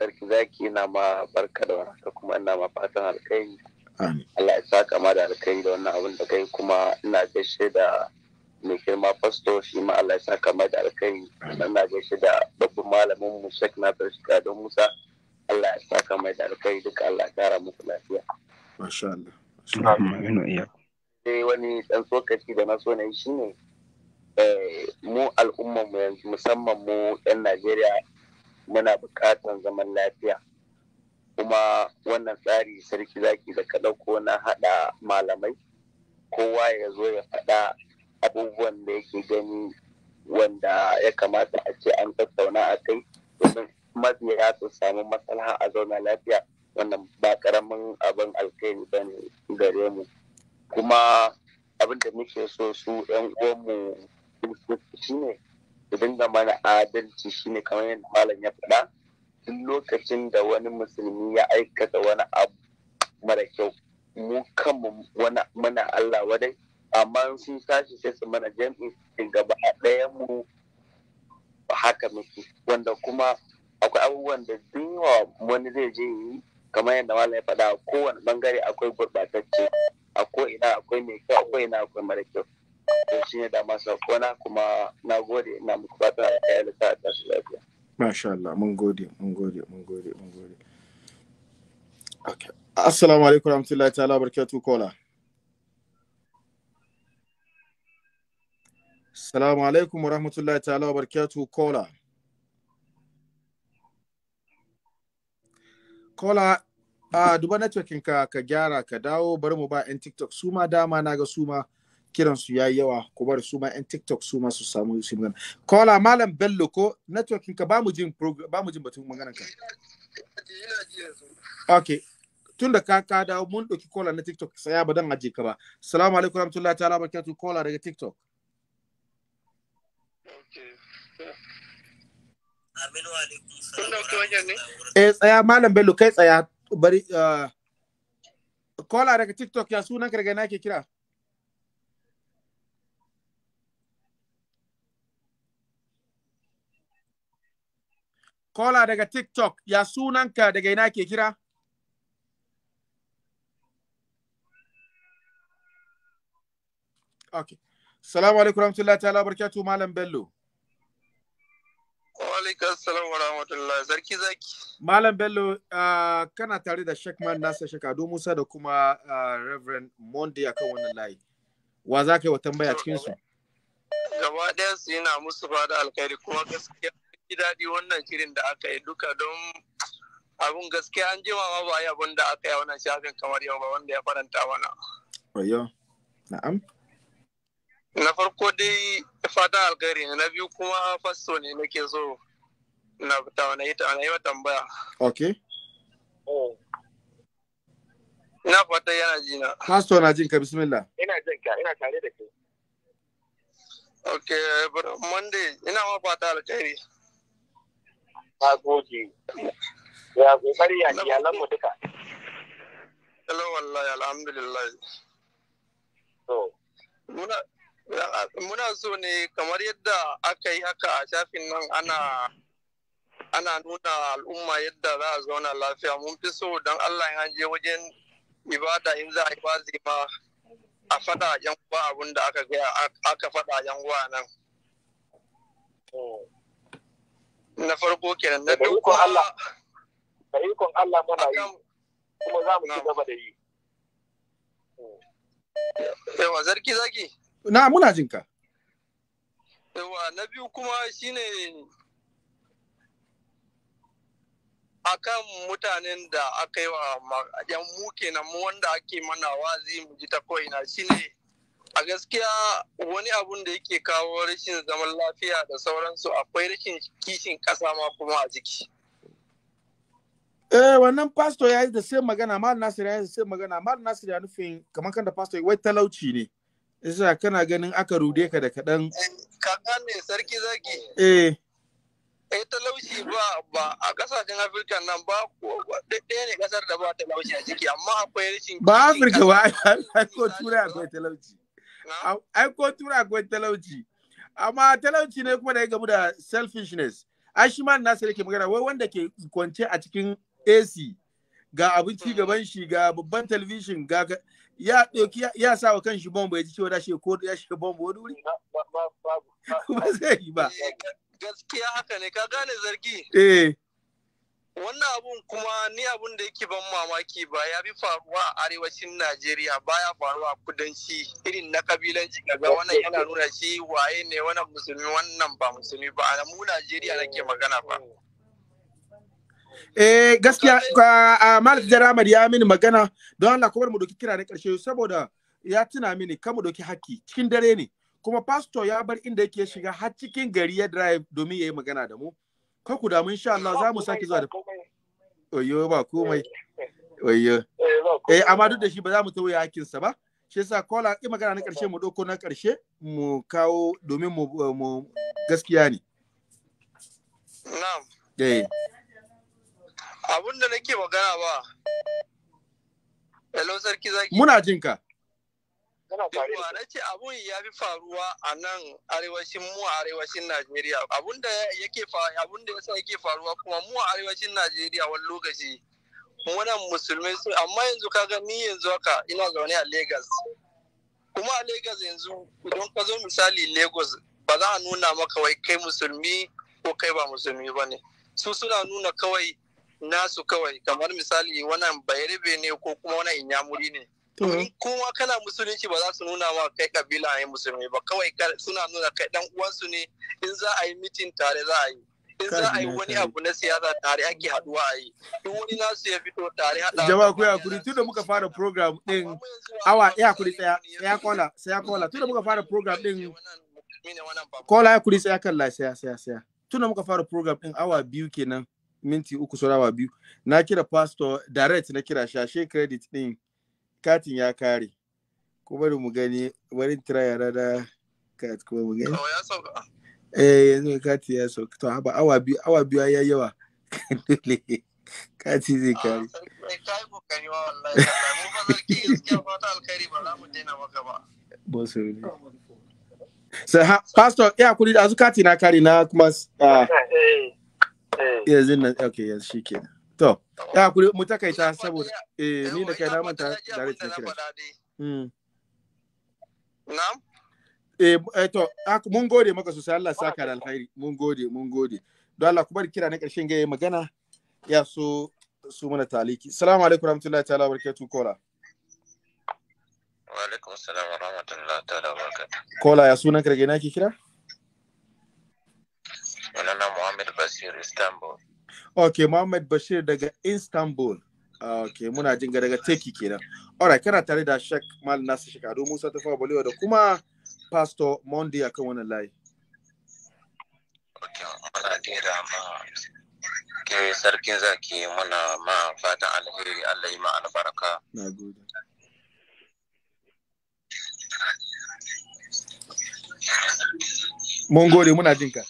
Sarki zaki na ma barka da warhaka kuma ina ma fatan alkai. Allah ya sa kama da alkai da wannan abin da kai kuma ina gaishe da mai girma pastor shi ma Allah ya sa kama da alkai. Ina gaishe da babban malamin mu Shek Nasir Shek Ado Musa. Allah ya sa kama da alkai duka Allah ya kara muku lafiya. Masha Allah. suna mm-hmm. sai wani ɗan tsokaci da na so na yi shine eh, mu al'ummar mu yanzu musamman mu 'yan Najeriya muna bukatan zaman lafiya kuma wannan tsari sarki zaki da ka ko na haɗa malamai kowa ya zo ya faɗa abubuwan da yake gani wanda ya kamata a ce an tattauna a kai domin mafiya su samu matsala a zauna lafiya wannan ba karamin abin alkairi ba ne gare mu kuma abin da muke so su yan uwanmu shine su dinga mana adalci shine kamar yadda malam ya faɗa duk lokacin da wani musulmi ya aikata wani abu mara kyau mu kanmu mana Allah wadai amma sun tashi sai su mana jami'in jam'i gaba ɗaya mu haka muke wanda kuma akwai abubuwan da duk wani zai je yi kamar yadda malam ya faɗa a kowane bangare akwai gurɓatacce a ko ina akwai mai kyau a ko ina akwai mara kyau to shi ne da masu kona kuma na gode ina muku fata a kayan da ta su lafiya masha Allah mun gode mun gode mun gode mun gode okay assalamu alaikum warahmatullahi ta'ala barakatuh kola Assalamu alaikum warahmatullahi ta'ala barakatuh kola kola a duba networking ka ka gyara ka dawo bari mu ba yan tiktok su ma dama na ga su ma kiran su yayi yawa ku bar su ma yan tiktok su ma su samu su magana kola malam bello ko networking ka ba mu jin ba mu jin batun maganar ka okay tun da ka ka dawo mun ɗauki kola na TikTok sai ya badan aje ka ba. Salamu alaikum warahmatullahi ta'ala barakatuh kola daga TikTok. Eh, uh, kola daga TikTok ya sunan ka daga na ke kira. Kola daga TikTok ya daga ina ke kira? Okay. Salamu alaikum warahmatullahi ta'ala barakatuh Malam Bello. Walaikar zaki. Malam Bello kana tare da Shekman Man Nasa Sheikh Musa da kuma Reverend a akan wannan layi. Wa za ka yi wa tambaya cikin su? Gaba ɗaya su yana musu fada alkhairi kuma gaskiya ji daɗi wannan shirin da aka yi duka don abun gaskiya an jima ma ba yi abun da aka yi wannan shafin kamar yau ba wanda ya faranta mana. Oyo, na'am. na farko dai fatan alkhairi ne na biyu kuma faso ne nake so na tawana yi tawana tambaya ok oh. na fata yana ji na faso na jin ka bismillah ina jin ka ina tare da ke ok monday ina ma fata alkhairi na goji ya kokari ya ji mu duka hello wallahi alhamdulillah so muna muna so ne kamar yadda aka yi haka a shafin nan ana ana nuna al'umma yadda za a zauna lafiya mun fi so don allah ya je wajen ibada in za a yi bazi ma a fada yan uwa abin da aka gaya aka fada yan uwa nan na farko kenan na duk allah da ikon allah muna yi kuma za mu ci gaba da yi yawa zarki zaki na muna jin ka yawa na biyu kuma shine akan mutanen da aka yi wa yan mu kenan mu wanda ake mana wazi mu ji ta ko'ina shine a gaskiya wani abun da yake kawo rashin zaman lafiya da sauransu akwai rashin kishin ƙasa ma kuma a jiki Eh, wannan pastor ya yi da sai magana, Mal Nasir ya yi da sai magana, Mal Nasir ya nufin kamar kan da pastor wai talauci ne. Isa kana ganin aka rude ka da kaɗan. Eh, kaɗan ne sarki zaki. Eh. Eh talauci ba ba a ƙasashen Afirka nan ba ko ɗaya ne ƙasar da ba talauci a ciki amma akwai rashin. Ba Afirka ba ai ko tura akwai talauci. Ai ko tura akwai talauci. Amma talauci ne kuma da ya gamu da selfishness. Ai shi ma sai yake magana wai wanda ke kwance a cikin AC ga abinci hmm. gaban shi ga babban television ga ya ɗauki ya sa wa kan shi bomba ya ji cewa shi ko ya shiga bomba wani wuri ba zai yi ba eh, gaskiya haka ne ka gane zargi eh wannan abun kuma ni abun da yake ban mamaki ba ya fi faruwa a arewacin najeriya ba ya faruwa a kudanci irin na kabilanci kaga wannan yana nuna shi waye ne wannan musulmi wannan ba musulmi ba a mu najeriya nake magana ba Eh gaskiya Malik Jaramar ya mini magana don Allah kuma mu doki kira da karshe saboda ya tuna mini kan mu doki haki cikin dare ne kuma pastor ya bar inda yake shiga har cikin gari ya drive domin yayi magana da mu. Ka ku damu insha Allah za mu sake zuwa da Oyo ba komai. Oyo. Eh amma duk da shi ba za mu tauye hakin sa ba. Shi yasa kola in magana na karshe mu doko na karshe mu kawo domin mu gaskiya ne. Na'am. Eh. abun da nake magana ba hello sarki zaki muna jin ka yawa na ce abun ya fi faruwa a nan arewacin mu a arewacin najeriya abun da yake abun da yasa yake faruwa kuma mu a arewacin najeriya wani lokaci wannan musulmi su amma yanzu kaga ni yanzu haka ina zaune a lagos kuma a lagos yanzu idan ka zo misali lagos ba za a nuna maka wai kai musulmi ko kai ba musulmi ba ne su suna nuna kawai nasu kawai kamar misali wannan bayarbe ne ko kuma wannan inyamuri ne kuma kana musulunci ba za su nuna ma kai kabila a musulmi ba kawai suna nuna kai dan uwansu ne in za a yi mitin tare za a yi in za a yi wani abu na siyasa tare ake haduwa a yi in wani nasu ya fito tare hada jama'a ku ya kuri tunda muka fara program din awa ya kuri tsaya ya kola sai ya kola tunda muka fara program din kola ya kuri tsaya kan lafiya sai sai tun muka fara program din awa biyu kenan minti uku surawa biyu na kira pastor direct na kira shashe credit din katin ya kare ko bari mu gani bari tira yara da kat ko mu gani eh yanzu kati ya sauka to haba awa biyu awa biyu ya yawa dole kati zai kare ah, ba su ne so pastor ya kuri da azu kati na kare na kuma ah. eh, Eh. yanzu nan okay yanzu shikenan to ya kuri mu takaita saboda eh ni da kai na manta direct na kira mm eh to ah, mun gode maka sosai Allah saka da alkhairi mun gode mun gode don Allah kuma bari kira na karshen ga magana ya so su mana taliki assalamu alaikum warahmatullahi ta'ala barakatuh kola wa alaikum assalam wa rahmatullahi ta'ala barakatuh kola ya sunan kirge na ki kira wannan Bashir Istanbul. Ok, Muhammad Bashir daga Istanbul. Ok, muna jin ga daga teki kenan. Alright, kana tare da Sheikh Mal Nasir shekaru Musa ta fara da kuma Pastor Monday akan wannan layi. Ok, muna dira ma ke sarkin zaki muna ma fatan alheri Allah yi ma albarka. Na gode. Mun gode muna ka.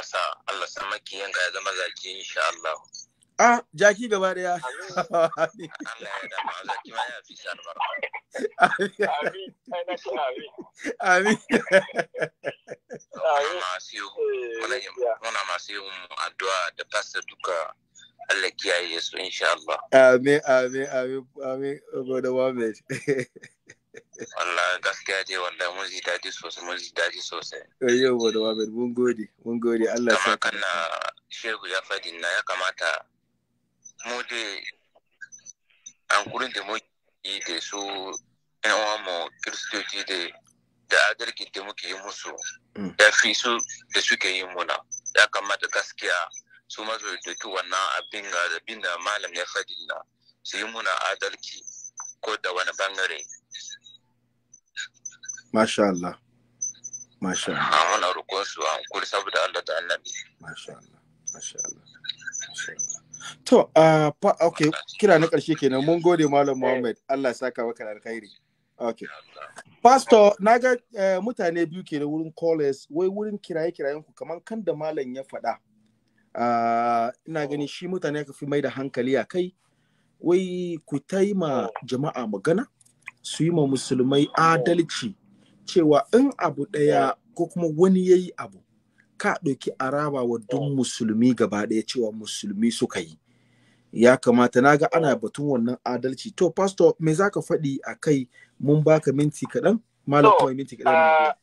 Allah sa Allah sa maki yanka ya zama zaki insha Allah ah jaki gaba daya Allah ya da zaki ma ya fi barka amin amin amin muna masu yi eh, addu'a da duka Allah kiyaye su insha Allah amin amin amin amin Wallah gaskiya dai wallahi mun ji daɗi sosai mun ji daɗi sosai. Eh, yau wa da Wabir mun gode mun gode Allah sa. Kamar na shehu ya faɗi na ya kamata mu an hankulin da mu yi da su ɗan uwan mu kiristoci da da adalci da muke yi musu ya mm. fi su da suke yi muna ya kamata gaskiya su mazo da wannan abin ga abin da malam ya fadi na su yi muna adalci ko da wani bangare Masha Allah. Masha Allah. Ah, muna rukun su kuri saboda Allah da annabi. Masha Allah. Masha Allah. Masha Allah. To, uh, ah, pa, okay, kira na ƙarshe kenan mun gode Malam Muhammad. Allah saka maka da alkhairi. Okay. Pastor, na ga uh, mutane biyu ke wurin callers, wai wurin kiraye-kirayen ku kamar kan da malam ya faɗa. Uh, ina gani shi mutane ka fi mai da hankali a kai, wai ku taima jama'a magana, su yi ma musulmai adalci cewa in abu ɗaya eh. ko kuma wani yayi abu ka ɗauki araba wa duk eh. musulmi gaba ɗaya cewa musulmi suka yi ya kamata naga ana eh. batun wannan adalci to pastor me za ka faɗi a kai mun baka minti kaɗan malam kuma minti kaɗan ah,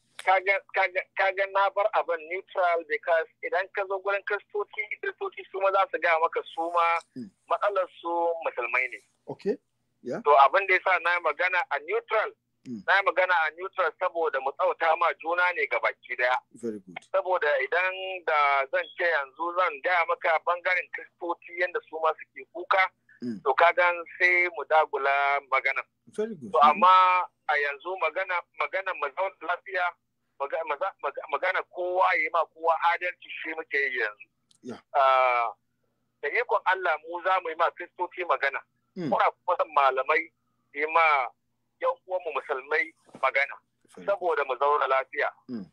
ga na bar abin neutral because idan ka zo gurin kristoci kristoci su ma za su gaya maka su ma hmm. matsalar su musulmai ne okay yeah to abin da yasa na magana a neutral na mm. magana a neutral saboda mu tsauta ma juna ne ga baki daya saboda idan da zan ce yanzu zan gaya maka bangaren kristoci yadda su ma suke kuka mm. to kagan sai mu dagula magana to amma a yanzu magana magana mazaun lafiya magana kowa ya ma kowa adalci shi muke yi yanzu ah, da ikon Allah mu za mu yi ma kristoci magana mm. muna kuma malamai yi ma yan uwanmu musulmai magana saboda mu zauna lafiya mm.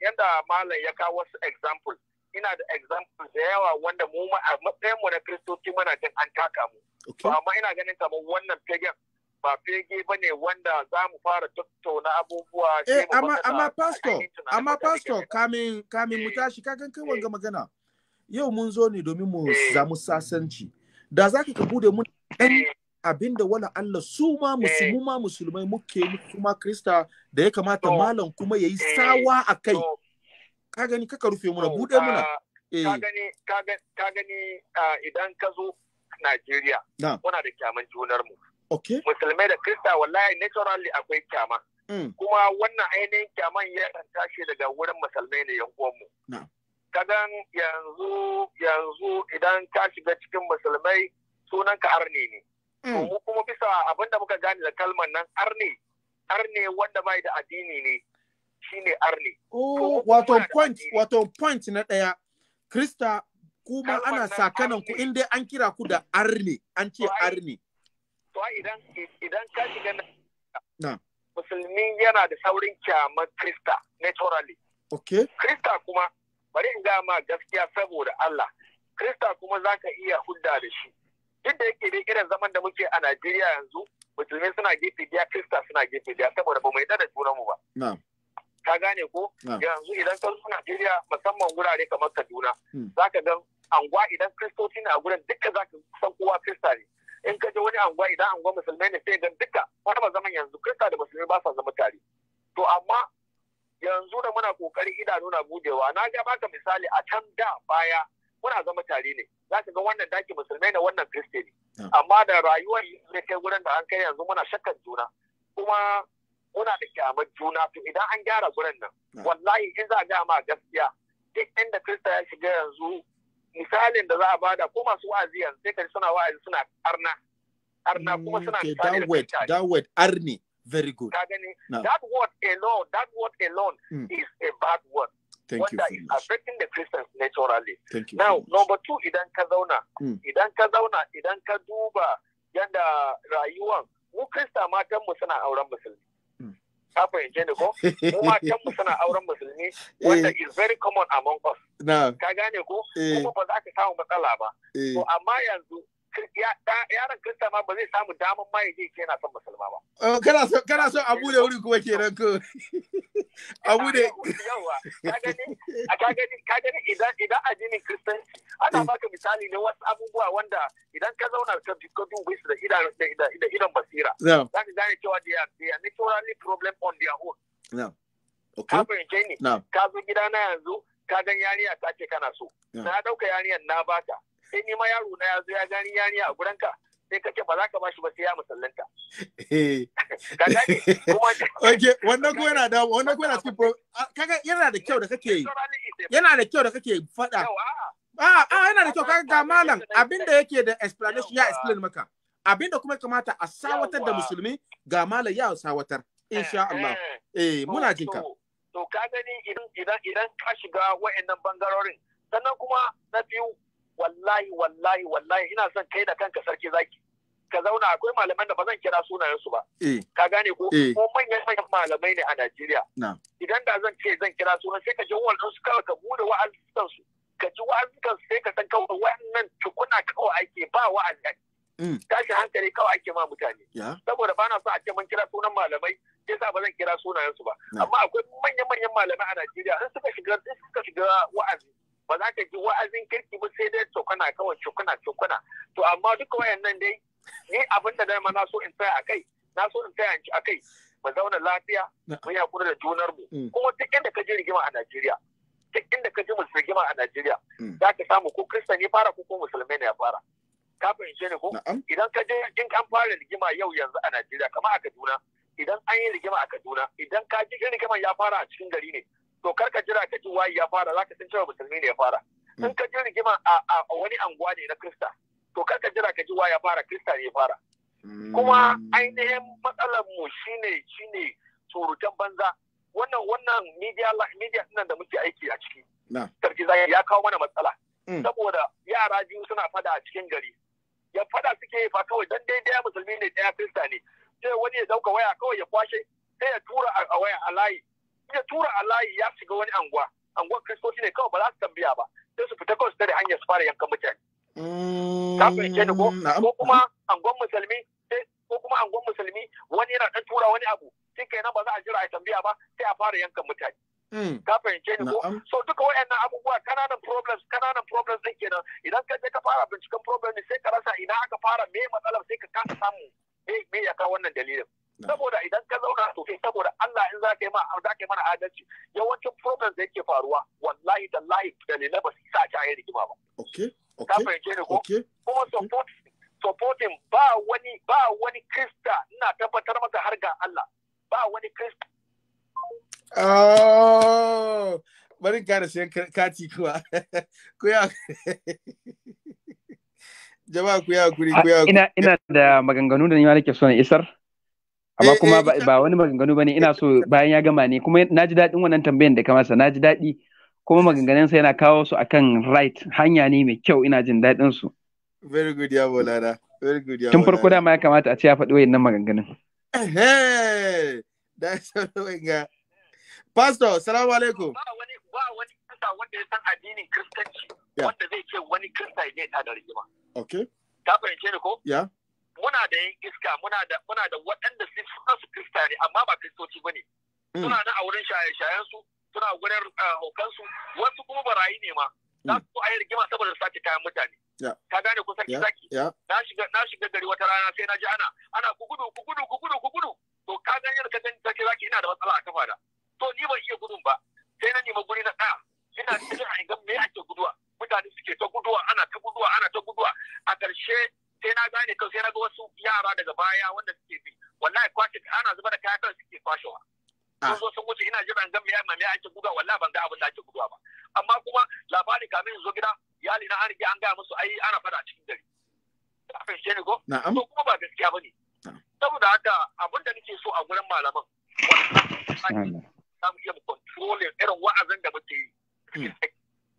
yanda malam ya kawo wasu example ina da example da yawa wanda mu a matsayin mu na kristoci muna jin an taka mu amma ina ganin kamar wannan fegen ba fege ba ne wanda za mu fara tattauna abubuwa eh amma amma pastor amma pastor kamin kamin mu eh. tashi ka kai wanga eh. magana yau mun zo ne domin mu eh. samu sasanci da za ka bude mun abinda wala Allah su ma eh. musulmi ma musulmai muke su ma krista da ya kamata malam kuma yayi eh, sawa a kai ka gani kaka rufe muna bude muna ah, eh. ka gani ka ah, gani idan ka zo Najeriya muna da kyaman junar mu musulmai da krista wallahi naturally akwai kyama mm. kuma wannan ainihin kyaman ya tashi daga wurin musulmai ne yan uwanmu gan yanzu yanzu idan ka shiga cikin musulmai sunanka arne ne Mm. Mu kuma bisa abin da muka gane da kalmar nan arne, arne wanda mai da addini ne, shine arne. Oh, wato point, wato point na ɗaya, Krista kuma ana sakanan ku inda an kira ku da arne, an ce arne. To idan idan ka shiga na musulmi yana da saurin kyamar Krista naturally. Okay. Krista kuma bari in ga ma gaskiya saboda Allah. Krista kuma za ka iya hudda da shi. duk da yake dai irin zaman da muke a Najeriya yanzu musulmi suna gefe biya krista suna gefe biya saboda ba mu yadda da juna mu ba ka gane ko yanzu idan ka zo Najeriya musamman wurare kamar Kaduna hmm. zaka ga anguwa idan kristoci ne a gurin duka zaka san kowa krista ne in ka je wani anguwa idan anguwa musulmai ne sai ga duka wani zaman yanzu krista da musulmi ba sa zama tare to amma yanzu da muna kokari idanu na budewa na ga baka misali a can da baya muna zama tare ne za ka ga wannan daki musulmai ne wannan kristi ne amma da rayuwar ne kai gurin da an kai yanzu muna shakkan juna kuma muna da kyamar juna to idan an gyara gurin nan wallahi in za a gaya ma gaskiya duk inda krista ya shiga yanzu misalin da za a bada ko masu wa'azi yanzu sai ka suna wa'azi suna arna arna kuma mm, suna tare da krista arni very good ka that word alone that word alone mm. is a bad word Thank wanda is affecting the Christians naturally. Thank you Now, number two, idan ka zauna, hmm. idan ka zauna, idan ka duba yadda rayuwan, mu Krista matan mu suna auren musulmi. Hmm. Ka fahimce ni ko? Mu matan mu suna auren musulmi eh. wanda is very common among us. Ka gane ko? Eh. Kuma ba za ka samu matsala ba. Eh. To amma yanzu yaran kirista ma ba zai samu daman ma ya je yana son musulma ba. Oh, kana so abu da wuri kuma kenan ko. Abu da yawa ka gani ka gani idan idan addinin kristanci ana eh. baka misali ne wasu abubuwa wanda idan ka zauna ka ka dube su da idan basira. Za ka gane cewa da are naturally problem on their own. Ka fahimce ni. Ka zo gida na yanzu ka gan yariya ta ce kana so. Na dauka yariyan na baka. sai ni ma yaro na ya ya gani yani a gurin ka sai kace ba za ka bashi ba sai ya musallanta eh. okay wannan ko yana da wannan ko yana cikin kaga yana da kyau da kake yi yana da kyau da kake faɗa a a yana da kyau kaga ga malam abinda yake da explanation ya explain maka abinda kuma kamata a sawatar da musulmi ga malam ya sawatar insha eh, Allah eh, eh muna jinka to ka gani idan idan ka shiga wa'annan bangarorin sannan kuma na biyu wallahi wallahi wallahi ina son kai da kanka sarki zaki ka zauna akwai malaman da ba zan kira su ba eh. ka gane ko ko eh. manyan manyan malamai ne a Najeriya idan da zan ce zan kira sunan sai ka ji wannan su kawai ka bude wa'azukan su ka ji wa'azukan su sai ka san kawai wannan tukuna kawai ake ba wa'azi mm. tashi hankali kawai ake ma mutane saboda ba na so a ce mun kira sunan malamai sai sa ba zan kira su ba amma akwai manyan manyan malamai a Najeriya in suka shiga suka shiga wa'azi ba za ka ji wa'azin kirki ba sai dai cokana kawai cokana cokana to amma duka wayannan dai ni abin da dama na so in tsaya a kai na so in tsaya a kai mu zauna lafiya mu yakuri da junar mu mm. kuma duk inda ka ji rigima a Najeriya duk inda ka ji rigima a Najeriya mm. za ka samu ko Kirista ne fara ko ko musulmai ne ya fara ka fahimce ne ko idan ka ji in an fara rigima yau yanzu a Najeriya kama a Kaduna idan an yi rigima a Kaduna idan ka ji rigima ya fara a cikin gari ne to kar ka jira ka ji wayi ya fara zaka san cewa musulmi ne ya fara hmm. in ka ji rigima a wani anguwa ne na krista to kar ka jira ka ji wayi ya fara krista ne ya fara hmm. kuma ainihin matsalar mu shine shine surutan banza wannan wannan media media da muke aiki a ciki sarki zai ya kawo mana matsala hmm. saboda yara biyu suna fada a cikin gari ya fada suke fa kawai dan dai musulmi ne daya krista ne sai wani ya dauka waya kawai ya kwashe sai ya tura a waya a layi ya tura a layi ya shiga wani anguwa anguwar kristoci ne kawai ba za su tambaya ba sai su fita kawai su tare hanyar su fara yankan mutane ta fahimce ni mm, ko kuma anguwar musulmi ko kuma anguwar musulmi wani yana dan tura wani abu sai na ba za a jira a tambaya ba sai a fara yankan mutane mm. ka fahimce ni ko so duka wayannan abubuwa kananan problems kananan problems ɗin kenan idan ka je ka fara binciken problem sai ka rasa ina aka fara me matsalar sai ka kasa samu me ya kawo wannan dalilin saboda idan ka zauna to sai saboda Allah in za ka yi za ka yi mana adalci yawancin problems da yake faruwa wallahi da lahi dalilai ba su sa ta yi rigima ba okay okay ka fahimce ni ko kuma support supporting ba wani ba wani krista ina tabbatar maka har ga Allah ba wani krista Oh, bari ka da sayan kati kuwa. Ku ya Jama'a ku ya kuri ku ya ah, Ina ina da maganganu da ni ma nake so na isar. amma eh, kuma eh, ba wani maganganu ba ne, ina so bayan ya gama ne kuma na ji daɗin wannan tambayan da ka masa na ji daɗi kuma maganganunsa yana kawo su akan right hanya ne mai kyau ina jin daɗin su very good ya bolana very good ya tun farko dama ya kamata a ce ya faɗi wayannan maganganun eh, Pastor, salamu alaikum. Ba wani ba wanda ya san addinin kristanci wanda zai ce wani kirista ne ta da rigima. Okay. Ka fahimce ni ko? Yeah. muna da yan iska muna da muna da waɗanda su su krista amma ba kristoci ba ne mm. suna na a wurin shaye-shayen su suna wurin eh, hokan su wasu kuma barayi ne ma mm. za su a yi rigima saboda sace kayan mutane ka gane kusan zaki na shiga na shiga gari wata rana sai na ji ana ana ku gudu ku gudu ku gudu ku gudu to ka gane ka gani zaki zaki ina da matsala a kafa da to ni ban iya gudun ba sai na nemi guri na ɗaya ina cikin a ingan me ake guduwa mutane suke ta guduwa ana ta guduwa ana ta guduwa a ƙarshe sai na gane kawai sai na ga wasu yara daga baya wanda suke bi wallahi kwashe ana zuba da kaya kawai suke kwashewa ah. sun zo sun wuce ina jiran gan mai mai ake guga wallahi ban ga abin da ake guga ba amma kuma labari kamin zo gida yali na an rige an gaya musu ai ana fada a cikin gari kafin shi ne ko to kuma ba gaskiya ba ne. saboda haka abin da nake so a gurin malaman Wannan za mu iya mu irin wa'azin da muke yi hmm.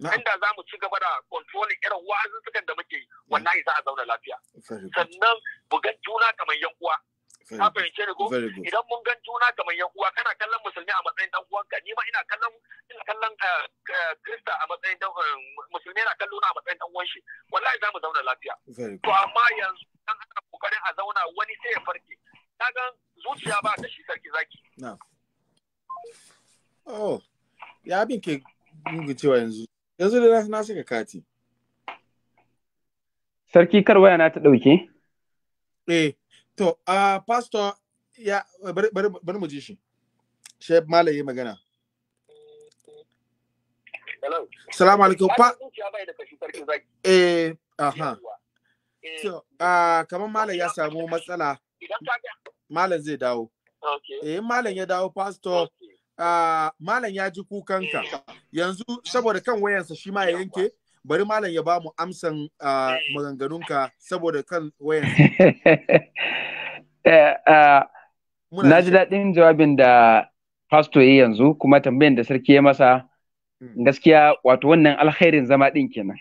inda za mu ci gaba da kontrolin irin wa'azuzzukan da muke yi za a zauna lafiya sannan gan juna kamar yan uwa ka fahimce ni ko idan mun gan juna kamar yan uwa kana kallon musulmi a matsayin dan uwanka ni ma ina kallon ina kallon eh, eh, krista a matsayin dan eh, musulmi na kallo na a matsayin dan uwan shi wallahi za mu zauna lafiya to amma yanzu dan ana kokarin a zauna wani sai ya farke ga zuciya ba ta shi sarki zaki na'am oh ya bin ke gungun cewa yanzu yanzu da na saka kati sarki kar waya na ta ɗauke. eh to a pastor ya bari mu ji shi shi malam yi magana salamu alaikum pa eh aha eh. to a kamar malam ya samu matsala malam zai dawo eh malam ya dawo pastor Ah, malam ya ji kukanka eh. yanzu saboda kan wayansa shi ma ya yanke bari malam ya ba mu amsan ah, eh. maganganunka saboda kan wayansa eh, ah, na ji daɗin jawabin da pastor yi yanzu kuma tambayin da sarki ya masa hmm. gaskiya wato wannan alkhairin zama ɗin kenan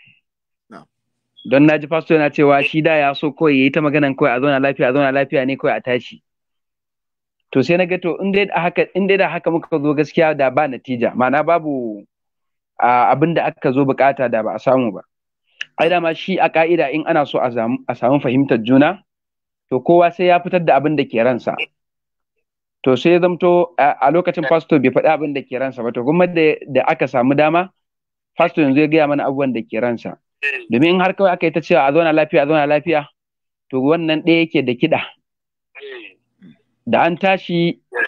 don na ji pastor yana cewa shi da ya so kawai ya yi ta maganan kawai a zauna lafiya a zauna lafiya ne kawai a tashi to sai na ga to in dai da haka in dai da haka muka zo gaskiya da ba natija ma'ana babu abin da aka zo bukata da ba a samu ba ai dama shi a ka'ida in ana so a samu fahimtar juna to kowa sai ya fitar da abin da ke ransa to sai ya zamto a lokacin fasto bai faɗi abin da ke ransa ba to kuma da aka samu dama fasto yanzu ya gaya mana abubuwan da ke ransa domin in har kawai aka yi ta cewa a zauna lafiya a zauna lafiya to wannan ɗaya yake da kiɗa da an tashi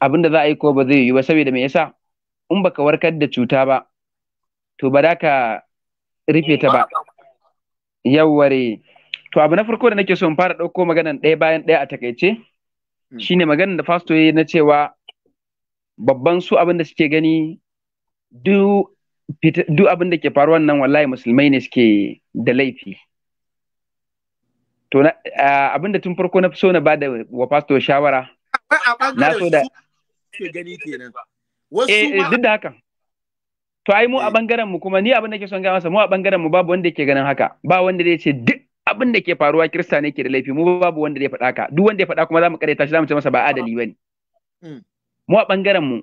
abin da za a yi ko ba zai yi ba saboda me yasa in baka warkar da cuta ba to ba za ka rufe ta ba yawware to abu na farko da nake so in fara ɗauko maganan ɗaya bayan ɗaya a takaice hmm. shine maganan da fasto ya na cewa babban su abin da suke gani duk abin da ke faruwa nan wallahi musulmai ne suke da laifi to abin da tun farko na so na ba da wa fasto shawara Na so da eh, eh, duk da haka. to ai mu a bangaren eh. mu kuma ni abin da ke son gaya masa mu a bangaren mu babu wanda ke ganin haka ba wanda zai ce duk abin da ke faruwa kirista ne ke da laifi mu babu wanda zai faɗa ka duk wanda ya faɗa kuma za mu kare tashi za mu ce masa ba adali bane mm. mu a bangaren mu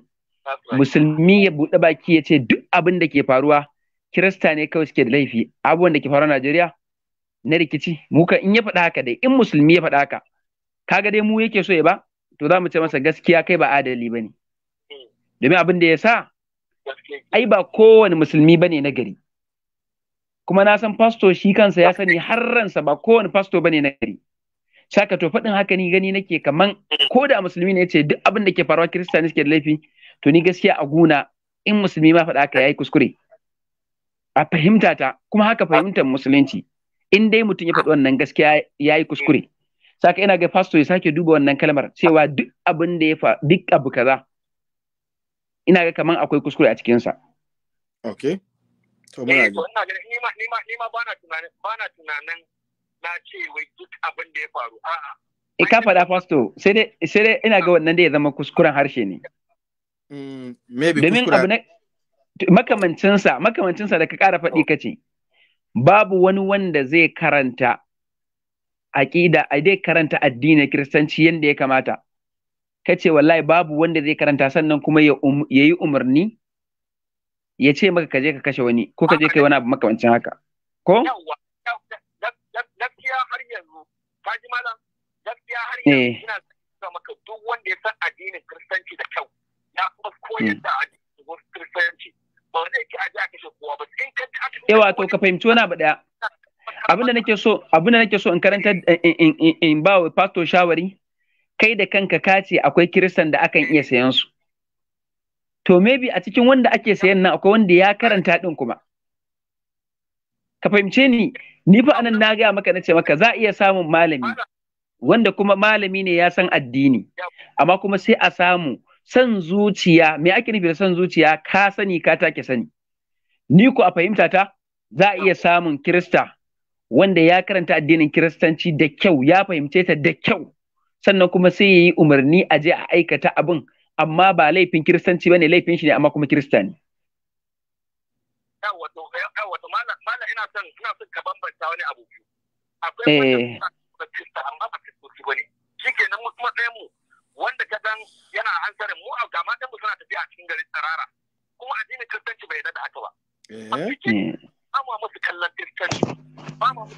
musulmi ya buɗe baki ya ce duk abin da ke faruwa kirista ne kawai suke da laifi abubuwan da ke faruwa a Najeriya na rikici mu ka in ya faɗa haka dai in musulmi ya faɗa haka kaga dai mu yake so ya ba to za mu ce masa gaskiya kai ba adali ba ne. Domin abin da ya sa, ai ba kowane musulmi ba ne na Kuma na san fasto shi kansa ya sani har ransa ba kowane fasto ba ne na gari. Saka to faɗin haka ni gani nake kaman ko da musulmi ne ce duk abin da ke faruwa kiristani suke da laifi to ni gaskiya a guna in musulmi ma faɗa haka yayi kuskure. A fahimta ta kuma haka fahimtar musulunci in dai mutum ya faɗi wannan gaskiya ya yi kuskure. saka ina ga pastor ya sake duba wannan kalmar cewa duk abin da ya fa duk abu kaza ina ga kaman akwai kuskure a cikin sa okay to eh, muna ga ina ga ni ma ni ma ni ma bana tunanin bana tunanin na ce wai duk abin da ya faru a e eh, ka fada pastor sai dai sai dai ina ga ah. wannan da ya zama kuskuren harshe ne mm maybe domin abu na makamancinsa makamancinsa da ka kara faɗi oh. kace babu wani wanda zai karanta aƙida a dai karanta addinin kiristanci yadda ya kamata ka ce wallahi babu wanda zai karanta sannan kuma um, ya yi umarni ya ce maka ka je ka kashe wani ko ka je kai wani abu makamancin haka ko gaskiya har yanzu ka ji malam gaskiya har eh. yanzu ina sa maka duk wanda ya san addinin kiristanci da kyau ya kuma koyar hmm. da addinin kiristanci ba zai ki aje a kashe kowa ba in ka ji aka yawa to ka fahimci wani abu daya abin da nake so in karanta eh, eh, eh, in ba wa pastor shawari kai da kanka kace ce akwai kiristan da akan iya sayan su to maybe a cikin wanda ake sayan nan akwai wanda ya karanta din kuma ka fahimce ni ni fa anan na gaya maka na maka za iya samun malami wanda kuma malami ne ya san addini amma kuma sai a samu san zuciya me ake nufi da san zuciya ka sani ka take sani ni ku a fahimta ta za a iya samun kirista wanda ya karanta addinin kiristanci da kyau ya fahimce ta da kyau sannan kuma sai ya yi umarni a je a aikata abin amma ba laifin kiristanci ba ne laifin shi ne amma kuma kirista ne. mala ina son ina son ka bambanta wani abu biyu. Akwai eh. wanda ba kirista amma ba kiristoci ba ne. Shi ke mu wanda ka gan yana hansarin mu a gama mu suna tafiya a cikin garin tsarara. Kuma addinin kiristanci bai yi da haka ba. Eh. Eh.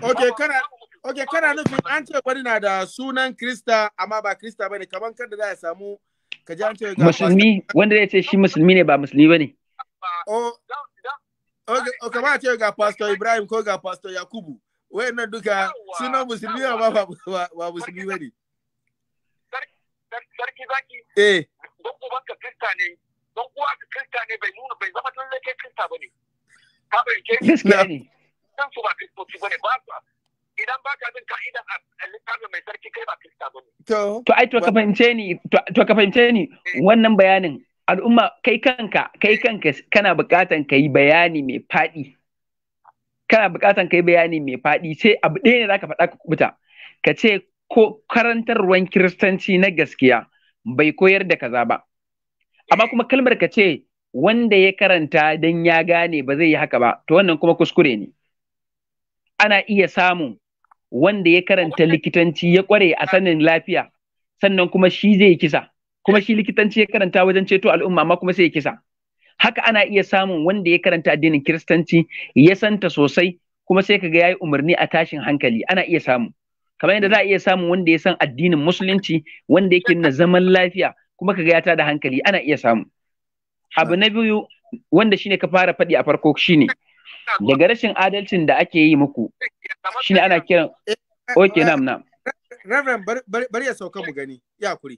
Oke kana kana nufin an ce wani na da sunan Krista amma ba Krista bane kaman kada za a samu ka ji an ce musulmi wanda zai ce shi musulmi ne ba musulmi bane. ne. Oh, okay, okay, ba ce ga Pastor Ibrahim ko ga Pastor Yakubu. Wayannan duka sunan musulmi ba ba ba musulmi bane. Sarki zaki. Eh. Don ka Krista ne, don uwa ka Krista ne bai nuna bai zama ke kai Krista bane. ka fahimce ni su ba bane ba idan ba ka bin a littafin mai sarki kai ba krista bane to ai to ka fahimce ni to ka fahimce ni eh. wannan bayanin al'umma kai kanka kai kanka kana bukatan ka yi bayani mai faɗi kana bukatan ka yi bayani mai faɗi sai abu ɗaya ne zaka faɗa ka kubuta ka ce ko karantarwan kiristanci na gaskiya bai koyar da kaza ba amma eh. kuma kalmar ka ce wanda ya karanta don ya gane ba zai yi haka ba to wannan kuma kuskure ne ana iya samun wanda ya karanta likitanci ya kware a sanin lafiya sannan kuma shi zai kisa kuma shi likitanci ya karanta wajen ceto al'umma amma kuma sai ya kisa haka ana iya samun wanda ya karanta addinin kiristanci ya santa sosai kuma sai ka ya yi umarni a tashin hankali ana iya samu kamar yadda za a iya samun wanda ya san addinin musulunci wanda yake nuna zaman lafiya kuma ka ga ya tada hankali ana iya samu abu na biyu wanda shine ka fara faɗi a farko shine daga rashin adalcin da ake yi muku shine ana kiran oke nam nam Reverend bari ya sauka mu gani ya kuri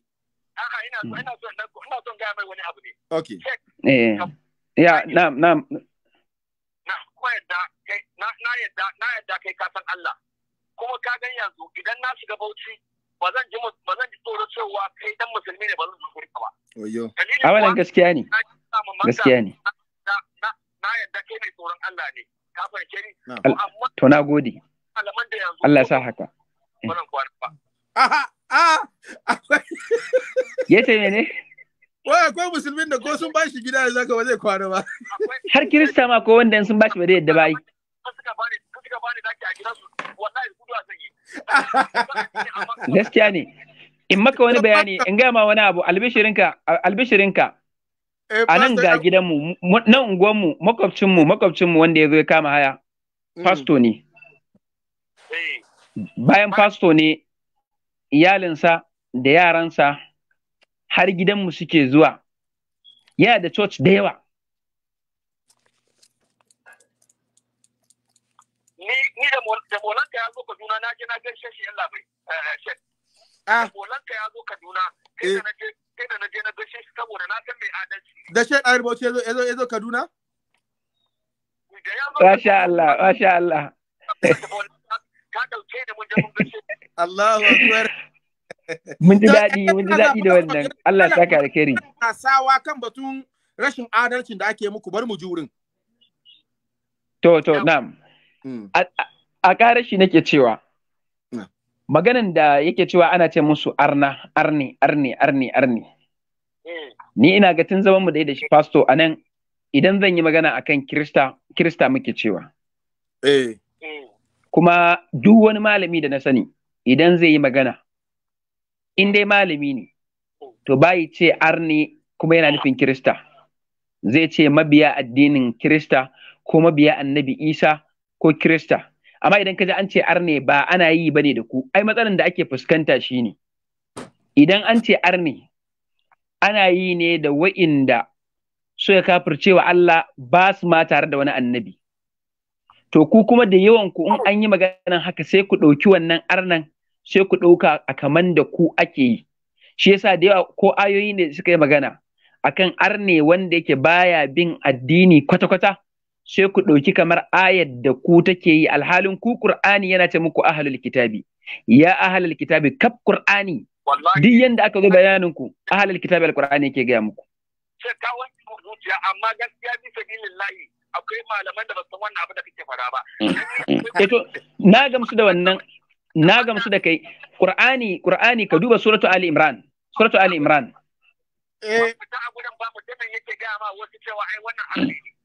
okay eh. na na na yadda na yadda kai ka san Allah kuma ka gan yanzu idan na shiga Bauchi ba zan ji ba zan ji tsoro cewa kai dan musulmi ne ba zan ji ba. Oyo. Awalan gaskiya ne. gaskiya ne na yadda kai mai tsoron Allah ne ka farke ni to na gode Allah ya sa haka eh. ya ce mene Wai akwai musulmin da ko sun ba shi gida da zaka ba zai kwana ba. Har Kirista ma ko wanda sun ba shi ba zai yadda ba yi. Gaskiya ne. In maka wani bayani in gaya ma wani abu albishirinka albishirinka Eh, a nan ga gidanmu na unguwanmu makwabcinmu makwabcinmu wanda ya zo ya kama haya fasto mm. ne bayan fasto ne iyalinsa da yaransa har gidanmu suke zuwa yana da church da yawa ni da molanka ya zo kaduna na je na gaishe shi yan labai eh, ah. da molanka ya zo kaduna kai eh. na je sai da na je na gashe shi saboda na san mai adalci da shi ɗan rubuce ya zo ya zo Kaduna Masha Allah, Masha Allah. Ka ɗauke ni mun je mun Allahu Akbar. Mun ji daɗi, mun ji daɗi da wannan. Allah ta kare kare. Na sawa kan batun rashin adalcin da ake muku bar mu jurin. To, to, na'am. Mm. A ƙarar shi nake cewa, maganan da yake cewa ana ce musu arna arne, arni arni arni hmm. ni ina ga tun zaman mu da shi pasto a nan idan zan yi magana akan krista kirista muke cewa eh. hmm. kuma duk wani malami da na sani idan zai yi magana in dai malami ne to bayi ce arne kuma yana nufin kirista zai ce mabiya addinin kirista ko mabiya annabi isa ko kirista amma idan ka ji an ce arne ba ana yi bane da ku ai matsalan da ake fuskanta shine idan an ce arne ana yi ne da wa'inda suka cewa Allah ba su ma tare da wani annabi to ku kuma da yawan ku in an yi maganan haka sai ku ɗauki wannan arnan sai ku ɗauka a kaman da ku ake yi shi yasa da yawa ko ayoyi ne suka yi magana akan arne wanda yake baya bin addini kwata-kwata sai ku ɗauki kamar ayat da ku take yi alhalin ku Qur'ani yana ce muku ahlul kitabi ya ahlul kitabi kaf Qur'ani duk yanda aka zo bayanin ku ahlul kitabi alqur'ani yake gaya muku sai ka wanke zuciya amma gaskiya bi sabilillahi akwai malaman da ba san wannan abu da kake fara ba mm, mm. to na gamsu da wannan na gamsu da kai Qur'ani Qur'ani ka duba suratu Ali Imran suratu Ali Imran eh ta gurin ba mu yake gaya ma wasu cewa ai wannan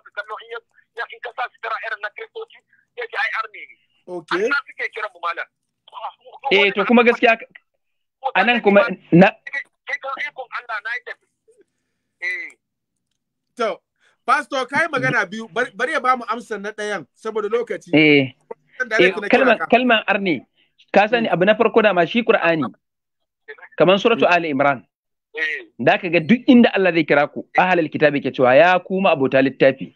masa irin na eh, to kuma gaskiya nan kuma na ikon Allah na eh. Pastor, kai magana biyu, bari ya ba mu amsar na ɗayan saboda lokaci. Eh, eh kalman arne, ka sani mm. abu na farko da ma shi Qur'ani, kamar suratu mm. Ali Imran. Eh. da ka ga duk inda Allah zai kira ku ahlul kitabi ke cewa ya kuma abota littafi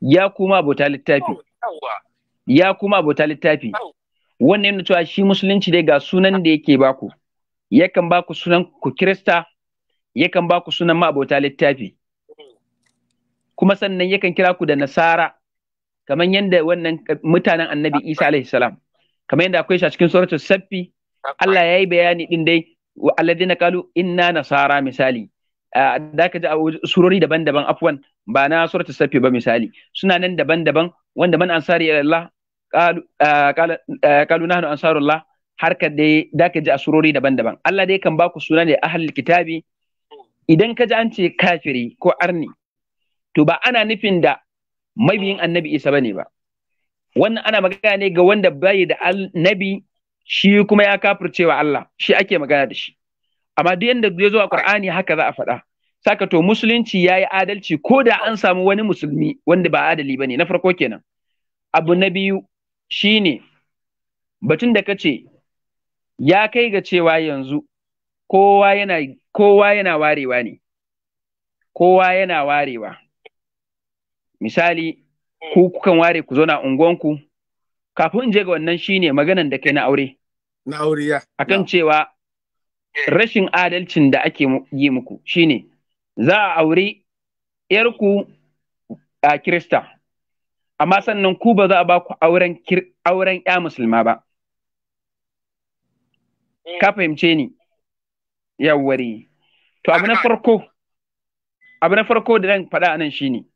ya kuma abota littafi ya kuma abota littafi wannan yana cewa shi musulunci dai ga sunan da yake baku yakan ba ku sunan ku kirista yakan ba ku sunan ma abota littafi kuma sannan yakan kira ku da nasara kamar yadda wannan mutanen annabi isa alaihi salam kamar yadda akwai shi a cikin suratul saffi Allah ya yi bayani din dai alladina kalu inna nasara misali da ka ji a surori daban-daban afwan ba na suratu safi ba misali suna nan daban-daban wanda man ansari Allah kalu nahnu ansarullah harkar dai da ka ji a surori daban-daban Allah dai kan baku suna ne ahlul kitabi idan ka ji an ce kafiri ko arni to ba ana nufin da mabiyin annabi Isa ne ba wannan ana magana ne ga wanda bai da annabi shi kuma ya kafircewa Allah shi ake magana da shi amma duk yanda zai zo a Qur'ani haka za a faɗa saka to musulunci yayi adalci ko da an samu wani musulmi wanda ba adali bane na farko kenan abu na biyu shine batun da kace ya kai ga cewa yanzu kowa yana kowa yana warewa ne kowa yana warewa misali ku kukan ware ku zo na unguwanku kafin in je ga wannan shine maganan da kai na aure na auriya akan cewa eh. rashin adalcin da ake yi muku shine za a auri yarku a kirista amma sannan ku ba za a ba ku auren ya musulma ba eh. ka fahimce ni yawwari to abu na farko abu na farko da zan faɗa nan shine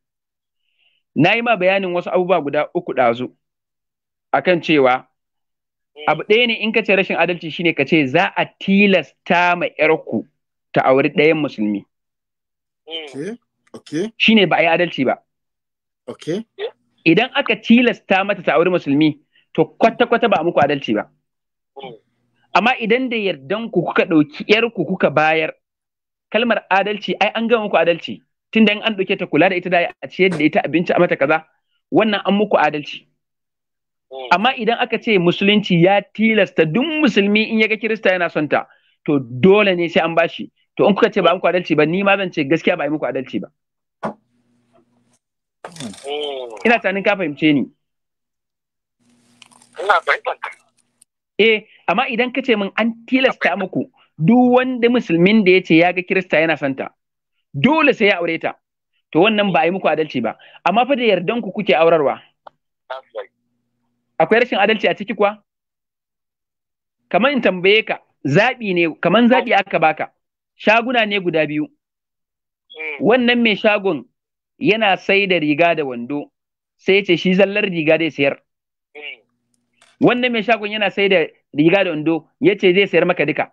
na yi ma bayanin wasu abubuwa guda uku ɗazu A kan cewa abu ɗaya ne in ka ce rashin adalci shine ka ce za a tilasta ma ƴarku ta auri ɗayan musulmi Shi ne ba a yi adalci ba idan aka tilasta mata ta auri musulmi to kwata-kwata ba a muku adalci ba amma idan da yardan ku kuka ɗauki ƴarku kuka bayar kalmar adalci ai an gama muku adalci tun da an ɗauke ta kula da ita da a ciyar da ita abinci a mata kaza wannan an muku adalci Mm. amma idan aka ce musulunci ya tilasta duk musulmi in ya ga kirista yana son ta to dole ne sai an bashi to in kuka ce ba muku adalci ba ni ma zan ce gaskiya ba yi muku adalci ba mm. ina tunanin ka fahimce ni ina eh amma idan ka ce min an tilasta muku duk wanda musulmin da ya ce ya ga kirista yana son ta dole sai ya aure ta to wannan ba yi muku adalci ba amma fa da yardan ku kuke aurarwa akwai rashin adalci a ciki kuwa kamar in tambaye ka zaɓi ne kamar zaɓi aka baka shaguna ne guda biyu eh. wannan mai shagon yana sai da riga da wando sai ya ce shi zallar riga zai sayar eh. wannan mai shagon yana sai da riga da wando ya ce zai sayar maka duka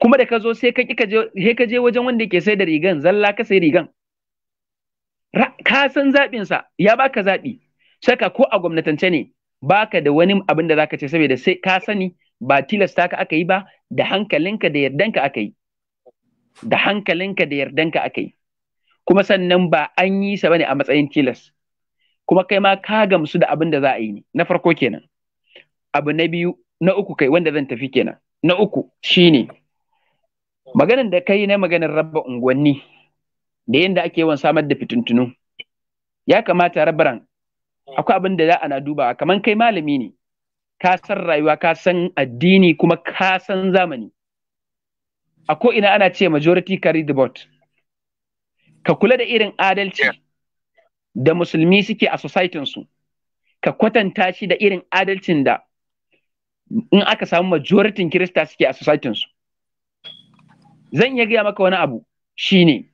kuma da ka zo sai ka je wajen wanda ke sai da rigan zalla ka sai rigan ka san zaɓinsa ya baka zaɓi Saka ko a gwamnatance ne baka da wani abin da za ka ce saboda sai ka sani ba tilasta ka aka yi ba da hankalinka da yardanka aka yi da hankalinka da yardanka aka yi kuma sannan ba an yi sa bane a matsayin tilas kuma kai ma ka gamsu da abin da za a yi ne na farko kenan abu na biyu na uku kai wanda zan tafi kenan na uku shine maganar da kai na maganar raba unguwanni da yadda ake yawan samar da fitintunu ya kamata rabaran Eh. akwai abin da za ana dubawa kamar kai malami ne ka san rayuwa ka san addini kuma ka san zamani a ko ina ana ce majority carry the board. ka kula da irin adalci da musulmi suke a su ka kwatanta shi da irin adalcin da in aka samu majoritin kirista suke a su zan iya gaya maka wani abu shine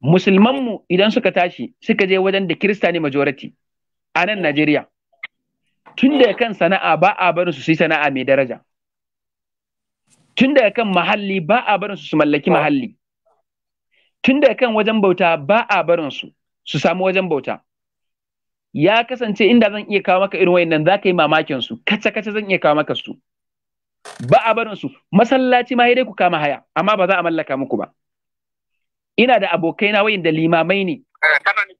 musulmanmu idan suka tashi suka je wajen da kirista ne majority a nan Najeriya tun da kan sana'a ba a barin su su yi sana'a mai daraja tun da kan muhalli ba a barin su su mallaki mahalli tun da kan wajen bauta ba a barin su su samu wajen bauta ya kasance inda zan iya kawo maka irin wayannan za ka yi mamakin su kaca-kaca zan iya kawo maka su ba a barin su masallaci ma dai ku kama haya amma ba za a mallaka muku ba ina da abokaina wayanda limamai ne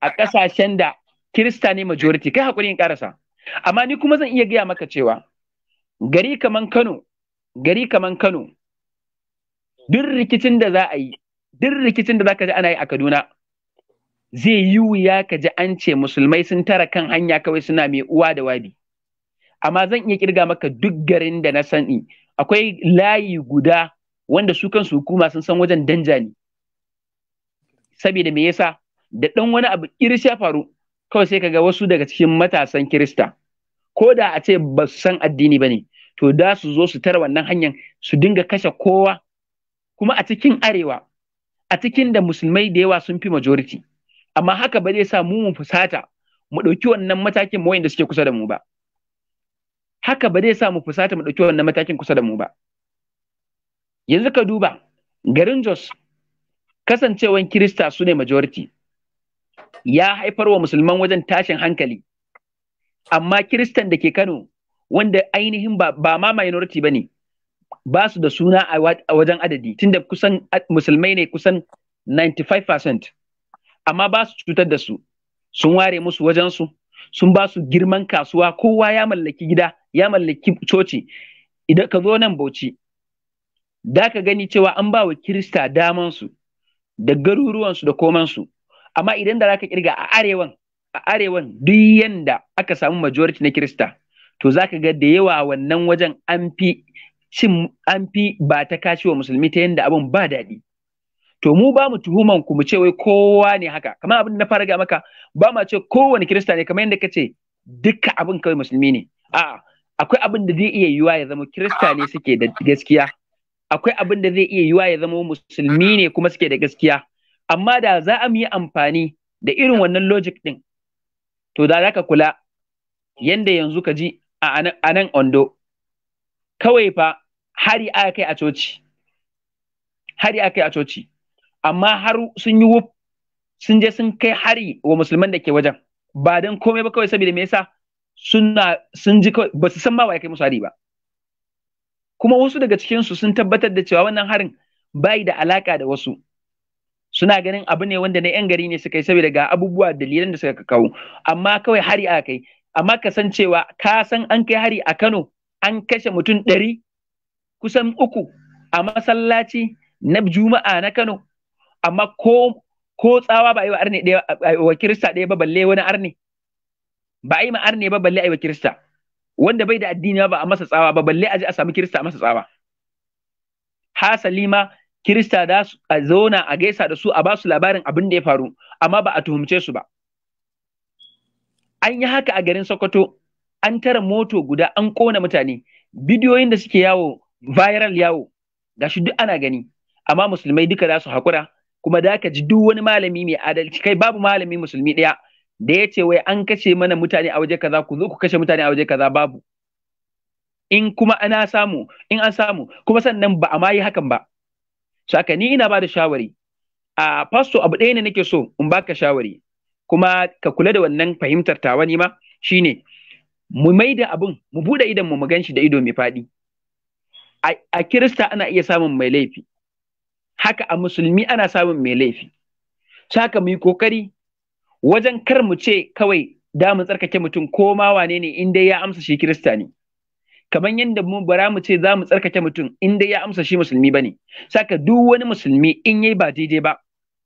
a ƙasashen da kirista ne majority kai hakuri in karasa amma ni kuma zan iya gaya maka cewa gari kaman Kano gari kaman Kano duk rikicin da za a yi duk rikicin da zaka ka ji ana yi a Kaduna zai yi wuya ka ji an ce musulmai sun tara kan hanya kawai suna mai uwa da wabi amma zan iya kirga maka duk garin da na sani akwai layi guda wanda su kansu hukuma sun san wajen danja ne saboda me yasa da dan wani abu iris ya faru kawai sai kaga wasu daga cikin matasan kirista ko da a ce ba su san addini ba ne to da su zo su tara wannan hanyar su dinga kashe kowa kuma a cikin arewa a cikin da musulmai da yawa sun fi majority amma haka ba zai sa mu mu fusata mu ɗauki wannan matakin mu da suke kusa da mu ba haka ba zai sa mu fusata mu ɗauki wannan matakin kusa da mu ba yanzu ka duba garin Jos kasancewan Kirista su ne majority ya haifar wa musulman wajen tashin hankali amma kiristan da ke kano wanda ainihin ba, ba ma minority ba ne ba su da suna a wajen adadi tunda kusan musulmai ne kusan 95% amma ba su cutar da su sun ware musu wajensu sun ba su girman kasuwa kowa ya mallaki gida ya mallaki coci idan ka zo nan bauchi da ka gani cewa an ba wa kirista damansu da garuruwansu da komansu amma idan da zaka kirga a arewan a arewan duk yanda aka samu majority na kirista to zaka ga da yawa wannan wajen an fi cin an fi ba ta kashewa musulmi ta yanda abin ba daɗi to mu ba mu tuhuman ku mu ce wai kowa ne haka kamar abin da na fara ga maka ba ma ce kowane kirista ne kamar yadda ka ce duka abin kawai musulmi ne a'a akwai abin da zai iya yiwa ya zama kirista ne suke da gaskiya akwai abin da zai iya yiwa ya zama musulmi ne kuma suke da gaskiya amma da za mu yi amfani da irin wannan logic ɗin to da za ka kula yanda yanzu ka ji a nan ondo kawai fa hari aka kai a coci hari aka kai a coci amma har sun yi wuf sun je sun kai hari wa musulman da ke wajen ba don komai ba kawai saboda me yasa suna sun ji kawai ba su san ma wa kai musu hari ba kuma wasu daga cikinsu sun tabbatar da cewa wannan harin bai da alaka da wasu suna ganin abu ne wanda na 'yan gari ne suka yi saboda ga abubuwa dalilan da suka kawo amma kawai hari a kai amma ka san cewa ka san an kai hari a Kano an kashe mutum ɗari kusan uku a masallaci na juma'a na Kano amma ko ko tsawa ba a yi wa arne ɗaya kirista ɗaya ba balle wani arne ba a yi ma arne ba balle a yi wa kirista wanda bai da addini ba a masa tsawa ba balle a je a samu kirista a masa tsawa hasali ma kirista da su a zauna a gaisa da su a ba su labarin abin da ya faru amma ba a tuhumce su ba an yi haka a garin sokoto an tara moto guda an ƙona mutane bidiyoyin da suke yawo viral yawo Ga shi duk ana gani amma musulmai duka za su haƙura. kuma da ka ji duk wani malami mai adalci kai babu malami musulmi ɗaya da ya ce wai an kashe mana mutane a waje kaza ku zo ku kashe mutane a waje kaza babu in kuma ana samu in an samu kuma sannan ba a ma yi hakan ba saka ni ina da shawari a fasto abu ɗaya ne nake so in baka shawari kuma ka kula da wannan fahimtar tawa ni ma shine mu mai da abun mu buɗe idan mu gan shi da ido mai faɗi a kirista ana iya samun mai laifi haka a musulmi ana samun mai laifi saka mu yi kokari wajen kar mu ce kawai da mu tsarkake mutum ko ma wane ne in dai ya amsa shi kirista ne kamar yadda mu bara mu ce za mu tsarkake mutum in dai ya amsa shi musulmi bane saka duk wani musulmi in yayi ba daidai ba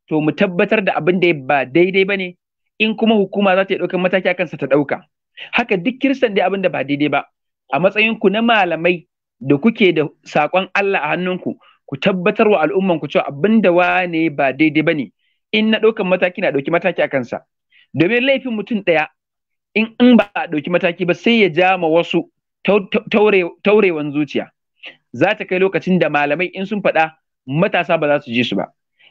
to mu tabbatar da abin da ba daidai bane in kuma hukuma za ta ɗaukar mataki a kansa ta ɗauka haka duk kiristan dai abin da ba daidai ba a matsayin ku na malamai da kuke da saƙon Allah a hannunku ku tabbatar wa al'umman ku cewa abin da wane ba daidai bane in na ɗaukar mataki na ɗauki mataki a kansa, domin laifin mutum ɗaya in in ba a ɗauki mataki ba sai ya ja ma wasu taurewan zuciya za ta kai lokacin da malamai in sun faɗa matasa ba za su ji su ba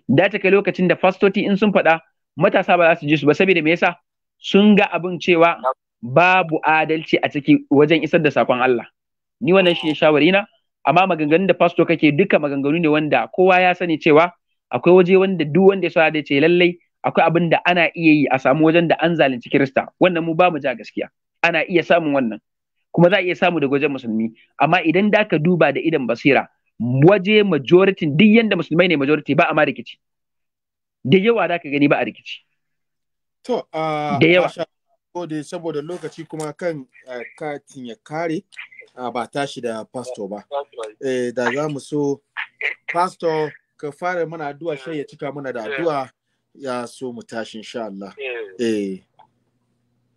da ta kai lokacin da fastoti in sun faɗa matasa ba za su ji su ba saboda me yasa sun ga abin cewa babu adalci a ciki wajen isar da sakon Allah ni wannan shi shawari na amma maganganun da fasto kake duka maganganu ne wanda kowa ya sani cewa akwai waje wanda duk wanda ya sa da ce lallai akwai abin da ana iya yi a samu wajen da an zalunci Kirista wannan mu ba mu ja gaskiya ana iya samun wannan kuma za a iya samu da wajen musulmi amma idan da ka duba da idan basira waje majority duk yanda musulmai ne majority ba a ma rikici da yawa da ka gani ba a rikici to ah, da yawa da saboda lokaci kuma kan eh, katin ya kare ah, ba tashi da pastor ba eh, da za mu so pastor ka fara mana addu'a sai ya cika mana da addu'a ya so mu tashi insha Allah eh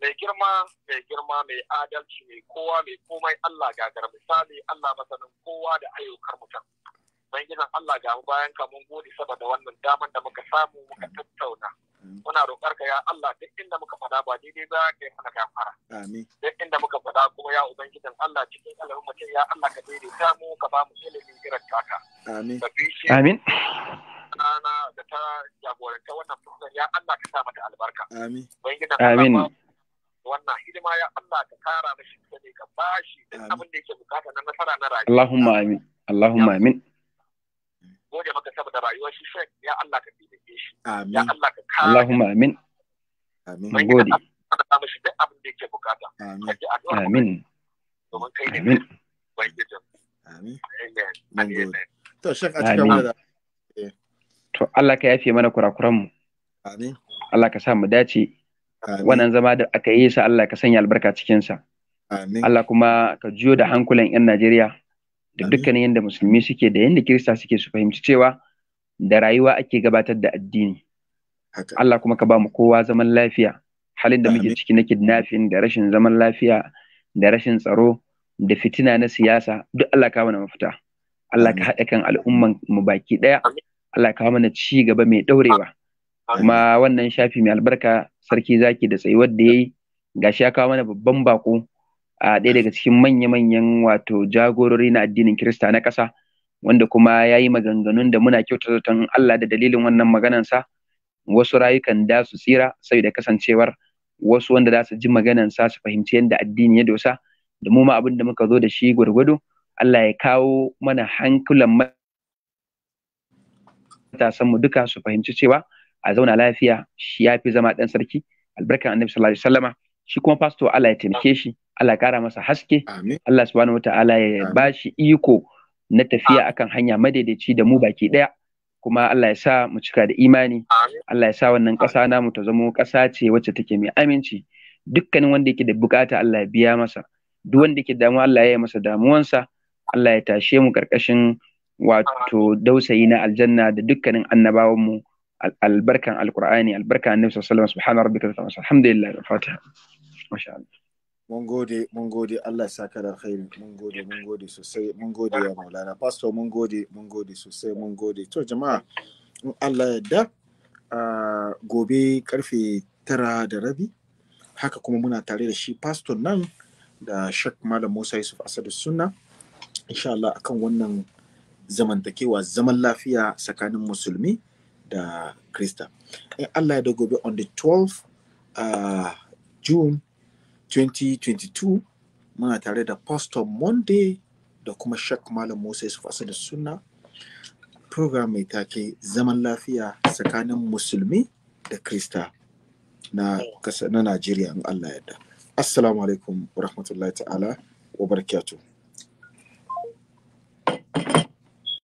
mai girma mai girma mai adalci mai kowa mai komai Allah gagar misali Allah masanin kowa da ayyukan mutum bangidan Allah ga bayan ka mun gode saboda wannan daman da muka samu muka tattauna muna roƙar ka ya Allah duk inda muka faɗa ba daidai ba kai mana gafara duk inda muka faɗa kuma ya ubangijin Allah cikin alamun mutum ya Allah ka daidaita mu ka ba mu ilimi irin taka amin amin ana da ta jagoranta wannan fursa ya Allah ka sa mata albarka amin Allah wannan hidima ya Allah ka kara mashi da ne ka bashi duk abin da yake bukata na nasara na rayuwa Allahumma amin Allahumma amin gode maka saboda rayuwar shi shek ya Allah ka bidike shi ya Allah ka kara Allahumma amin amin gode ka kara Amin. duk abin da yake bukata amin domin kai ne amin amin amin to shek a cikin mana to Allah ka yafe mana kurakuranmu amin Allah ka sa mu dace wannan zama da aka yi sa Allah ka sanya albarka cikinsa Allah kuma ka juyo da hankulan 'yan Najeriya da dukkanin yadda musulmi suke da yadda kirista suke su fahimci cewa da rayuwa ake gabatar da addini Allah kuma ka ba mu kowa zaman lafiya halin da muke ciki na kidnapping da rashin zaman lafiya da rashin tsaro da fitina na siyasa duk Allah ka mana mafita Allah ka haɗa kan al'umman mu baki ɗaya Allah ka mana ci gaba mai ɗaurewa kuma wannan shafi mai albarka sarki zaki da tsayuwar da Ga shi ya kawo mana babban bako a ɗaya daga cikin manya-manyan wato jagorori na addinin Kirista na ƙasa wanda kuma ya yi maganganun da muna kyauta zaton Allah da dalilin wannan maganansa wasu rayukan da su tsira saboda kasancewar wasu wanda za su ji maganansa su fahimci yadda addini ya dosa da mu ma abin da muka zo da shi gwargwado Allah ya kawo mana hankulan matasanmu mu duka su fahimci cewa a zauna lafiya shi ya fi zama ɗan sarki albarkan annabi sallallahu alaihi wasallama shi kuma pastor Allah ya taimake shi Allah ya kara masa haske Allah subhanahu wataala ya ba shi iko na tafiya akan hanya madaidaici da mu baki ɗaya kuma Allah ya sa mu cika da imani Allah ya sa wannan ƙasa mu ta zama ƙasa ce wacce take mai aminci dukkanin wanda yake da bukata Allah ya biya masa duk wanda yake damuwa Allah ya yi masa damuwansa Allah ya tashe mu karkashin wato dausayi na aljanna da dukkanin annabawan mu albarkan alkur'ani albarkan annabi sallallahu alaihi wasallam subhanahu rabbika rabbil alhamdulillah da fatiha masha Allah mun gode mun gode Allah ya saka da alkhairi mun gode mun gode sosai mun gode ya maulana pastor mun gode mun gode sosai mun gode to jama'a in Allah yadda gobe karfe tara da rabi haka kuma muna tare da shi pastor nan da Sheikh Malam Musa Yusuf Asadu Sunna insha Allah akan wannan zamantakewa zaman lafiya tsakanin musulmi da krista in allah da gobe on the 12 uh, june 2022 muna tare da pastor monday da kuma shak malam moses fasa da suna program mai take zaman lafiya tsakanin musulmi da krista na kasa na najeriya in allah ya da. assalamu alaikum wa rahmatullahi ta'ala wa barakatuh